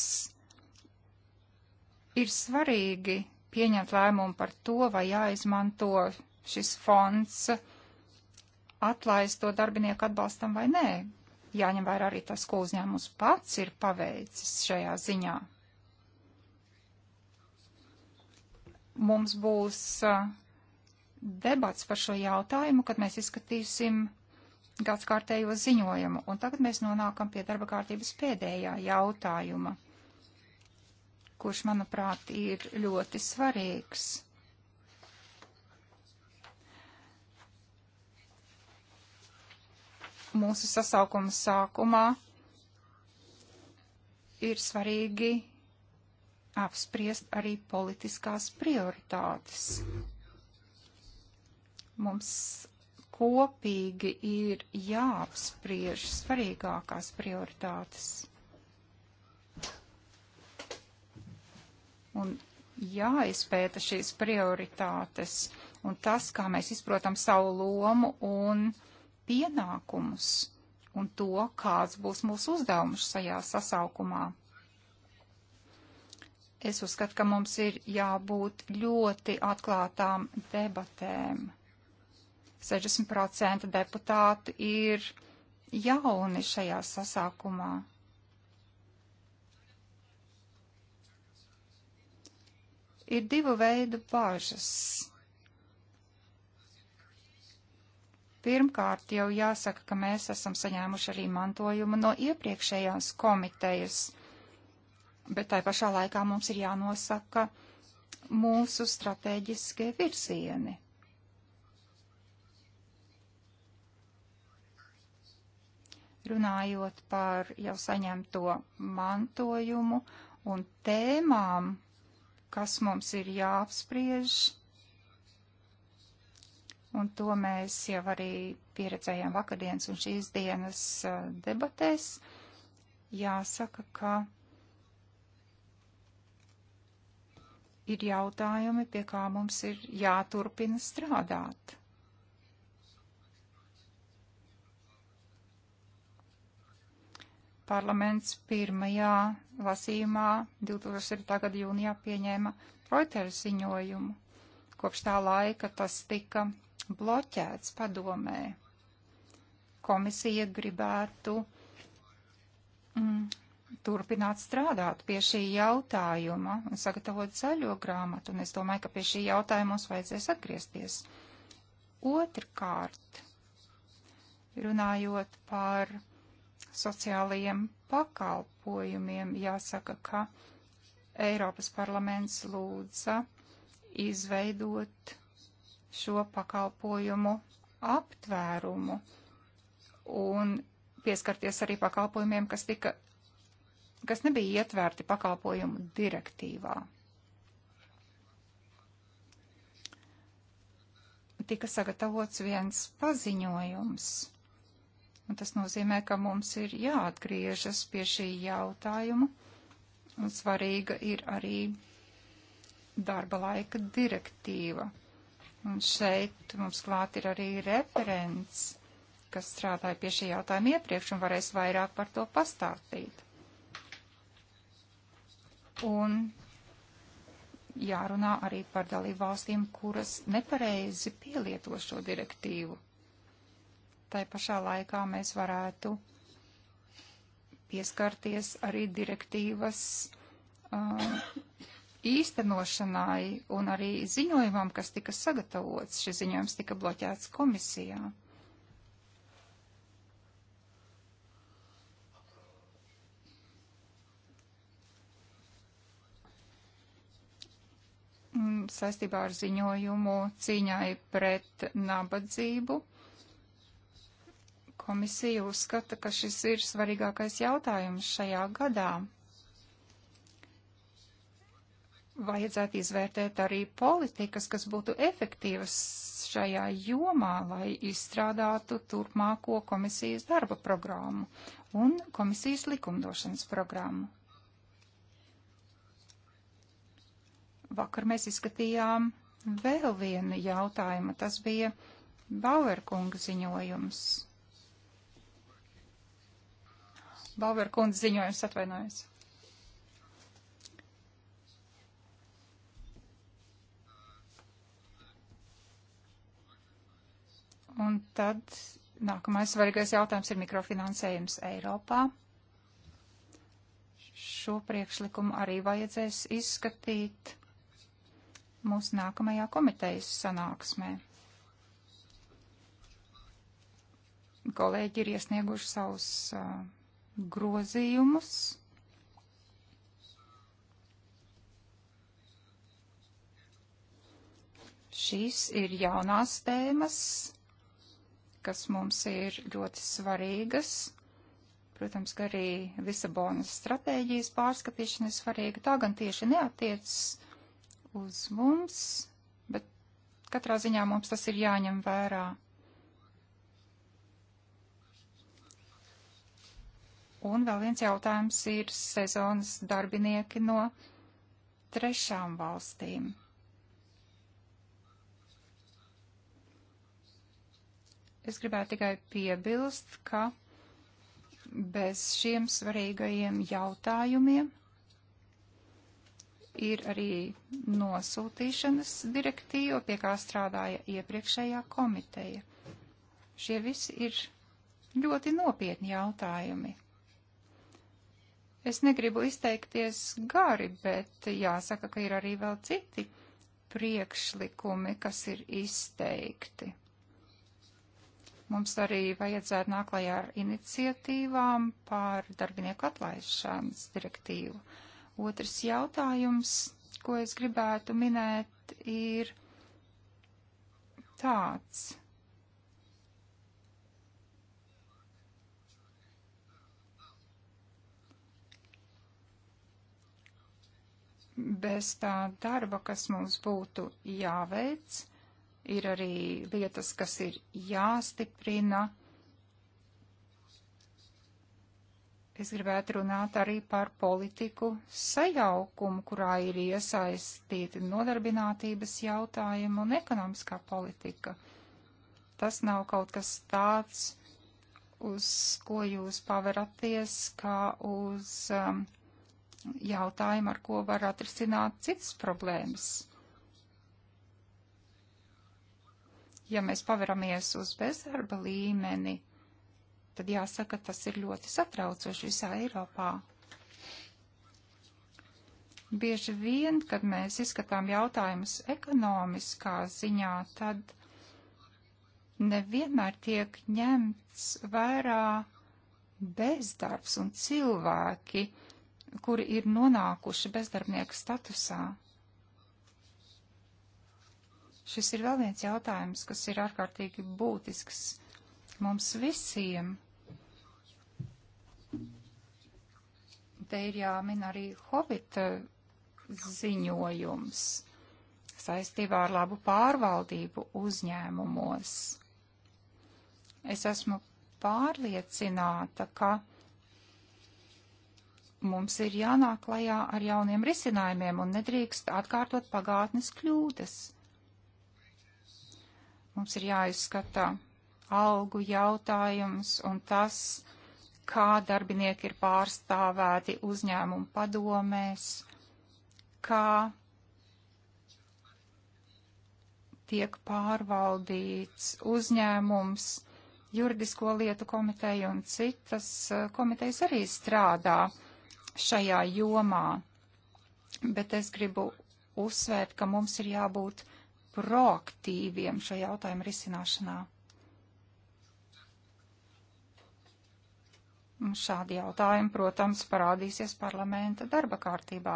ir svarīgi pieņemt lēmumu par to, vai jāizmanto šis fonds atlaisto darbinieku atbalstam vai nē. Jāņem vērā arī tas, ko uzņēmums pats ir paveicis šajā ziņā. Mums būs uh, debats par šo jautājumu, kad mēs izskatīsim gadskārtējo ziņojumu. Un tagad mēs nonākam pie darba kārtības pēdējā jautājuma, kurš, manuprāt, ir ļoti svarīgs. Mūsu sasaukuma sākumā ir svarīgi apspriest arī politiskās prioritātes. Mums kopīgi ir jāapspriež svarīgākās prioritātes. Un jāizpēta šīs prioritātes un tas, kā mēs izprotam savu lomu un pienākumus un to, kāds būs mūsu uzdevums šajā sasaukumā. Es uzskatu, ka mums ir jābūt ļoti atklātām debatēm 60% deputātu ir jauni šajā sasākumā. Ir divu veidu bažas. Pirmkārt, jau jāsaka, ka mēs esam saņēmuši arī mantojumu no iepriekšējās komitejas, bet tai pašā laikā mums ir jānosaka mūsu strateģiskie virzieni. runājot par jau saņemto mantojumu un tēmām, kas mums ir jāapspriež. Un to mēs jau arī pieredzējām vakardienas un šīs dienas debatēs. Jāsaka, ka ir jautājumi, pie kā mums ir jāturpina strādāt. parlaments pirmajā lasījumā 2007. gada jūnijā pieņēma Reuters ziņojumu. Kopš tā laika tas tika bloķēts padomē. Komisija gribētu mm, turpināt strādāt pie šī jautājuma un sagatavot zaļo grāmatu, un es domāju, ka pie šī jautājuma mums vajadzēs atgriezties. Otrkārt, runājot par sociālajiem pakalpojumiem jāsaka, ka Eiropas parlaments lūdza izveidot šo pakalpojumu aptvērumu un pieskarties arī pakalpojumiem, kas, tika, kas nebija ietvērti pakalpojumu direktīvā. Tika sagatavots viens paziņojums Un tas nozīmē, ka mums ir jāatgriežas pie šī jautājuma. Un svarīga ir arī darba laika direktīva. Un šeit mums klāt ir arī referents, kas strādāja pie šī jautājuma iepriekš un varēs vairāk par to pastāstīt. Un jārunā arī par dalību valstīm, kuras nepareizi pielieto šo direktīvu tai pašā laikā mēs varētu pieskarties arī direktīvas uh, īstenošanai un arī ziņojumam, kas tika sagatavots. Šis ziņojums tika bloķēts komisijā. Saistībā ar ziņojumu cīņai pret nabadzību Komisija uzskata, ka šis ir svarīgākais jautājums šajā gadā. Vajadzētu izvērtēt arī politikas, kas būtu efektīvas šajā jomā, lai izstrādātu turpmāko komisijas darba programmu un komisijas likumdošanas programmu. Vakar mēs izskatījām vēl vienu jautājumu. Tas bija Bauerkunga ziņojums. Bauer kundze ziņojums atvainojas. Un tad nākamais svarīgais jautājums ir mikrofinansējums Eiropā. Šo priekšlikumu arī vajadzēs izskatīt mūsu nākamajā komitejas sanāksmē. Kolēģi ir iesnieguši savus uh, grozījumus. Šīs ir jaunās tēmas, kas mums ir ļoti svarīgas. Protams, ka arī Lisabonas stratēģijas pārskatīšana ir svarīga. Tā gan tieši neatiecas uz mums, bet katrā ziņā mums tas ir jāņem vērā. Un vēl viens jautājums ir sezonas darbinieki no trešām valstīm. Es gribētu tikai piebilst, ka bez šiem svarīgajiem jautājumiem ir arī nosūtīšanas direktīva, pie kā strādāja iepriekšējā komiteja. Šie visi ir ļoti nopietni jautājumi. Es negribu izteikties gari, bet jāsaka, ka ir arī vēl citi priekšlikumi, kas ir izteikti. Mums arī vajadzētu nāklajā ar iniciatīvām pār darbinieku atlaišanas direktīvu. Otrs jautājums, ko es gribētu minēt, ir tāds. bez tā darba, kas mums būtu jāveic, ir arī lietas, kas ir jāstiprina. Es gribētu runāt arī par politiku sajaukumu, kurā ir iesaistīti nodarbinātības jautājumi un ekonomiskā politika. Tas nav kaut kas tāds, uz ko jūs paveraties, kā uz um, jautājumu, ar ko var atrisināt citas problēmas. Ja mēs paveramies uz bezdarba līmeni, tad jāsaka, tas ir ļoti satraucoši visā Eiropā. Bieži vien, kad mēs izskatām jautājumus ekonomiskā ziņā, tad nevienmēr tiek ņemts vērā bezdarbs un cilvēki, uh, kuri ir nonākuši bezdarbnieku statusā. Šis ir vēl viens jautājums, kas ir ārkārtīgi būtisks mums visiem. Te ir jāmin arī hobita eh, ziņojums saistībā ar labu pārvaldību uzņēmumos. Es esmu pārliecināta, ka mums ir jānāk klajā ar jauniem risinājumiem un nedrīkst atkārtot pagātnes kļūdas. Mums ir jāizskata algu jautājums un tas, kā darbinieki ir pārstāvēti uzņēmumu padomēs, kā tiek pārvaldīts uzņēmums, juridisko lietu komiteja un citas eh, komitejas arī strādā šajā jomā, bet es gribu uzsvērt, ka mums ir jābūt proaktīviem šo jautājumu risināšanā. Šādi jautājumi, protams, parādīsies parlamenta darba kārtībā.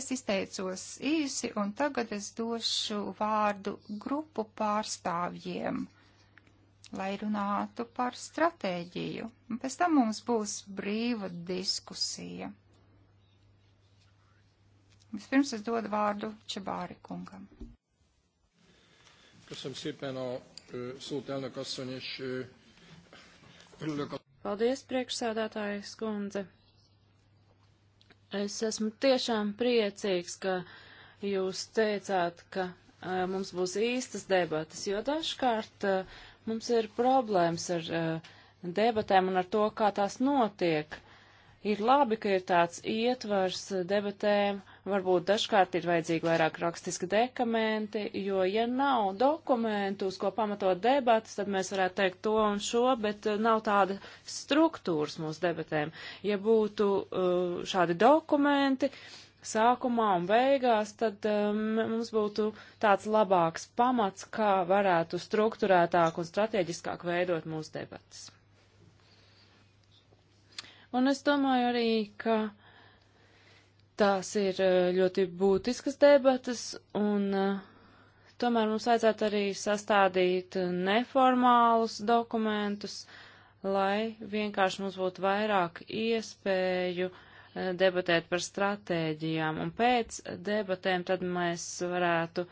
Es izteicos īsi, un tagad es došu vārdu grupu pārstāvjiem, lai runātu par stratēģiju. Un pēc tam mums būs brīva diskusija. Vispirms es dodu vārdu Čebāri kungam. Köszönöm szépen a szót, elnök asszony, és örülök a... Paldies, priekšsēdētāji skundze. Es esmu tiešām priecīgs, ka jūs teicāt, ka uh, mums būs īstas debatas, jo dažkārt uh, mums ir problēmas ar uh, debatēm un ar to, kā tās notiek. Ir labi, ka ir tāds ietvars debatēm, varbūt dažkārt ir vajadzīgi vairāk rakstiski dokumenti, jo ja nav dokumentu, uz ko pamatot debatas, tad mēs varētu teikt to un šo, bet eh, nav tāda struktūras mūsu debatēm. Ja būtu eh, šādi dokumenti, sākumā un beigās, tad um, mums būtu tāds labāks pamats, kā varētu struktūrētāk un strateģiskāk veidot mūsu debatas. Un es domāju arī, ka tās ir eh, ļoti būtiskas debatas, un eh, tomēr mums vajadzētu arī sastādīt eh, neformālus dokumentus, lai vienkārši mums būtu vairāk iespēju debatēt par stratēģijām, un pēc debatēm tad mēs varētu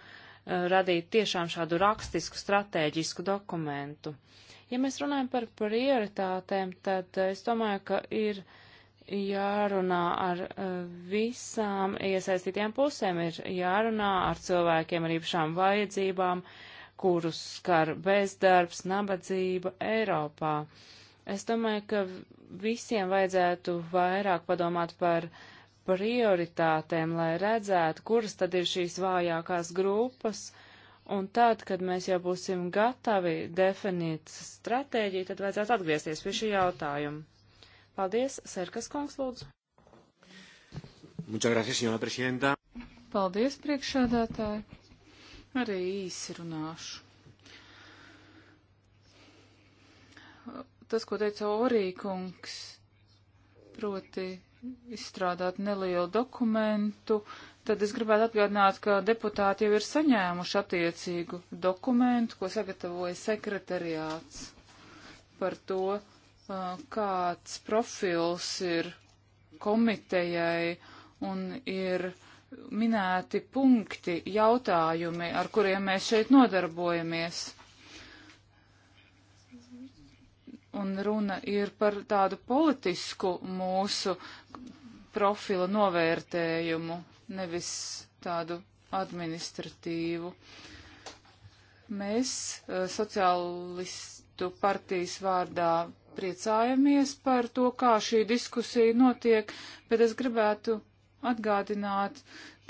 radīt tiešām šādu rakstisku stratēģisku dokumentu. Uh, Ja mēs runājam par prioritātēm, tad eh, es domāju, ka ir jārunā ar eh, visām iesaistītajām pusēm, ir jārunā ar cilvēkiem ar īpašām vajadzībām, kurus skar bezdarbs, nabadzība Eiropā. Es domāju, ka visiem vajadzētu vairāk padomāt par prioritātēm, lai redzētu, kuras tad ir šīs vājākās grupas, uh, Un tad, kad mēs jau būsim gatavi definīt stratēģiju, tad vajadzētu atgriezties pie šī jautājuma. Paldies, Serkas kungs, lūdzu. Muchas gracias, señora presidenta. Paldies, priekšādātāji. Arī īsi runāšu. Tas, ko teica Orīkungs, proti izstrādāt nelielu dokumentu, uh, tad es gribētu atgādināt, ka deputāti jau ir saņēmuši attiecīgu dokumentu, ko sagatavoja sekretariāts par to, kāds profils ir komitejai un ir minēti punkti, jautājumi, ar kuriem mēs šeit nodarbojamies. Un runa ir par tādu politisku mūsu profila novērtējumu, nevis tādu administratīvu. Mēs eh, sociālistu partijas vārdā priecājamies par to, kā šī diskusija notiek, bet es gribētu atgādināt,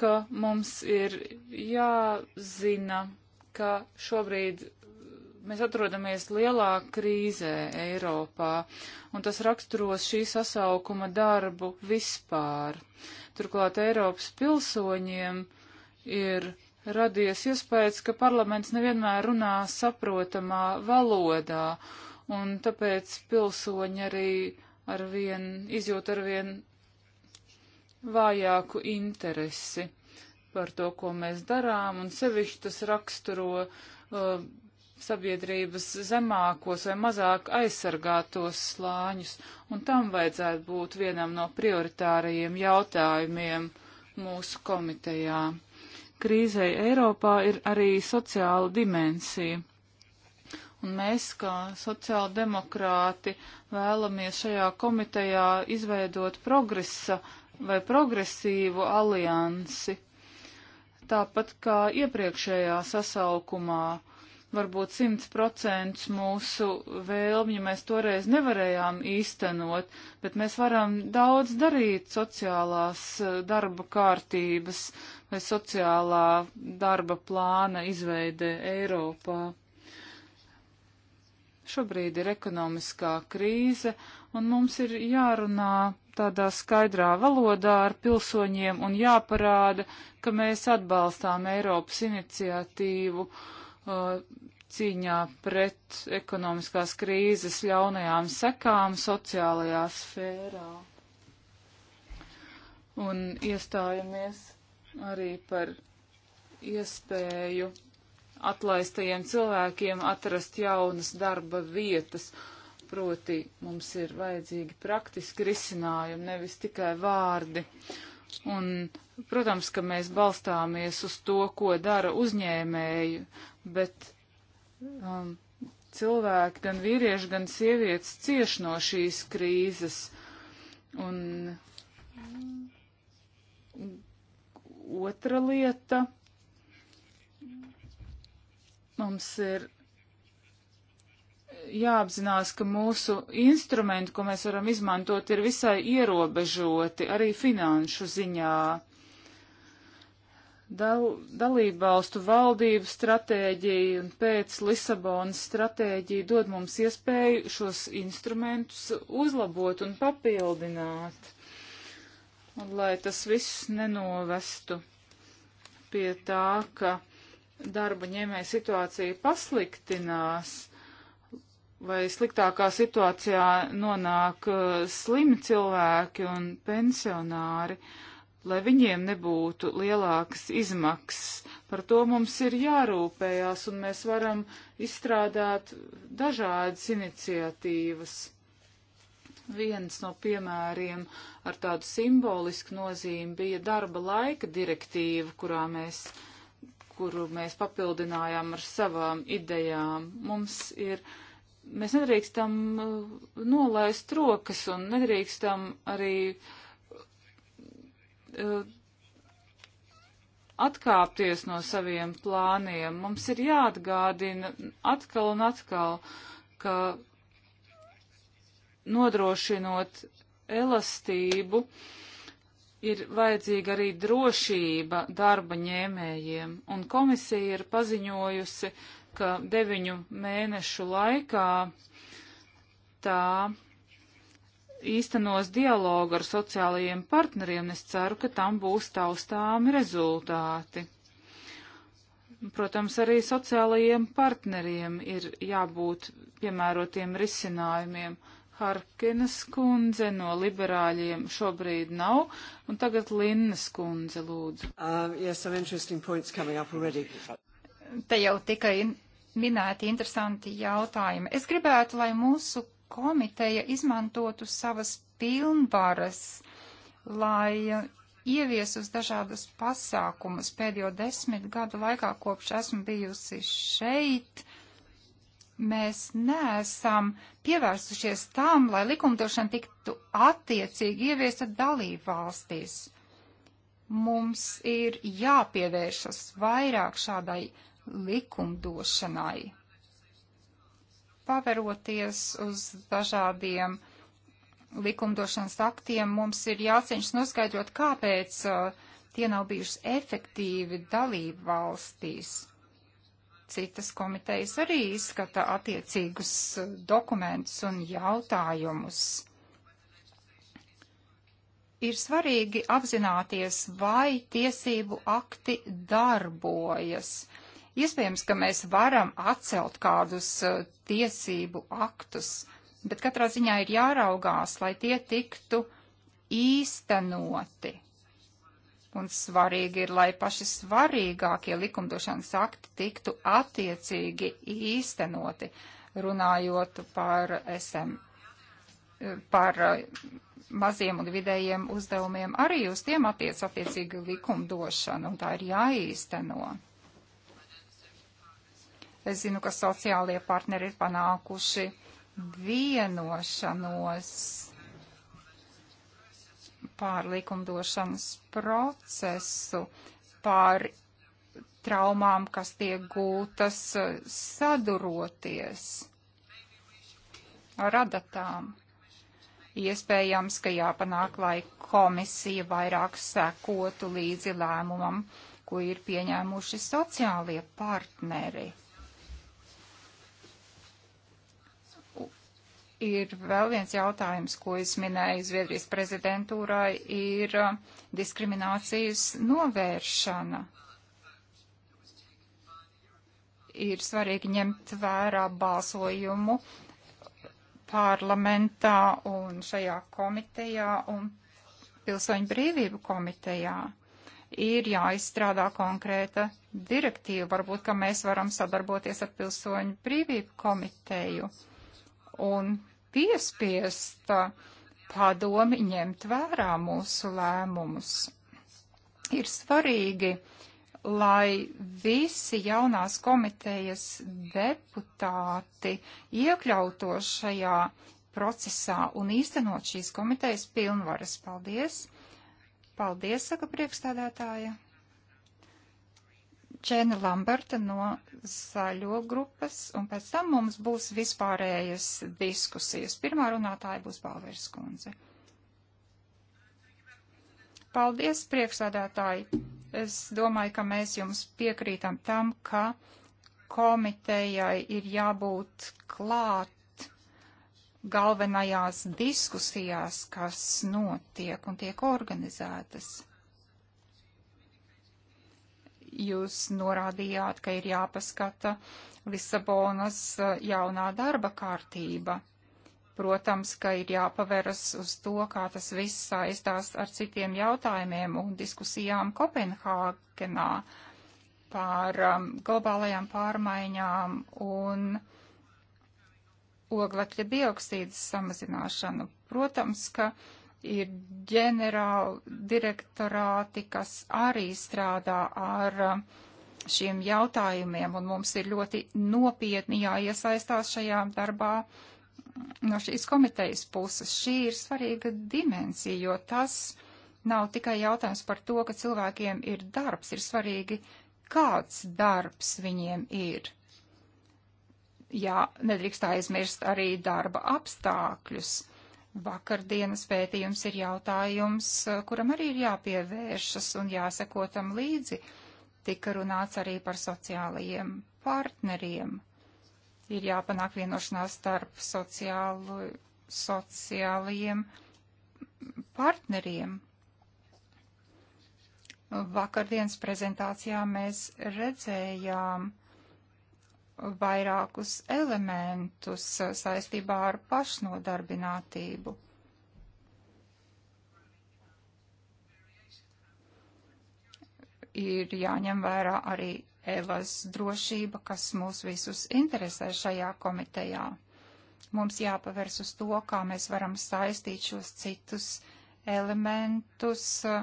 ka mums ir jāzina, ka šobrīd eh, mēs atrodamies lielā krīzē Eiropā, un tas raksturos šī sasaukuma darbu vispār. Uh, Turklāt Eiropas pilsoņiem ir radies iespējas, ka parlaments nevienmēr runā saprotamā valodā, un tāpēc pilsoņi arī arvien izjūt arvien vājāku interesi par to, ko mēs darām, un sevišķi tas raksturo uh, sabiedrības zemākos vai mazāk aizsargātos slāņus, un tam vajadzētu būt vienam no prioritārajiem jautājumiem mūsu komitejā. Krīzei Eiropā ir arī sociāla dimensija, un mēs, kā sociāla demokrāti, vēlamies šajā komitejā izveidot progresa vai progresīvu aliansi, tāpat kā iepriekšējā sasaukumā varbūt 100% mūsu vēlmju mēs toreiz nevarējām īstenot, bet mēs varam daudz darīt sociālās eh, darba kārtības vai sociālā darba plāna izveidē Eiropā. Šobrīd ir ekonomiskā krīze, un mums ir jārunā tādā skaidrā valodā ar pilsoņiem un jāparāda, ka mēs atbalstām Eiropas iniciatīvu uh, cīņā pret ekonomiskās krīzes ļaunajām sekām sociālajā sfērā. Un iestājamies arī par iespēju atlaistajiem cilvēkiem atrast jaunas darba vietas. Proti mums ir vajadzīgi praktiski risinājumi, nevis tikai vārdi. Uh, Un, protams, ka mēs balstāmies uz to, ko dara uzņēmēji, bet um, cilvēki, gan vīrieši, gan sievietes cieš no šīs krīzes. Un otra lieta. Mums ir jāapzinās, ka mūsu instrumenti, ko mēs varam izmantot, ir visai ierobežoti arī finanšu ziņā. Dal, dalībvalstu valdību stratēģija un pēc Lisabonas stratēģija dod mums iespēju šos instrumentus uzlabot un papildināt, un lai tas viss nenovestu pie tā, ka darba ņēmē situācija pasliktinās vai sliktākā situācijā nonāk uh, slimi cilvēki un pensionāri, lai viņiem nebūtu lielākas izmaksas. Par to mums ir jārūpējās, un mēs varam izstrādāt dažādas iniciatīvas. Viens no piemēriem ar tādu simbolisku nozīmi bija darba laika direktīva, kurā mēs kuru mēs papildinājām ar savām idejām. Mums ir uh, Mēs nedrīkstam uh, nolaist rokas un nedrīkstam arī uh, atkāpties no saviem plāniem. Mums ir jāatgādina atkal un atkal, ka nodrošinot elastību, ir vajadzīga arī drošība darba ņēmējiem, un komisija ir paziņojusi ka deviņu mēnešu laikā tā īstenos dialogu ar sociālajiem partneriem, es ceru, ka tam būs taustāmi rezultāti. Protams, arī sociālajiem partneriem ir jābūt piemērotiem risinājumiem. Harkinas kundze no liberāļiem šobrīd nav, un tagad Linnas kundze lūdzu. Um, yes, Te jau tikai minēti interesanti jautājumi. Es gribētu, lai mūsu komiteja izmantotu savas pilnvaras, lai ieviesus dažādus pasākumus pēdējo desmit gadu laikā, kopš esmu bijusi šeit. Mēs neesam pievērsušies tam, lai likumdošana tiktu attiecīgi ieviesta dalību valstīs. Mums ir jāpievēršas vairāk šādai likumdošanai, paveroties uz dažādiem likumdošanas aktiem, mums ir jācenšas noskaidrot, kāpēc uh, tie nav bijuši efektīvi dalību valstīs. Citas komitejas arī izskata attiecīgus uh, dokumentus un jautājumus. Ir svarīgi apzināties, vai tiesību akti darbojas Iespējams, ka mēs varam atcelt kādus eh, tiesību aktus, bet katrā ziņā ir jāraugās, lai tie tiktu īstenoti. Un svarīgi ir, lai paši svarīgākie likumdošanas akti tiktu attiecīgi īstenoti, runājot par SM, eh, par eh, maziem un vidējiem uzdevumiem. Arī uz tiem attiec attiecīgi likumdošana, un tā ir jāīsteno. Es zinu, ka sociālie partneri ir panākuši vienošanos pār likumdošanas procesu, pār traumām, kas tiek gūtas saduroties ar adatām. Iespējams, ka jāpanāk, lai komisija vairāk sekotu līdzi lēmumam, ko ir pieņēmuši sociālie partneri. ir vēl viens jautājums, ko es minēju Zviedrijas prezidentūrai, ir uh, diskriminācijas novēršana. Ir svarīgi ņemt vērā balsojumu parlamentā un šajā komitejā un pilsoņu brīvību komitejā ir jāizstrādā konkrēta direktīva. Varbūt, ka mēs varam sadarboties ar pilsoņu brīvību komiteju un piespiesta padomi ņemt vērā mūsu lēmumus. Ir svarīgi, lai visi jaunās komitejas deputāti iekļautos šajā procesā un īstenot šīs komitejas pilnvaras. Paldies! Paldies, saka priekšstādētāja! Džēna Lamberta no zaļo grupas, un pēc tam mums būs vispārējas diskusijas. Pirmā runātāja būs Balvērs kundze. Paldies, priekšsādātāji! Es domāju, ka mēs jums piekrītam tam, ka komitejai ir jābūt klāt galvenajās diskusijās, kas notiek un tiek organizētas jūs norādījāt, ka ir jāpaskata Lisabonas uh, jaunā darba kārtība. Protams, ka ir jāpaveras uz to, kā tas viss saistās ar citiem jautājumiem un diskusijām Kopenhāgenā par um, globālajām pārmaiņām un oglekļa dioksīdas samazināšanu. Protams, ka uh, ir ģenerāli direktorāti, kas arī strādā ar um, šiem jautājumiem, un mums ir ļoti nopietni jāiesaistās šajā darbā no šīs komitejas puses. Šī ir svarīga dimensija, jo tas nav tikai jautājums par to, ka cilvēkiem ir darbs, ir svarīgi, kāds darbs viņiem ir. Jā, nedrīkst aizmirst arī darba apstākļus Vakardienas pētījums ir jautājums, eh, kuram arī ir jāpievēršas un jāseko tam līdzi. Tika runāts arī par sociālajiem partneriem. Ir jāpanāk vienošanās starp sociālu, sociālajiem partneriem. Vakardienas prezentācijā mēs redzējām, uh, vairākus elementus saistībā ar pašnodarbinātību. Ir jāņem vērā arī Evas drošība, kas mūs visus interesē šajā komitejā. Mums jāpavērs uz to, kā mēs varam saistīt šos citus elementus uh,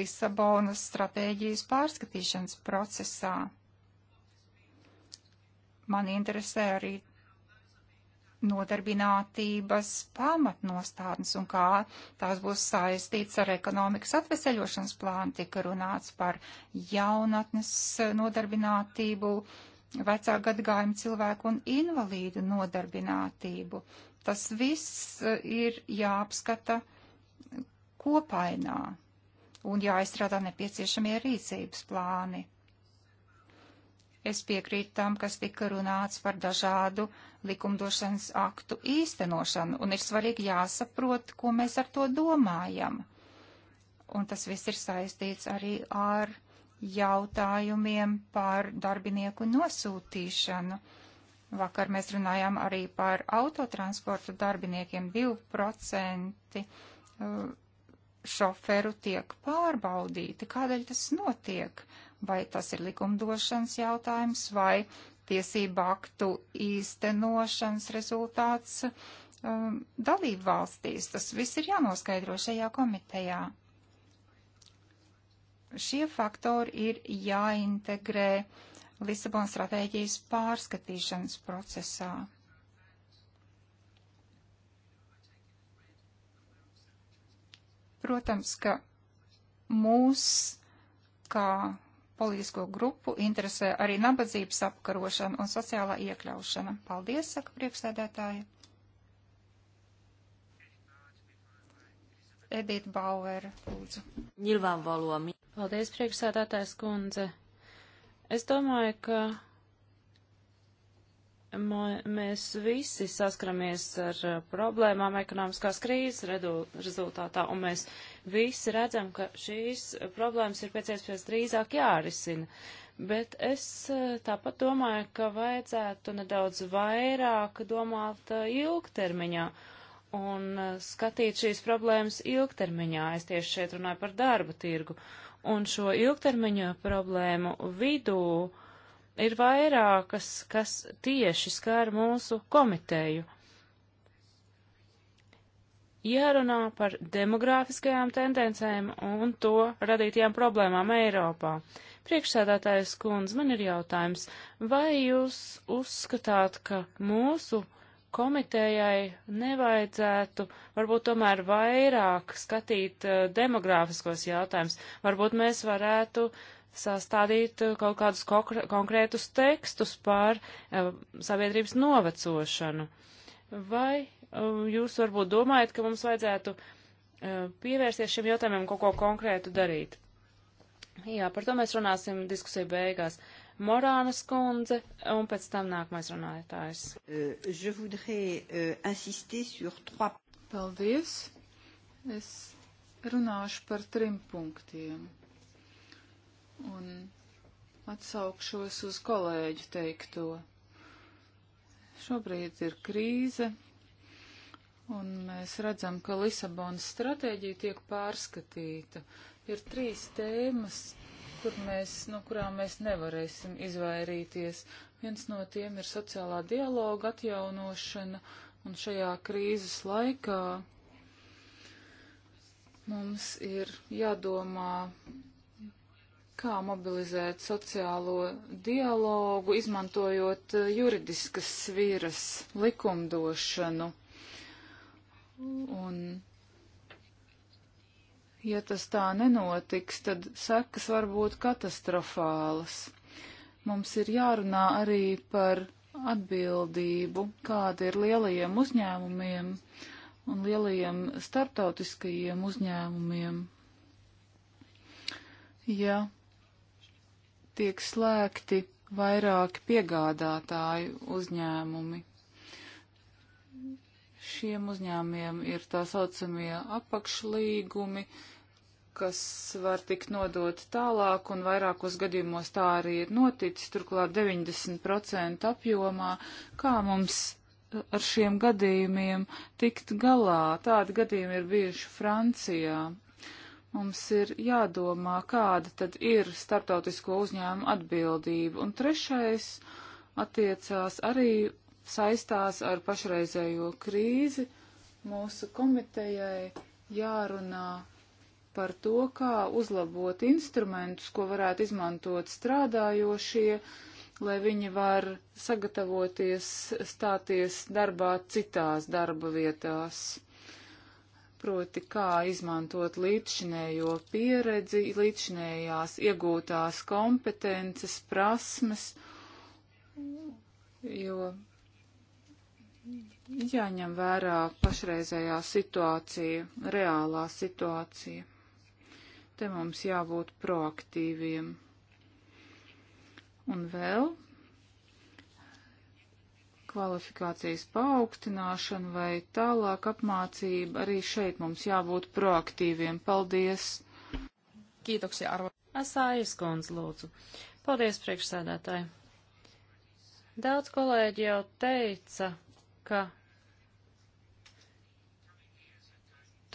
Lisabonas stratēģijas pārskatīšanas procesā. Man interesē arī nodarbinātības pamatnostādnes un kā tās būs saistīts ar ekonomikas atveseļošanas plānu. Tika runāts par jaunatnes nodarbinātību, vecā gadgājuma cilvēku un invalīdu nodarbinātību. Tas viss eh, ir jāapskata kopainā un jāizstrādā nepieciešamie rīcības plāni. Es piekrītu tam, kas tika runāts par dažādu likumdošanas aktu īstenošanu, un ir svarīgi jāsaprot, ko mēs ar to domājam. Un tas viss ir saistīts arī ar jautājumiem par darbinieku nosūtīšanu. Vakar mēs runājām arī par autotransportu darbiniekiem 2% uh, šoferu tiek pārbaudīti. Kādēļ tas notiek? Uh, vai tas ir likumdošanas jautājums vai tiesību aktu īstenošanas rezultāts um, dalību valstīs. Tas viss ir jānoskaidro šajā komitejā. Šie faktori ir jāintegrē Lisabonas stratēģijas pārskatīšanas procesā. Protams, ka mūs kā politisko grupu interesē arī nabadzības apkarošana un sociālā iekļaušana. Paldies, saka priekšsēdētāja. Edita Bauer, lūdzu. Ņilvām valomi. Paldies, priekšsēdētājs kundze. Es domāju, ka Mēs visi saskaramies ar uh, problēmām ekonomiskās krīzes rezultātā, un mēs visi redzam, ka šīs problēmas ir pēc iespējas drīzāk jārisina. Bet es uh, tāpat domāju, ka vajadzētu nedaudz vairāk domāt uh, ilgtermiņā un skatīt šīs problēmas ilgtermiņā. Es tieši šeit runāju par darba tirgu. Un šo ilgtermiņa problēmu vidū uh, ir vairākas, kas tieši skar mūsu komiteju. Jārunā par demogrāfiskajām tendencēm un to radītajām problēmām Eiropā. Priekšsēdētājs kundz, man ir jautājums, vai jūs uzskatāt, ka mūsu komitejai nevajadzētu varbūt tomēr vairāk skatīt uh, demogrāfiskos jautājumus? Varbūt mēs varētu uh, sastādīt eh, kaut kādus konkrētus tekstus par eh, sabiedrības novecošanu. Vai eh, jūs varbūt domājat, ka mums vajadzētu pievērsties šiem jautājumiem un kaut ko konkrētu darīt? Jā, par to mēs runāsim diskusiju beigās. Morānas kundze un pēc tam nākamais runātājs. Paldies! Es runāšu par trim punktiem un atsaukšos uz kolēģu teikto. Šobrīd ir krīze, un mēs redzam, ka Lisabonas stratēģija tiek pārskatīta. Ir trīs tēmas, kur mēs, no kurām mēs nevarēsim izvairīties. Viens no tiem ir sociālā dialoga atjaunošana, un šajā krīzes laikā mums ir jādomā kā mobilizēt sociālo dialogu, izmantojot eh, juridiskas sviras likumdošanu. Un, ja tas tā nenotiks, tad sekas var būt katastrofālas. Mums ir jārunā arī par atbildību, kāda ir lielajiem uzņēmumiem un lielajiem starptautiskajiem uzņēmumiem. Ja tiek slēgti vairāki piegādātāju uzņēmumi. Šiem uzņēmiem ir tā saucamie apakšlīgumi, kas var tikt nodot tālāk, un vairākos gadījumos tā arī ir noticis, turklāt 90% apjomā, kā mums ar šiem gadījumiem tikt galā. Tādi gadījumi ir bijuši Francijā. Mums ir jādomā, kāda tad ir starptautisko uzņēmumu atbildība. Un trešais attiecās arī saistās ar pašreizējo krīzi. Mūsu komitejai jārunā par to, kā uzlabot instrumentus, ko varētu izmantot strādājošie, lai viņi var sagatavoties stāties darbā citās darba vietās proti kā izmantot līdzšinējo pieredzi, līdzšinējās iegūtās kompetences, prasmes, jo jāņem vērā pašreizējā situācija, reālā situācija. Te mums jābūt proaktīviem. Un vēl kvalifikācijas paaugstināšanu vai tālāk apmācību. Arī šeit mums jābūt proaktīviem. Paldies! Kītoksija Arvo. Asājas kundz, lūdzu. Paldies, priekšsēdētāji. Daudz kolēģi jau teica, ka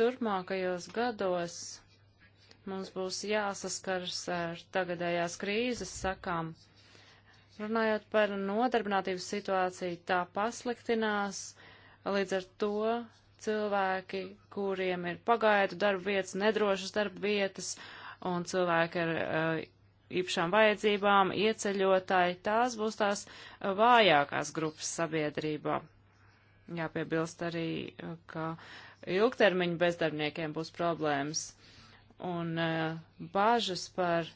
turpmākajos gados mums būs jāsaskars ar tagadējās krīzes sakām Runājot par nodarbinātības situāciju, tā pasliktinās, līdz ar to cilvēki, kuriem ir pagaidu darba vietas, nedrošas darba vietas un cilvēki ar uh, īpašām vajadzībām, ieceļotāji, tās būs tās uh, vājākās grupas sabiedrībā. Jāpiebilst arī, uh, ka ilgtermiņa bezdarbniekiem būs problēmas un uh, bažas par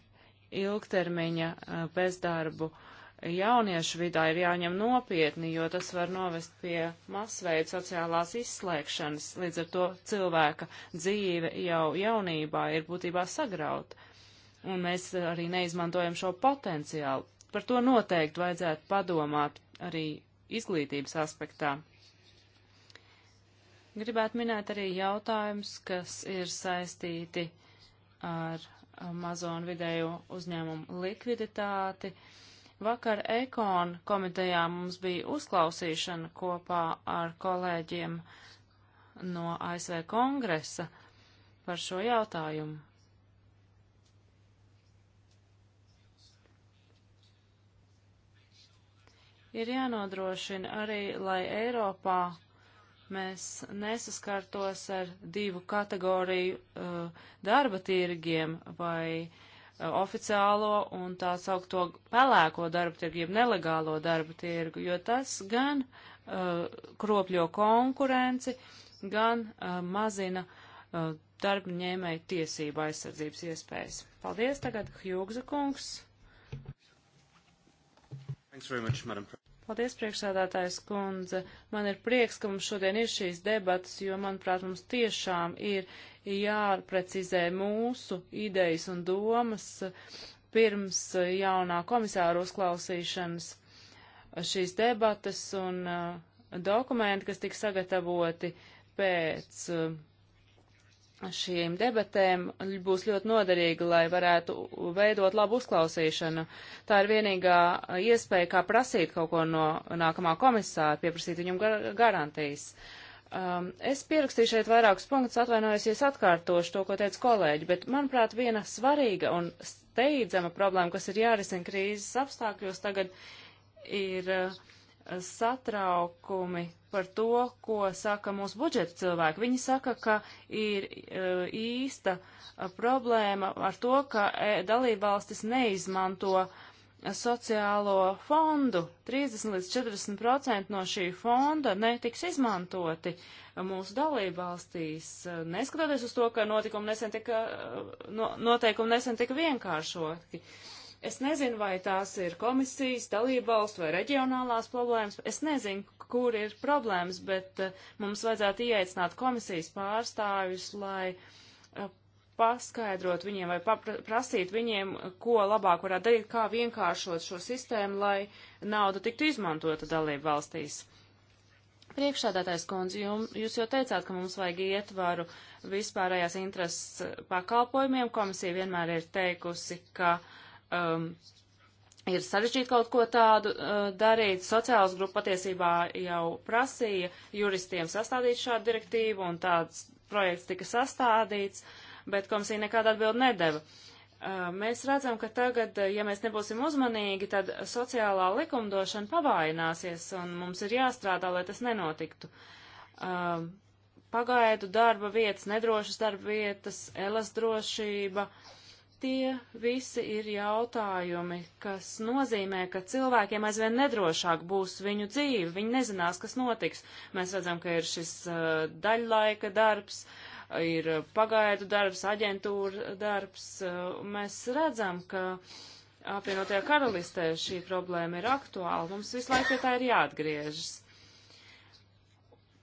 ilgtermiņa uh, bezdarbu uh, jauniešu vidā ir jāņem nopietni, jo tas var novest pie masveida sociālās izslēgšanas. Līdz ar to cilvēka dzīve jau jaunībā ir būtībā sagrauta. Un mēs arī neizmantojam šo potenciālu. Par to noteikti vajadzētu padomāt arī izglītības aspektā. Gribētu minēt arī jautājumus, kas ir saistīti ar mazo un vidējo uzņēmumu likviditāti. Uh, Vakar Ekon komitejā mums bija uzklausīšana kopā ar kolēģiem no ASV kongresa par šo jautājumu. Ir jānodrošina arī, lai Eiropā mēs nesaskartos ar divu kategoriju uh, darba tirgiem vai uh, oficiālo un tā saukto pelēko darba tirgu, jeb nelegālo darba tirgu, jo tas gan uh, kropļo konkurenci, gan uh, mazina uh, darba ņēmēju tiesību aizsardzības iespējas. Paldies tagad, Hjūgza kungs. Much, Paldies, priekšsādātājs kundze. Man ir prieks, ka mums šodien ir šīs debatas, jo, manuprāt, mums tiešām ir jāprecizē mūsu idejas un domas pirms jaunā komisāra uzklausīšanas šīs debatas un uh, dokumenti, kas tika sagatavoti pēc uh, šīm debatēm būs ļoti noderīga, lai varētu veidot labu uzklausīšanu. Tā ir vienīgā iespēja, kā prasīt kaut ko no nākamā komisāra, pieprasīt viņam gar garantijas. Uh, Um, es pierakstīju šeit vairākus punktus, atvainojos, ja atkārtošu to, ko teica kolēģi, bet, manuprāt, viena svarīga un steidzama problēma, kas ir jārisina krīzes apstākļos tagad, ir uh, satraukumi par to, ko saka mūsu budžeta cilvēki. Viņi saka, ka ir uh, īsta uh, problēma ar to, ka e, dalībvalstis neizmanto sociālo fondu. 30 līdz 40% no šī fonda netiks izmantoti mūsu dalībvalstīs, neskatoties uz to, ka notikumi nesen tika, no, noteikumi nesen tika vienkāršoti. Es nezinu, vai tās ir komisijas, dalībvalstu vai reģionālās problēmas. Es nezinu, kur ir problēmas, bet eh, mums vajadzētu ieaicināt komisijas pārstāvjus, lai eh, paskaidrot viņiem vai prasīt viņiem, ko labāk varētu darīt, kā vienkāršot šo sistēmu, lai nauda tiktu izmantota dalību valstīs. Priekšsādātais kundze, jūs jau teicāt, ka mums vajag ietvaru vispārējās intereses pakalpojumiem. Komisija vienmēr ir teikusi, ka um, ir sarežģīti kaut ko tādu uh, darīt. Sociālas grupa patiesībā jau prasīja juristiem sastādīt šādu direktīvu, un tāds projekts tika sastādīts. Uh, bet komisija nekādu atbildi nedeva. Uh, mēs redzam, ka tagad, uh, ja mēs nebūsim uzmanīgi, tad sociālā likumdošana pavājināsies un mums ir jāstrādā, lai tas nenotiktu. Uh, pagaidu darba vietas, nedrošas darba vietas, elastrošība tie visi ir jautājumi, kas nozīmē, ka cilvēkiem aizvien nedrošāk būs viņu dzīve, viņi nezinās, kas notiks. Mēs redzam, ka ir šis uh, daļlaika darbs, ir pagaidu darbs, aģentūra darbs. Uh, mēs redzam, ka apvienotajā karalistē šī problēma ir aktuāla. Mums visu laiku pie tā ir jāatgriežas.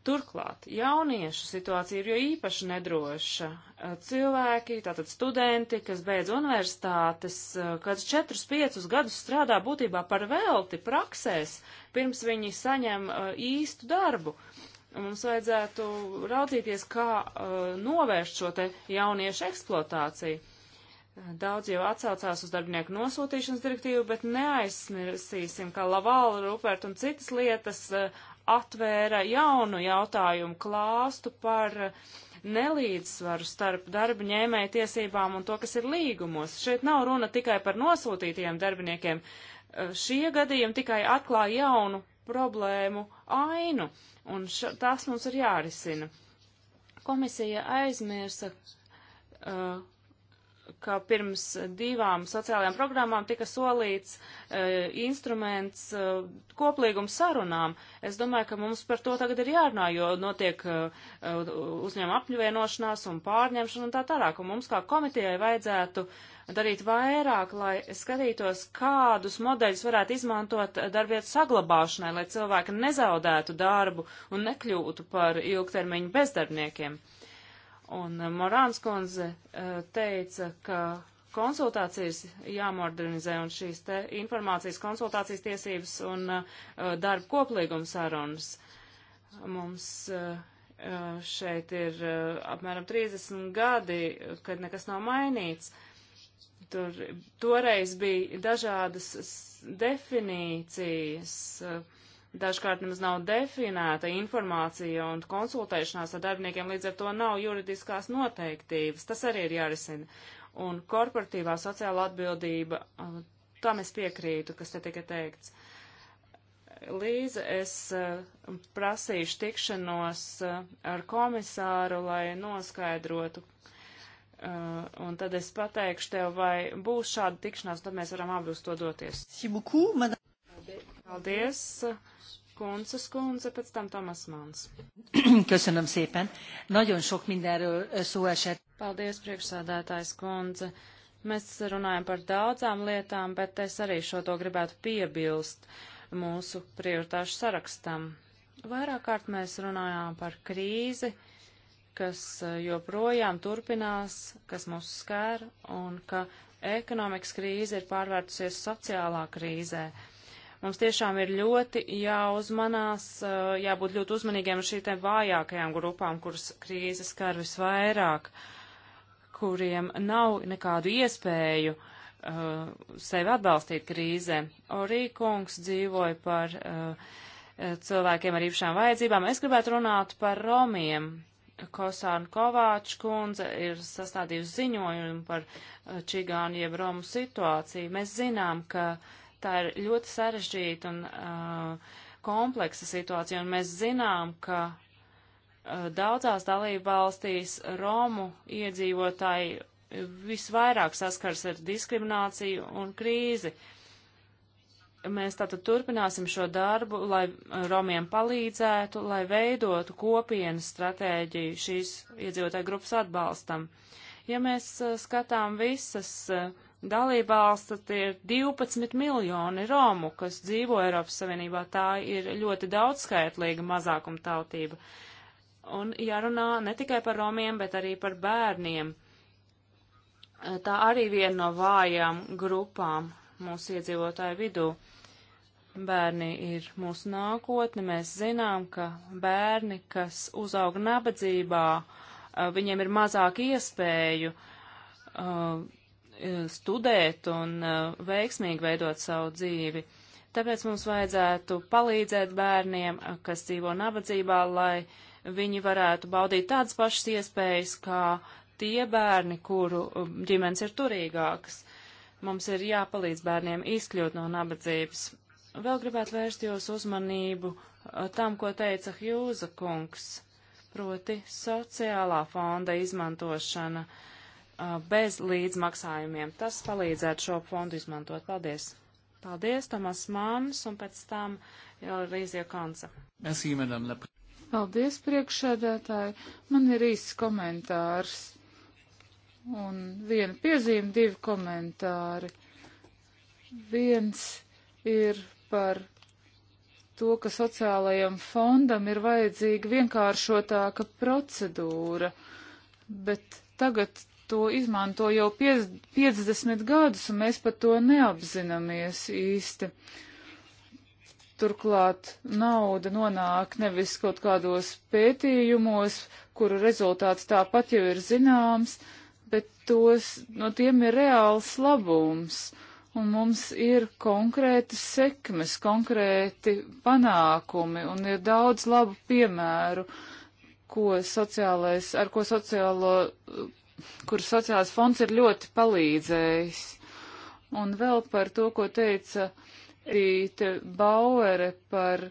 Turklāt jauniešu situācija ir jo īpaši nedroša. Uh, cilvēki, tātad studenti, kas beidz universitātes, uh, kad 4-5 gadus strādā būtībā par velti praksēs, pirms viņi saņem īstu darbu. Uh, Un mums vajadzētu raudzīties, kā uh, novērst šo te jauniešu eksploatāciju. Daudz jau atsaucās uz darbinieku nosūtīšanas direktīvu, bet neaizmirsīsim, ka Lavala, Rupert un citas lietas uh, atvēra jaunu jautājumu klāstu par uh, nelīdzsvaru starp darba ņēmēja tiesībām un to, kas ir līgumos. Šeit nav runa tikai par nosūtītajiem darbiniekiem. Uh, šie gadījumi tikai atklāja jaunu problēmu ainu, un š, tās mums ir jārisina. Komisija aizmirsa, uh, ka pirms divām sociālajām programmām tika solīts uh, instruments uh, koplīgums sarunām. Es domāju, ka mums par to tagad ir jārunā, jo notiek uh, uh uzņēma apļuvienošanās un pārņemšana un tā tālāk. Un mums kā komitejai vajadzētu uh, darīt vairāk, lai skatītos, kādus modeļus varētu izmantot darbvietu saglabāšanai, lai cilvēki nezaudētu darbu un nekļūtu par ilgtermiņu bezdarbniekiem. Un eh, Morāns kundze eh, teica, ka konsultācijas jāmodernizē un šīs te informācijas konsultācijas tiesības un uh, darba koplīguma sarunas. Mums uh, šeit ir uh, apmēram 30 gadi, kad nekas nav mainīts. Tur toreiz bija dažādas definīcijas, dažkārt nemaz nav definēta informācija un konsultēšanās ar darbiniekiem, līdz ar to nav juridiskās noteiktības. Tas arī ir jārisina. Un korporatīvā sociāla atbildība, uh, tam es piekrītu, kas te tika teikts. Līdze, es uh, prasīšu tikšanos uh, ar komisāru, lai noskaidrotu, Uh, un tad es pateikšu tev, vai būs šāda tikšanās, tad mēs varam abi uz to doties. Paldies, Kunces kundze, pēc tam Tomas Mans. (clears throat) Köszönöm szépen. Nagyon sok mindenről eh, szó esett. Paldies, priekšsādātājs kundze. Mēs runājam par daudzām lietām, bet es arī šo to gribētu piebilst mūsu prioritāšu sarakstam. Vairāk kārt mēs runājām par krīzi kas eh, joprojām turpinās, kas mūs skār un ka ekonomikas krīze ir pārvērtusies sociālā krīzē. Mums tiešām ir ļoti jāuzmanās, eh, jābūt ļoti uzmanīgiem ar šīm vājākajām grupām, kuras krīzes skar visvairāk, kuriem nav nekādu iespēju uh, sevi atbalstīt krīzē. Orī kungs dzīvoja par uh, cilvēkiem ar īpašām vajadzībām. Es gribētu runāt par romiem. Kosāna Kovāča kundze ir sastādījusi ziņojumu par uh, čigānu jeb romu situāciju. Mēs zinām, ka tā ir ļoti sarežģīta un uh, kompleksa situācija, un mēs zinām, ka uh, daudzās dalību valstīs romu iedzīvotāji visvairāk saskars ar diskrimināciju un krīzi. Uh, Mēs tātad turpināsim šo darbu, lai Romiem palīdzētu, lai veidotu kopienas stratēģiju šīs iedzīvotāju grupas atbalstam. Ja mēs e, skatām visas e, dalībvalsts, tad ir 12 miljoni Romu, kas dzīvo Eiropas Savienībā. Tā ir ļoti daudzskaitlīga mazākuma tautība. Un jārunā ne tikai par Romiem, bet arī par bērniem. E, tā arī viena no vājām grupām mūsu iedzīvotāju vidū. Bērni ir mūsu nākotne. Mēs zinām, ka bērni, kas uzaug nabadzībā, viņiem ir mazāk iespēju uh, studēt un uh, veiksmīgi veidot savu dzīvi. Tāpēc mums vajadzētu palīdzēt bērniem, kas dzīvo nabadzībā, lai viņi varētu baudīt tādas pašas iespējas kā tie bērni, kuru ģimenes ir turīgākas. Mums ir jāpalīdz bērniem izkļūt no nabadzības. Vēl gribētu vērst jūs uzmanību uh, tam, ko teica Hjūza kungs, proti sociālā fonda izmantošana uh, bez līdzmaksājumiem. Tas palīdzētu šo fondu izmantot. Paldies! Paldies, Tomas Mānis, un pēc tam jau Rīzija Kansa. Paldies, priekšsēdētāji. Man ir īsts komentārs. Un viena piezīme, divi komentāri. Viens ir par to, ka sociālajam fondam ir vajadzīga vienkāršotāka procedūra, bet tagad to izmanto jau 50 gadus, un mēs pat to neapzināmies īsti. Turklāt nauda nonāk nevis kaut kādos pētījumos, kuru rezultāts tāpat jau ir zināms, bet tos, no tiem ir reāls labums. Uh, un mums ir konkrēti sekmes, konkrēti panākumi, un ir daudz labu piemēru, ko sociālais, ar ko sociālo, kur sociālais fonds ir ļoti palīdzējis. Un vēl par to, ko teica Rīte Bauere par,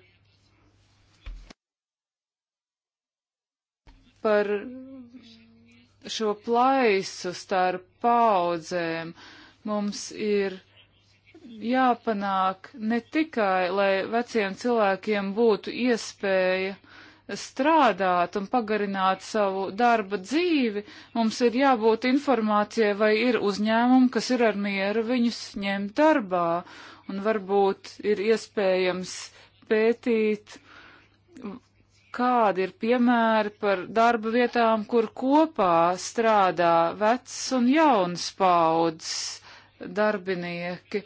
par šo plaisu starp paudzēm. Mums ir jāpanāk ne tikai, lai veciem cilvēkiem būtu iespēja strādāt un pagarināt savu darba dzīvi, mums ir jābūt informācijai, vai ir uzņēmumi, kas ir ar mieru viņus ņemt darbā, un varbūt ir iespējams pētīt, kādi ir piemēri par darba vietām, kur kopā strādā vecs un jauns paudzes darbinieki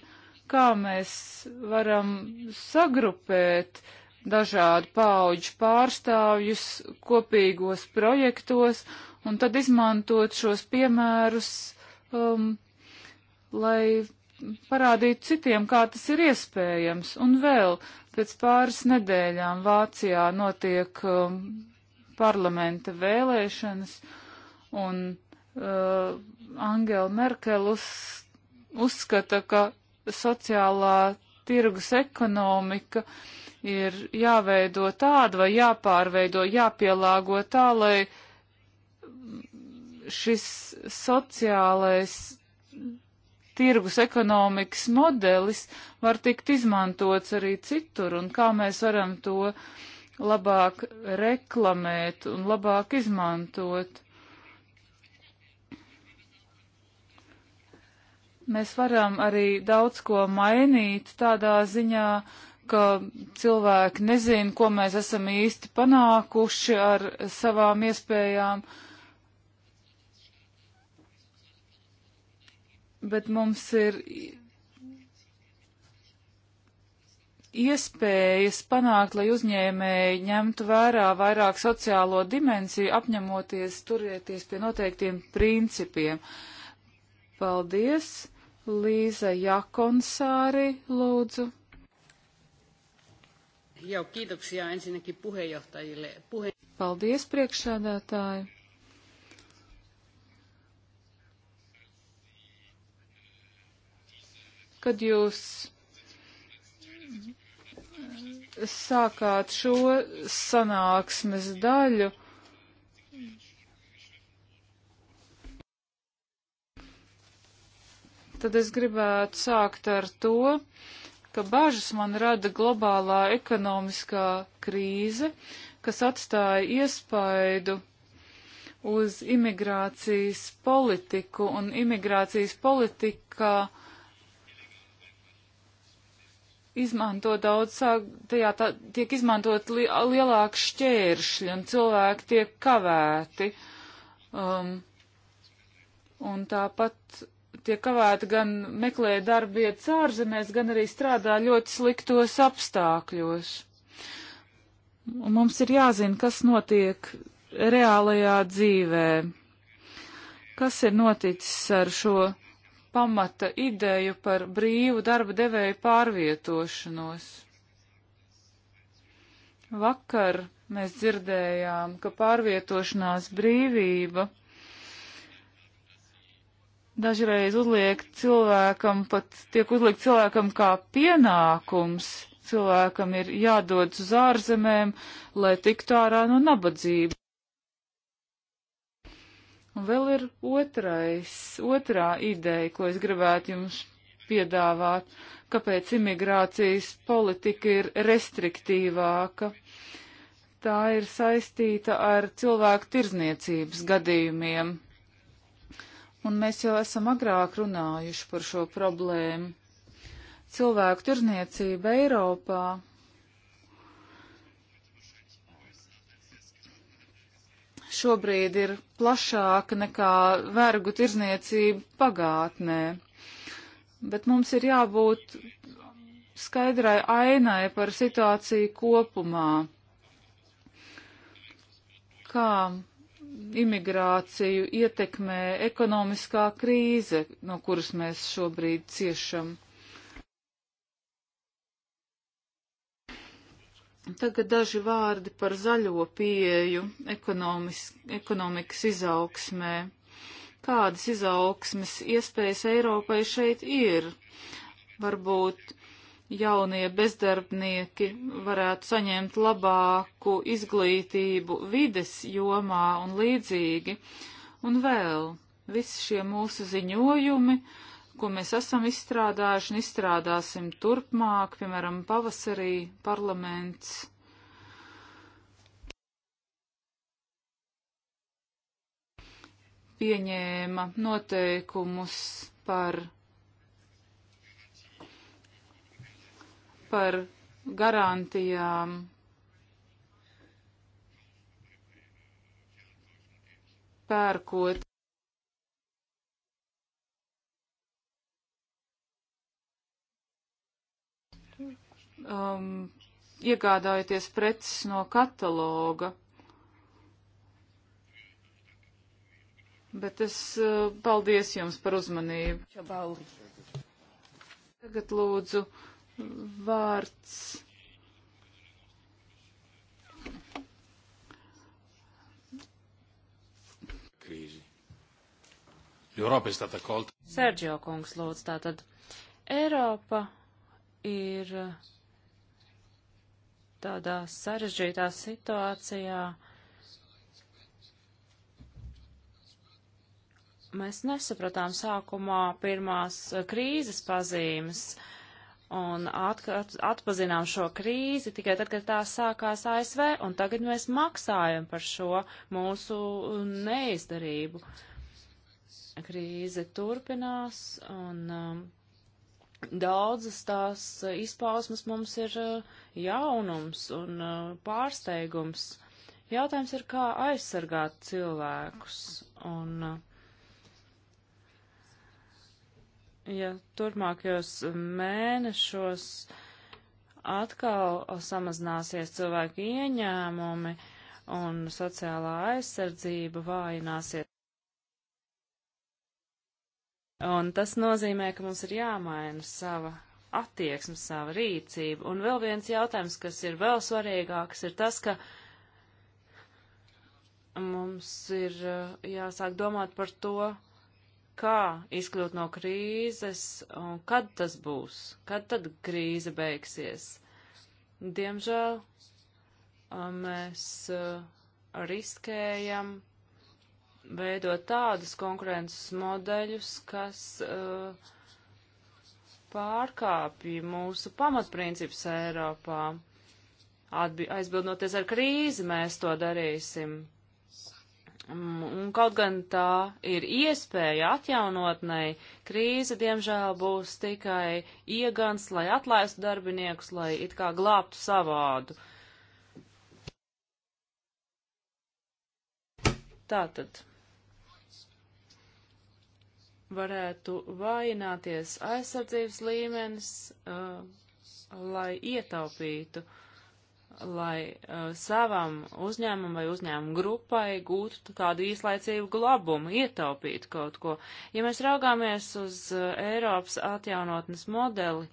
kā mēs varam sagrupēt dažādu pauģu pārstāvjus kopīgos projektos un tad izmantot šos piemērus, um, lai parādītu citiem, kā tas ir iespējams. Un vēl pēc pāris nedēļām Vācijā notiek um, parlamenta vēlēšanas, un uh, Angela Merkel uz, uzskata, ka sociālā tirgus ekonomika ir jāveido tāda vai jāpārveido, jāpielāgo tā, lai šis sociālais tirgus ekonomikas modelis var tikt izmantots arī citur un kā mēs varam to labāk reklamēt un labāk izmantot. Mēs varam arī daudz ko mainīt tādā ziņā, ka cilvēki nezina, ko mēs esam īsti panākuši ar savām iespējām. Bet mums ir iespējas panākt, lai uzņēmēji ņemtu vērā vairāk sociālo dimensiju, apņemoties turēties pie noteiktiem principiem. Paldies! Līza Jakonsāri, lūdzu. Jau kiitoksia ensinnäkin puheenjohtajille. Puhe... Paldies, priekšsēdētāji. Kad jūs sākāt šo sanāksmes daļu, tad es gribētu sākt ar to, ka bažas man rada globālā ekonomiskā krīze, kas atstāja iespaidu uz imigrācijas politiku un imigrācijas politikā izmanto daudz, tajā tā, tiek izmantot li, lielāki šķēršļi un cilvēki tiek kavēti. Um, un tāpat tiek kavēti gan meklē darbietas ārzemēs, gan arī strādā ļoti sliktos apstākļos. Un mums ir jāzina, kas notiek reālajā dzīvē, kas ir noticis ar šo pamata ideju par brīvu darba devēju pārvietošanos. Vakar mēs dzirdējām, ka pārvietošanās brīvība dažreiz uzliek cilvēkam, pat tiek uzliek cilvēkam kā pienākums. Cilvēkam ir jādodas uz ārzemēm, lai tiktu ārā no nabadzības. Un vēl ir otrais, otrā ideja, ko es gribētu jums piedāvāt, kāpēc imigrācijas politika ir restriktīvāka. Tā ir saistīta ar cilvēku tirzniecības gadījumiem un mēs jau esam agrāk runājuši par šo problēmu. Cilvēku tirzniecība Eiropā šobrīd ir plašāka nekā vergu tirzniecība pagātnē, bet mums ir jābūt skaidrai ainai par situāciju kopumā. Kā imigrāciju ietekmē ekonomiskā krīze, no kuras mēs šobrīd ciešam. Tagad daži vārdi par zaļo pieeju ekonomikas izaugsmē. Kādas izaugsmes iespējas Eiropai šeit ir? Varbūt jaunie bezdarbnieki varētu saņemt labāku izglītību vides jomā un līdzīgi. Un vēl visi šie mūsu ziņojumi, ko mēs esam izstrādājuši un izstrādāsim turpmāk, piemēram, pavasarī parlaments. pieņēma noteikumus par par garantijām. Pērkot. Um, iegādājoties preces no kataloga. Bet es uh, paldies jums par uzmanību. Tagad lūdzu vārds. Krīzi. Europa ir tāda kolta. Sergio kungs lūdz tātad. Eiropa ir tādā sarežģītā situācijā. Mēs nesapratām sākumā pirmās krīzes pazīmes. Uh, un atkat, atpazinām šo krīzi tikai tad, kad tā sākās ASV, un tagad mēs maksājam par šo mūsu neizdarību. Krīze turpinās, un um, daudzas tās izpausmas mums ir uh, jaunums un uh, pārsteigums. Jautājums ir, kā aizsargāt cilvēkus, un uh, ja turpmākajos mēnešos atkal samazināsies cilvēku ieņēmumi un sociālā aizsardzība vājināsies. Un tas nozīmē, ka mums ir jāmaina sava attieksme, sava rīcība. Un vēl viens jautājums, kas ir vēl svarīgāks, ir tas, ka mums ir eh, jāsāk domāt par to, kā izkļūt no krīzes un kad tas būs, kad tad krīze beigsies. Diemžēl mēs riskējam veidot tādus konkurences modeļus, kas pārkāpja mūsu pamatprincipus Eiropā. Aizbildnoties ar krīzi, mēs to darīsim. Un kaut gan tā ir iespēja atjaunotnei, krīze diemžēl būs tikai iegans, lai atlaistu darbiniekus, lai it kā glābtu savādu. Tātad varētu vājināties aizsardzības līmenis, uh, lai ietaupītu uh, lai uh, savam uzņēmumam vai uzņēmumu grupai gūtu kādu īslaicīgu labumu, ietaupītu kaut ko. Ja mēs raugāmies uz uh, Eiropas atjaunotnes modeli,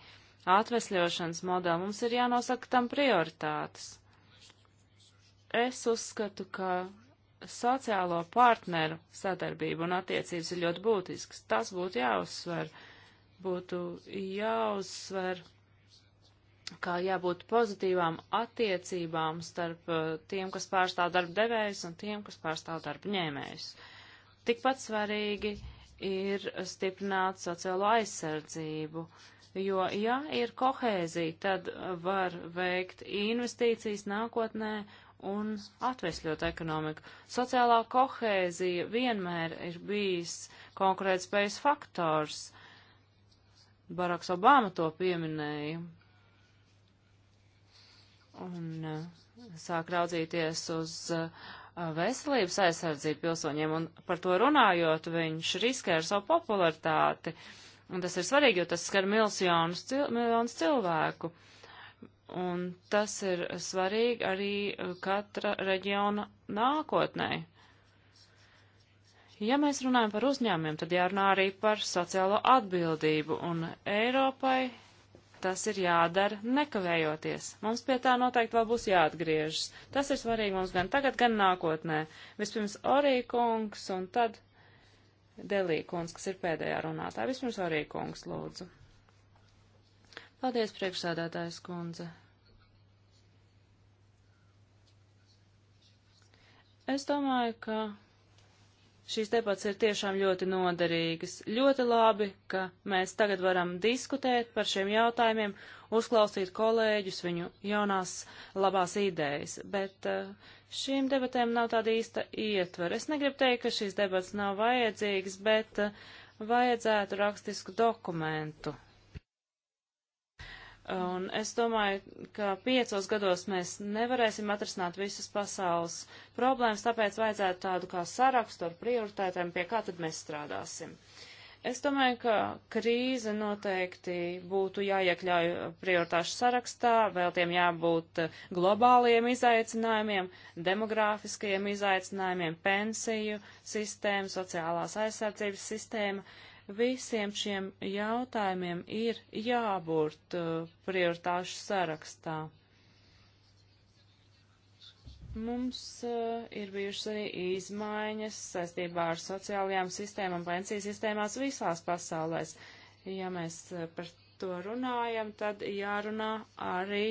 atvesļošanas modeli, mums ir jānosaka tam prioritātes. Es uzskatu, ka sociālo partneru sadarbība un attiecības ir ļoti būtisks. Tas būtu jāuzsver. Būtu jāuzsver. Uh, kā jābūt pozitīvām attiecībām starp uh, tiem, kas pārstāv darba devējs un tiem, kas pārstāv darba ņēmējs. Tikpat svarīgi ir stiprināt sociālo aizsardzību, jo, ja ir kohēzija, tad var veikt investīcijas nākotnē un atvesļot ekonomiku. Sociālā kohēzija vienmēr ir bijis konkurētspējas faktors. Baraks Obama to pieminēja, un uh, sāk raudzīties uz uh, veselības aizsardzību pilsoņiem, un par to runājot, viņš riskē ar savu popularitāti, un tas ir svarīgi, jo tas skar miljonus, cil miljonus cilvēku, un tas ir svarīgi arī katra reģiona nākotnē. Ja mēs runājam par uzņēmumiem, tad jārunā arī par sociālo atbildību, un Eiropai Tas ir jādara nekavējoties. Mums pie tā noteikti vēl būs jāatgriežas. Tas ir svarīgi mums gan tagad, gan nākotnē. Vispirms Orīkungs un tad Delīkungs, kas ir pēdējā runātā. Vispirms Orīkungs, lūdzu. Paldies, priekšsādātājs kundze. Es domāju, ka Šīs debats ir tiešām ļoti noderīgas. Ļoti labi, ka mēs tagad varam diskutēt par šiem jautājumiem, uzklausīt kolēģus, viņu jaunās labās idejas, bet eh, šīm debatēm nav tāda īsta ietvera. Es negribu teikt, ka šīs debats nav vajadzīgas, bet eh, vajadzētu rakstisku dokumentu Un es domāju, ka piecos gados mēs nevarēsim atrisināt visas pasaules problēmas, tāpēc vajadzētu tādu kā sarakstu ar prioritētēm, pie kā tad mēs strādāsim. Es domāju, ka krīze noteikti būtu jāiekļauj prioritāšu sarakstā, vēl tiem jābūt globāliem izaicinājumiem, demogrāfiskajiem izaicinājumiem, pensiju sistēma, sociālās aizsardzības sistēma. Uh, Visiem šiem jautājumiem ir jābūt uh, prioritāšu sarakstā. Mums uh, ir bijušas arī izmaiņas saistībā ar sociālajām sistēmām, pensiju sistēmās visās pasaulēs. Ja mēs uh, par to runājam, tad jārunā arī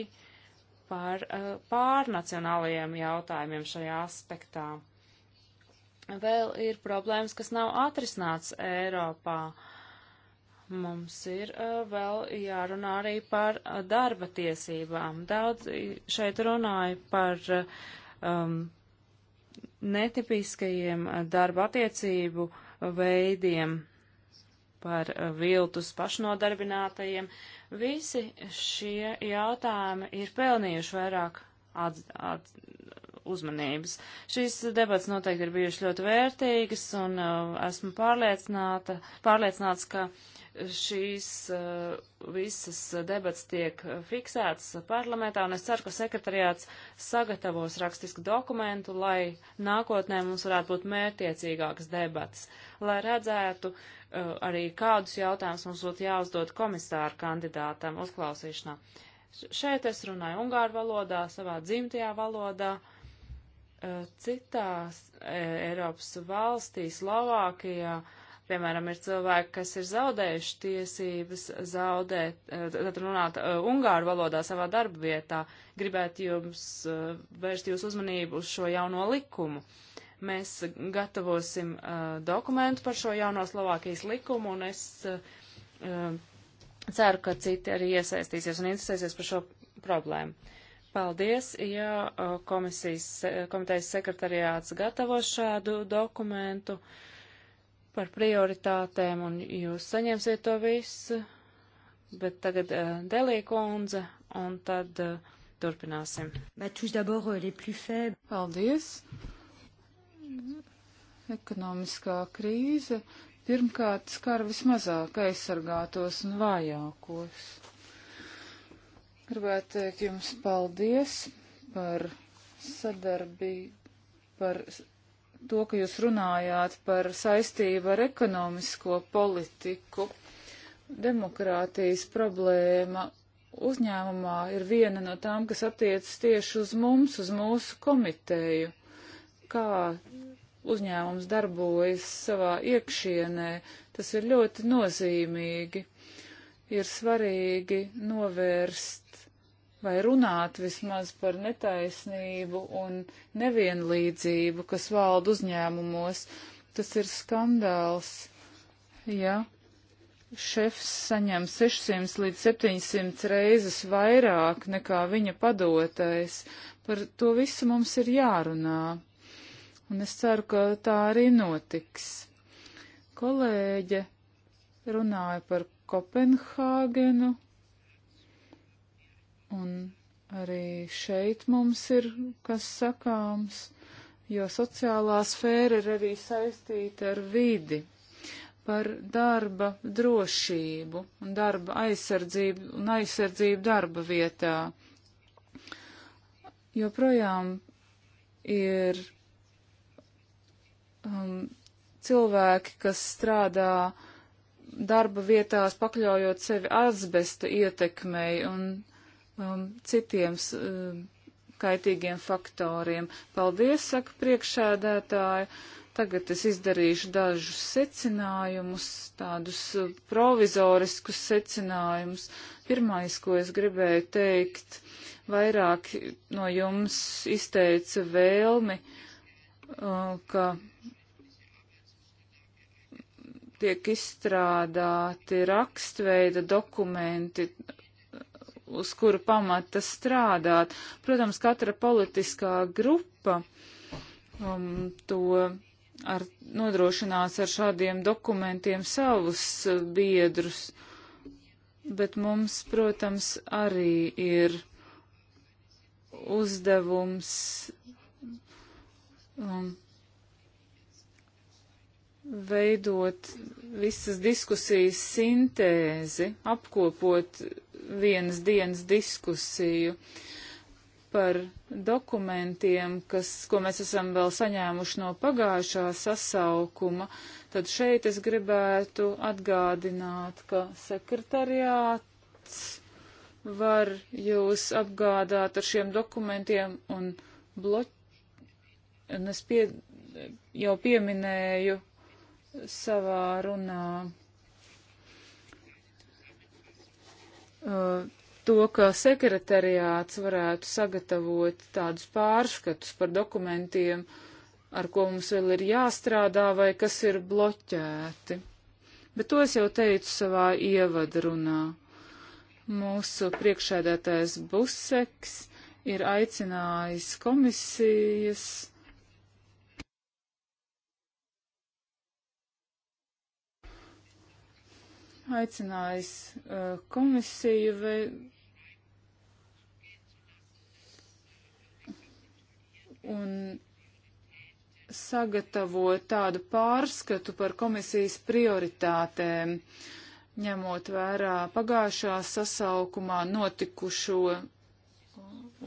par uh, pārnacionālajiem jautājumiem šajā aspektā vēl ir problēmas, kas nav atrisināts Eiropā. Mums ir uh, vēl jārunā arī par uh, darba tiesībām. Daudz šeit runāja par uh, um, netipiskajiem uh, darba attiecību uh, veidiem, par uh, viltus pašnodarbinātajiem. Visi šie jautājumi ir pelnījuši vairāk at, at, uzmanības. Šīs debats noteikti ir bijušas ļoti vērtīgas, un uh, esmu pārliecināta, pārliecināts, ka šīs uh, visas debats tiek fiksētas parlamentā, un es ceru, ka sekretariāts sagatavos rakstisku dokumentu, lai nākotnē mums varētu būt mērtiecīgākas debatas, lai redzētu uh, arī kādus jautājumus mums būtu jāuzdod komisāru kandidātam uzklausīšanā. Šeit es runāju ungāru valodā, savā dzimtajā valodā. Uh, Eh, citās eh, Eiropas valstīs, Slovākijā, piemēram, ir cilvēki, kas ir zaudējuši tiesības zaudēt, eh, tad runāt ungāru valodā savā darba vietā. Gribētu jums vērst jūsu uzmanību uz šo jauno likumu mēs gatavosim uh, dokumentu par šo jauno Slovākijas likumu, un es uh, ceru, ka citi arī iesaistīsies un interesēsies par šo problēmu. Paldies, ja komisijas, komitejas sekretariāts gatavo šādu dokumentu par prioritātēm, un jūs saņemsiet to visu, bet tagad uh, e, Delija kundze, un tad uh, turpināsim. E, Paldies! Ekonomiskā krīze pirmkārt skar vismazāk aizsargātos un vājākos. Gribētu teikt jums paldies par sadarbību, par to, ka jūs runājāt par saistību ar ekonomisko politiku. Demokrātijas problēma uzņēmumā ir viena no tām, kas attiecas tieši uz mums, uz mūsu komiteju. Kā uzņēmums darbojas savā iekšienē, tas ir ļoti nozīmīgi. Ir svarīgi novērst vai runāt vismaz par netaisnību un nevienlīdzību, kas valda uzņēmumos. Tas ir skandāls, ja šefs saņem 600 līdz 700 reizes vairāk nekā viņa padotais. Par to visu mums ir jārunā. Un es ceru, ka tā arī notiks. Kolēģe runāja par Kopenhāgenu Un arī šeit mums ir kas sakāms, jo sociālā sfēra ir arī saistīta ar vidi par darba drošību un darba aizsardzību un aizsardzību darba vietā. Joprojām ir um, cilvēki, kas strādā darba vietās, pakļaujot sevi asbesta ietekmei, un um, citiem um, kaitīgiem faktoriem. Paldies, saka priekšēdētāji. Tagad es izdarīšu dažus secinājumus, tādus uh, provizoriskus secinājumus. Pirmais, ko es gribēju teikt, vairāk no jums izteica vēlmi, uh, ka tiek izstrādāti rakstveida dokumenti uz kuru pamata strādāt. Protams, katra politiskā grupa um, to ar, nodrošinās ar šādiem dokumentiem savus uh, biedrus, bet mums, protams, arī ir uzdevums um, veidot visas diskusijas sintēzi, apkopot vienas dienas diskusiju par dokumentiem, kas, ko mēs esam vēl saņēmuši no pagājušā sasaukuma, tad šeit es gribētu atgādināt, ka sekretariāts var jūs apgādāt ar šiem dokumentiem un bloķēt. Un es pie, jau pieminēju savā runā. Uh, to, ka sekretariāts varētu sagatavot tādus pārskatus par dokumentiem, ar ko mums vēl ir jāstrādā vai kas ir bloķēti. Bet to es jau teicu savā ievadrunā. Mūsu priekšēdētājs Buseks ir aicinājis komisijas aicinājis uh, komisiju vai un sagatavot tādu pārskatu par komisijas prioritātēm, ņemot vērā pagājušā sasaukumā notikušo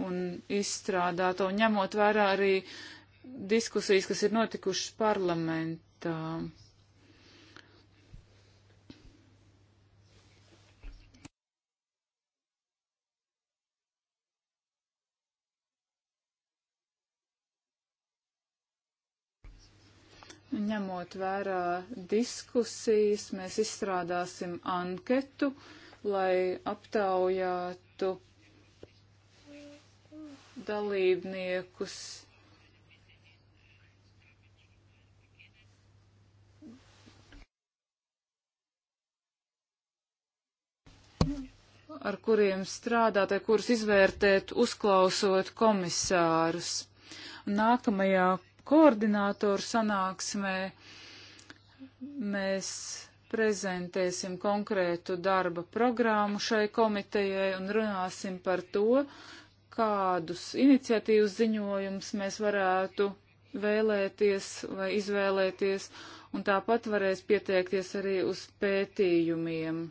un izstrādāto, ņemot vērā arī diskusijas, kas ir notikušas parlamentā. Uh, ņemot vērā diskusijas, mēs izstrādāsim anketu, lai aptaujātu dalībniekus. ar kuriem strādāt, ar kurus izvērtēt, uzklausot komisārus. Nākamajā koordinātoru sanāksmē mēs prezentēsim konkrētu darba programmu šai komitejai un runāsim par to, kādus iniciatīvas ziņojumus mēs varētu vēlēties vai izvēlēties, un tāpat varēs pieteikties arī uz pētījumiem.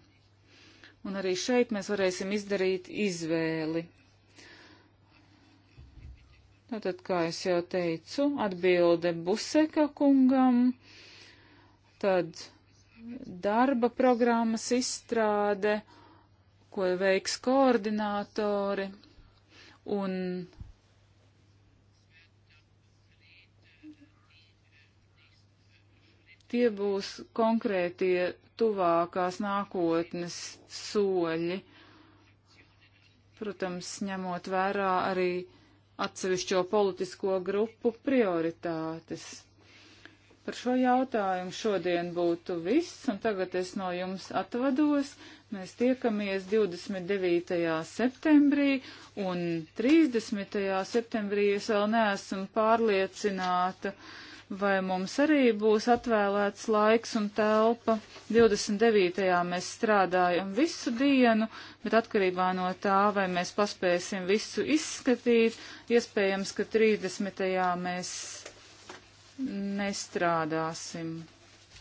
Un arī šeit mēs varēsim izdarīt izvēli. Tātad, nu, kā es jau teicu, atbilde Buseka kungam, tad darba programmas izstrāde, ko veiks koordinātori un tie būs konkrētie tuvākās nākotnes soļi, protams, ņemot vērā arī atsevišķo politisko grupu prioritātes. Par šo jautājumu šodien būtu viss, un tagad es no jums atvados. Mēs tiekamies 29. septembrī, un 30. septembrī es vēl neesmu pārliecināta, uh, vai mums arī būs atvēlēts laiks un telpa. 29. mēs strādājam visu dienu, bet atkarībā no tā, vai mēs paspēsim visu izskatīt, iespējams, ka 30. mēs nestrādāsim.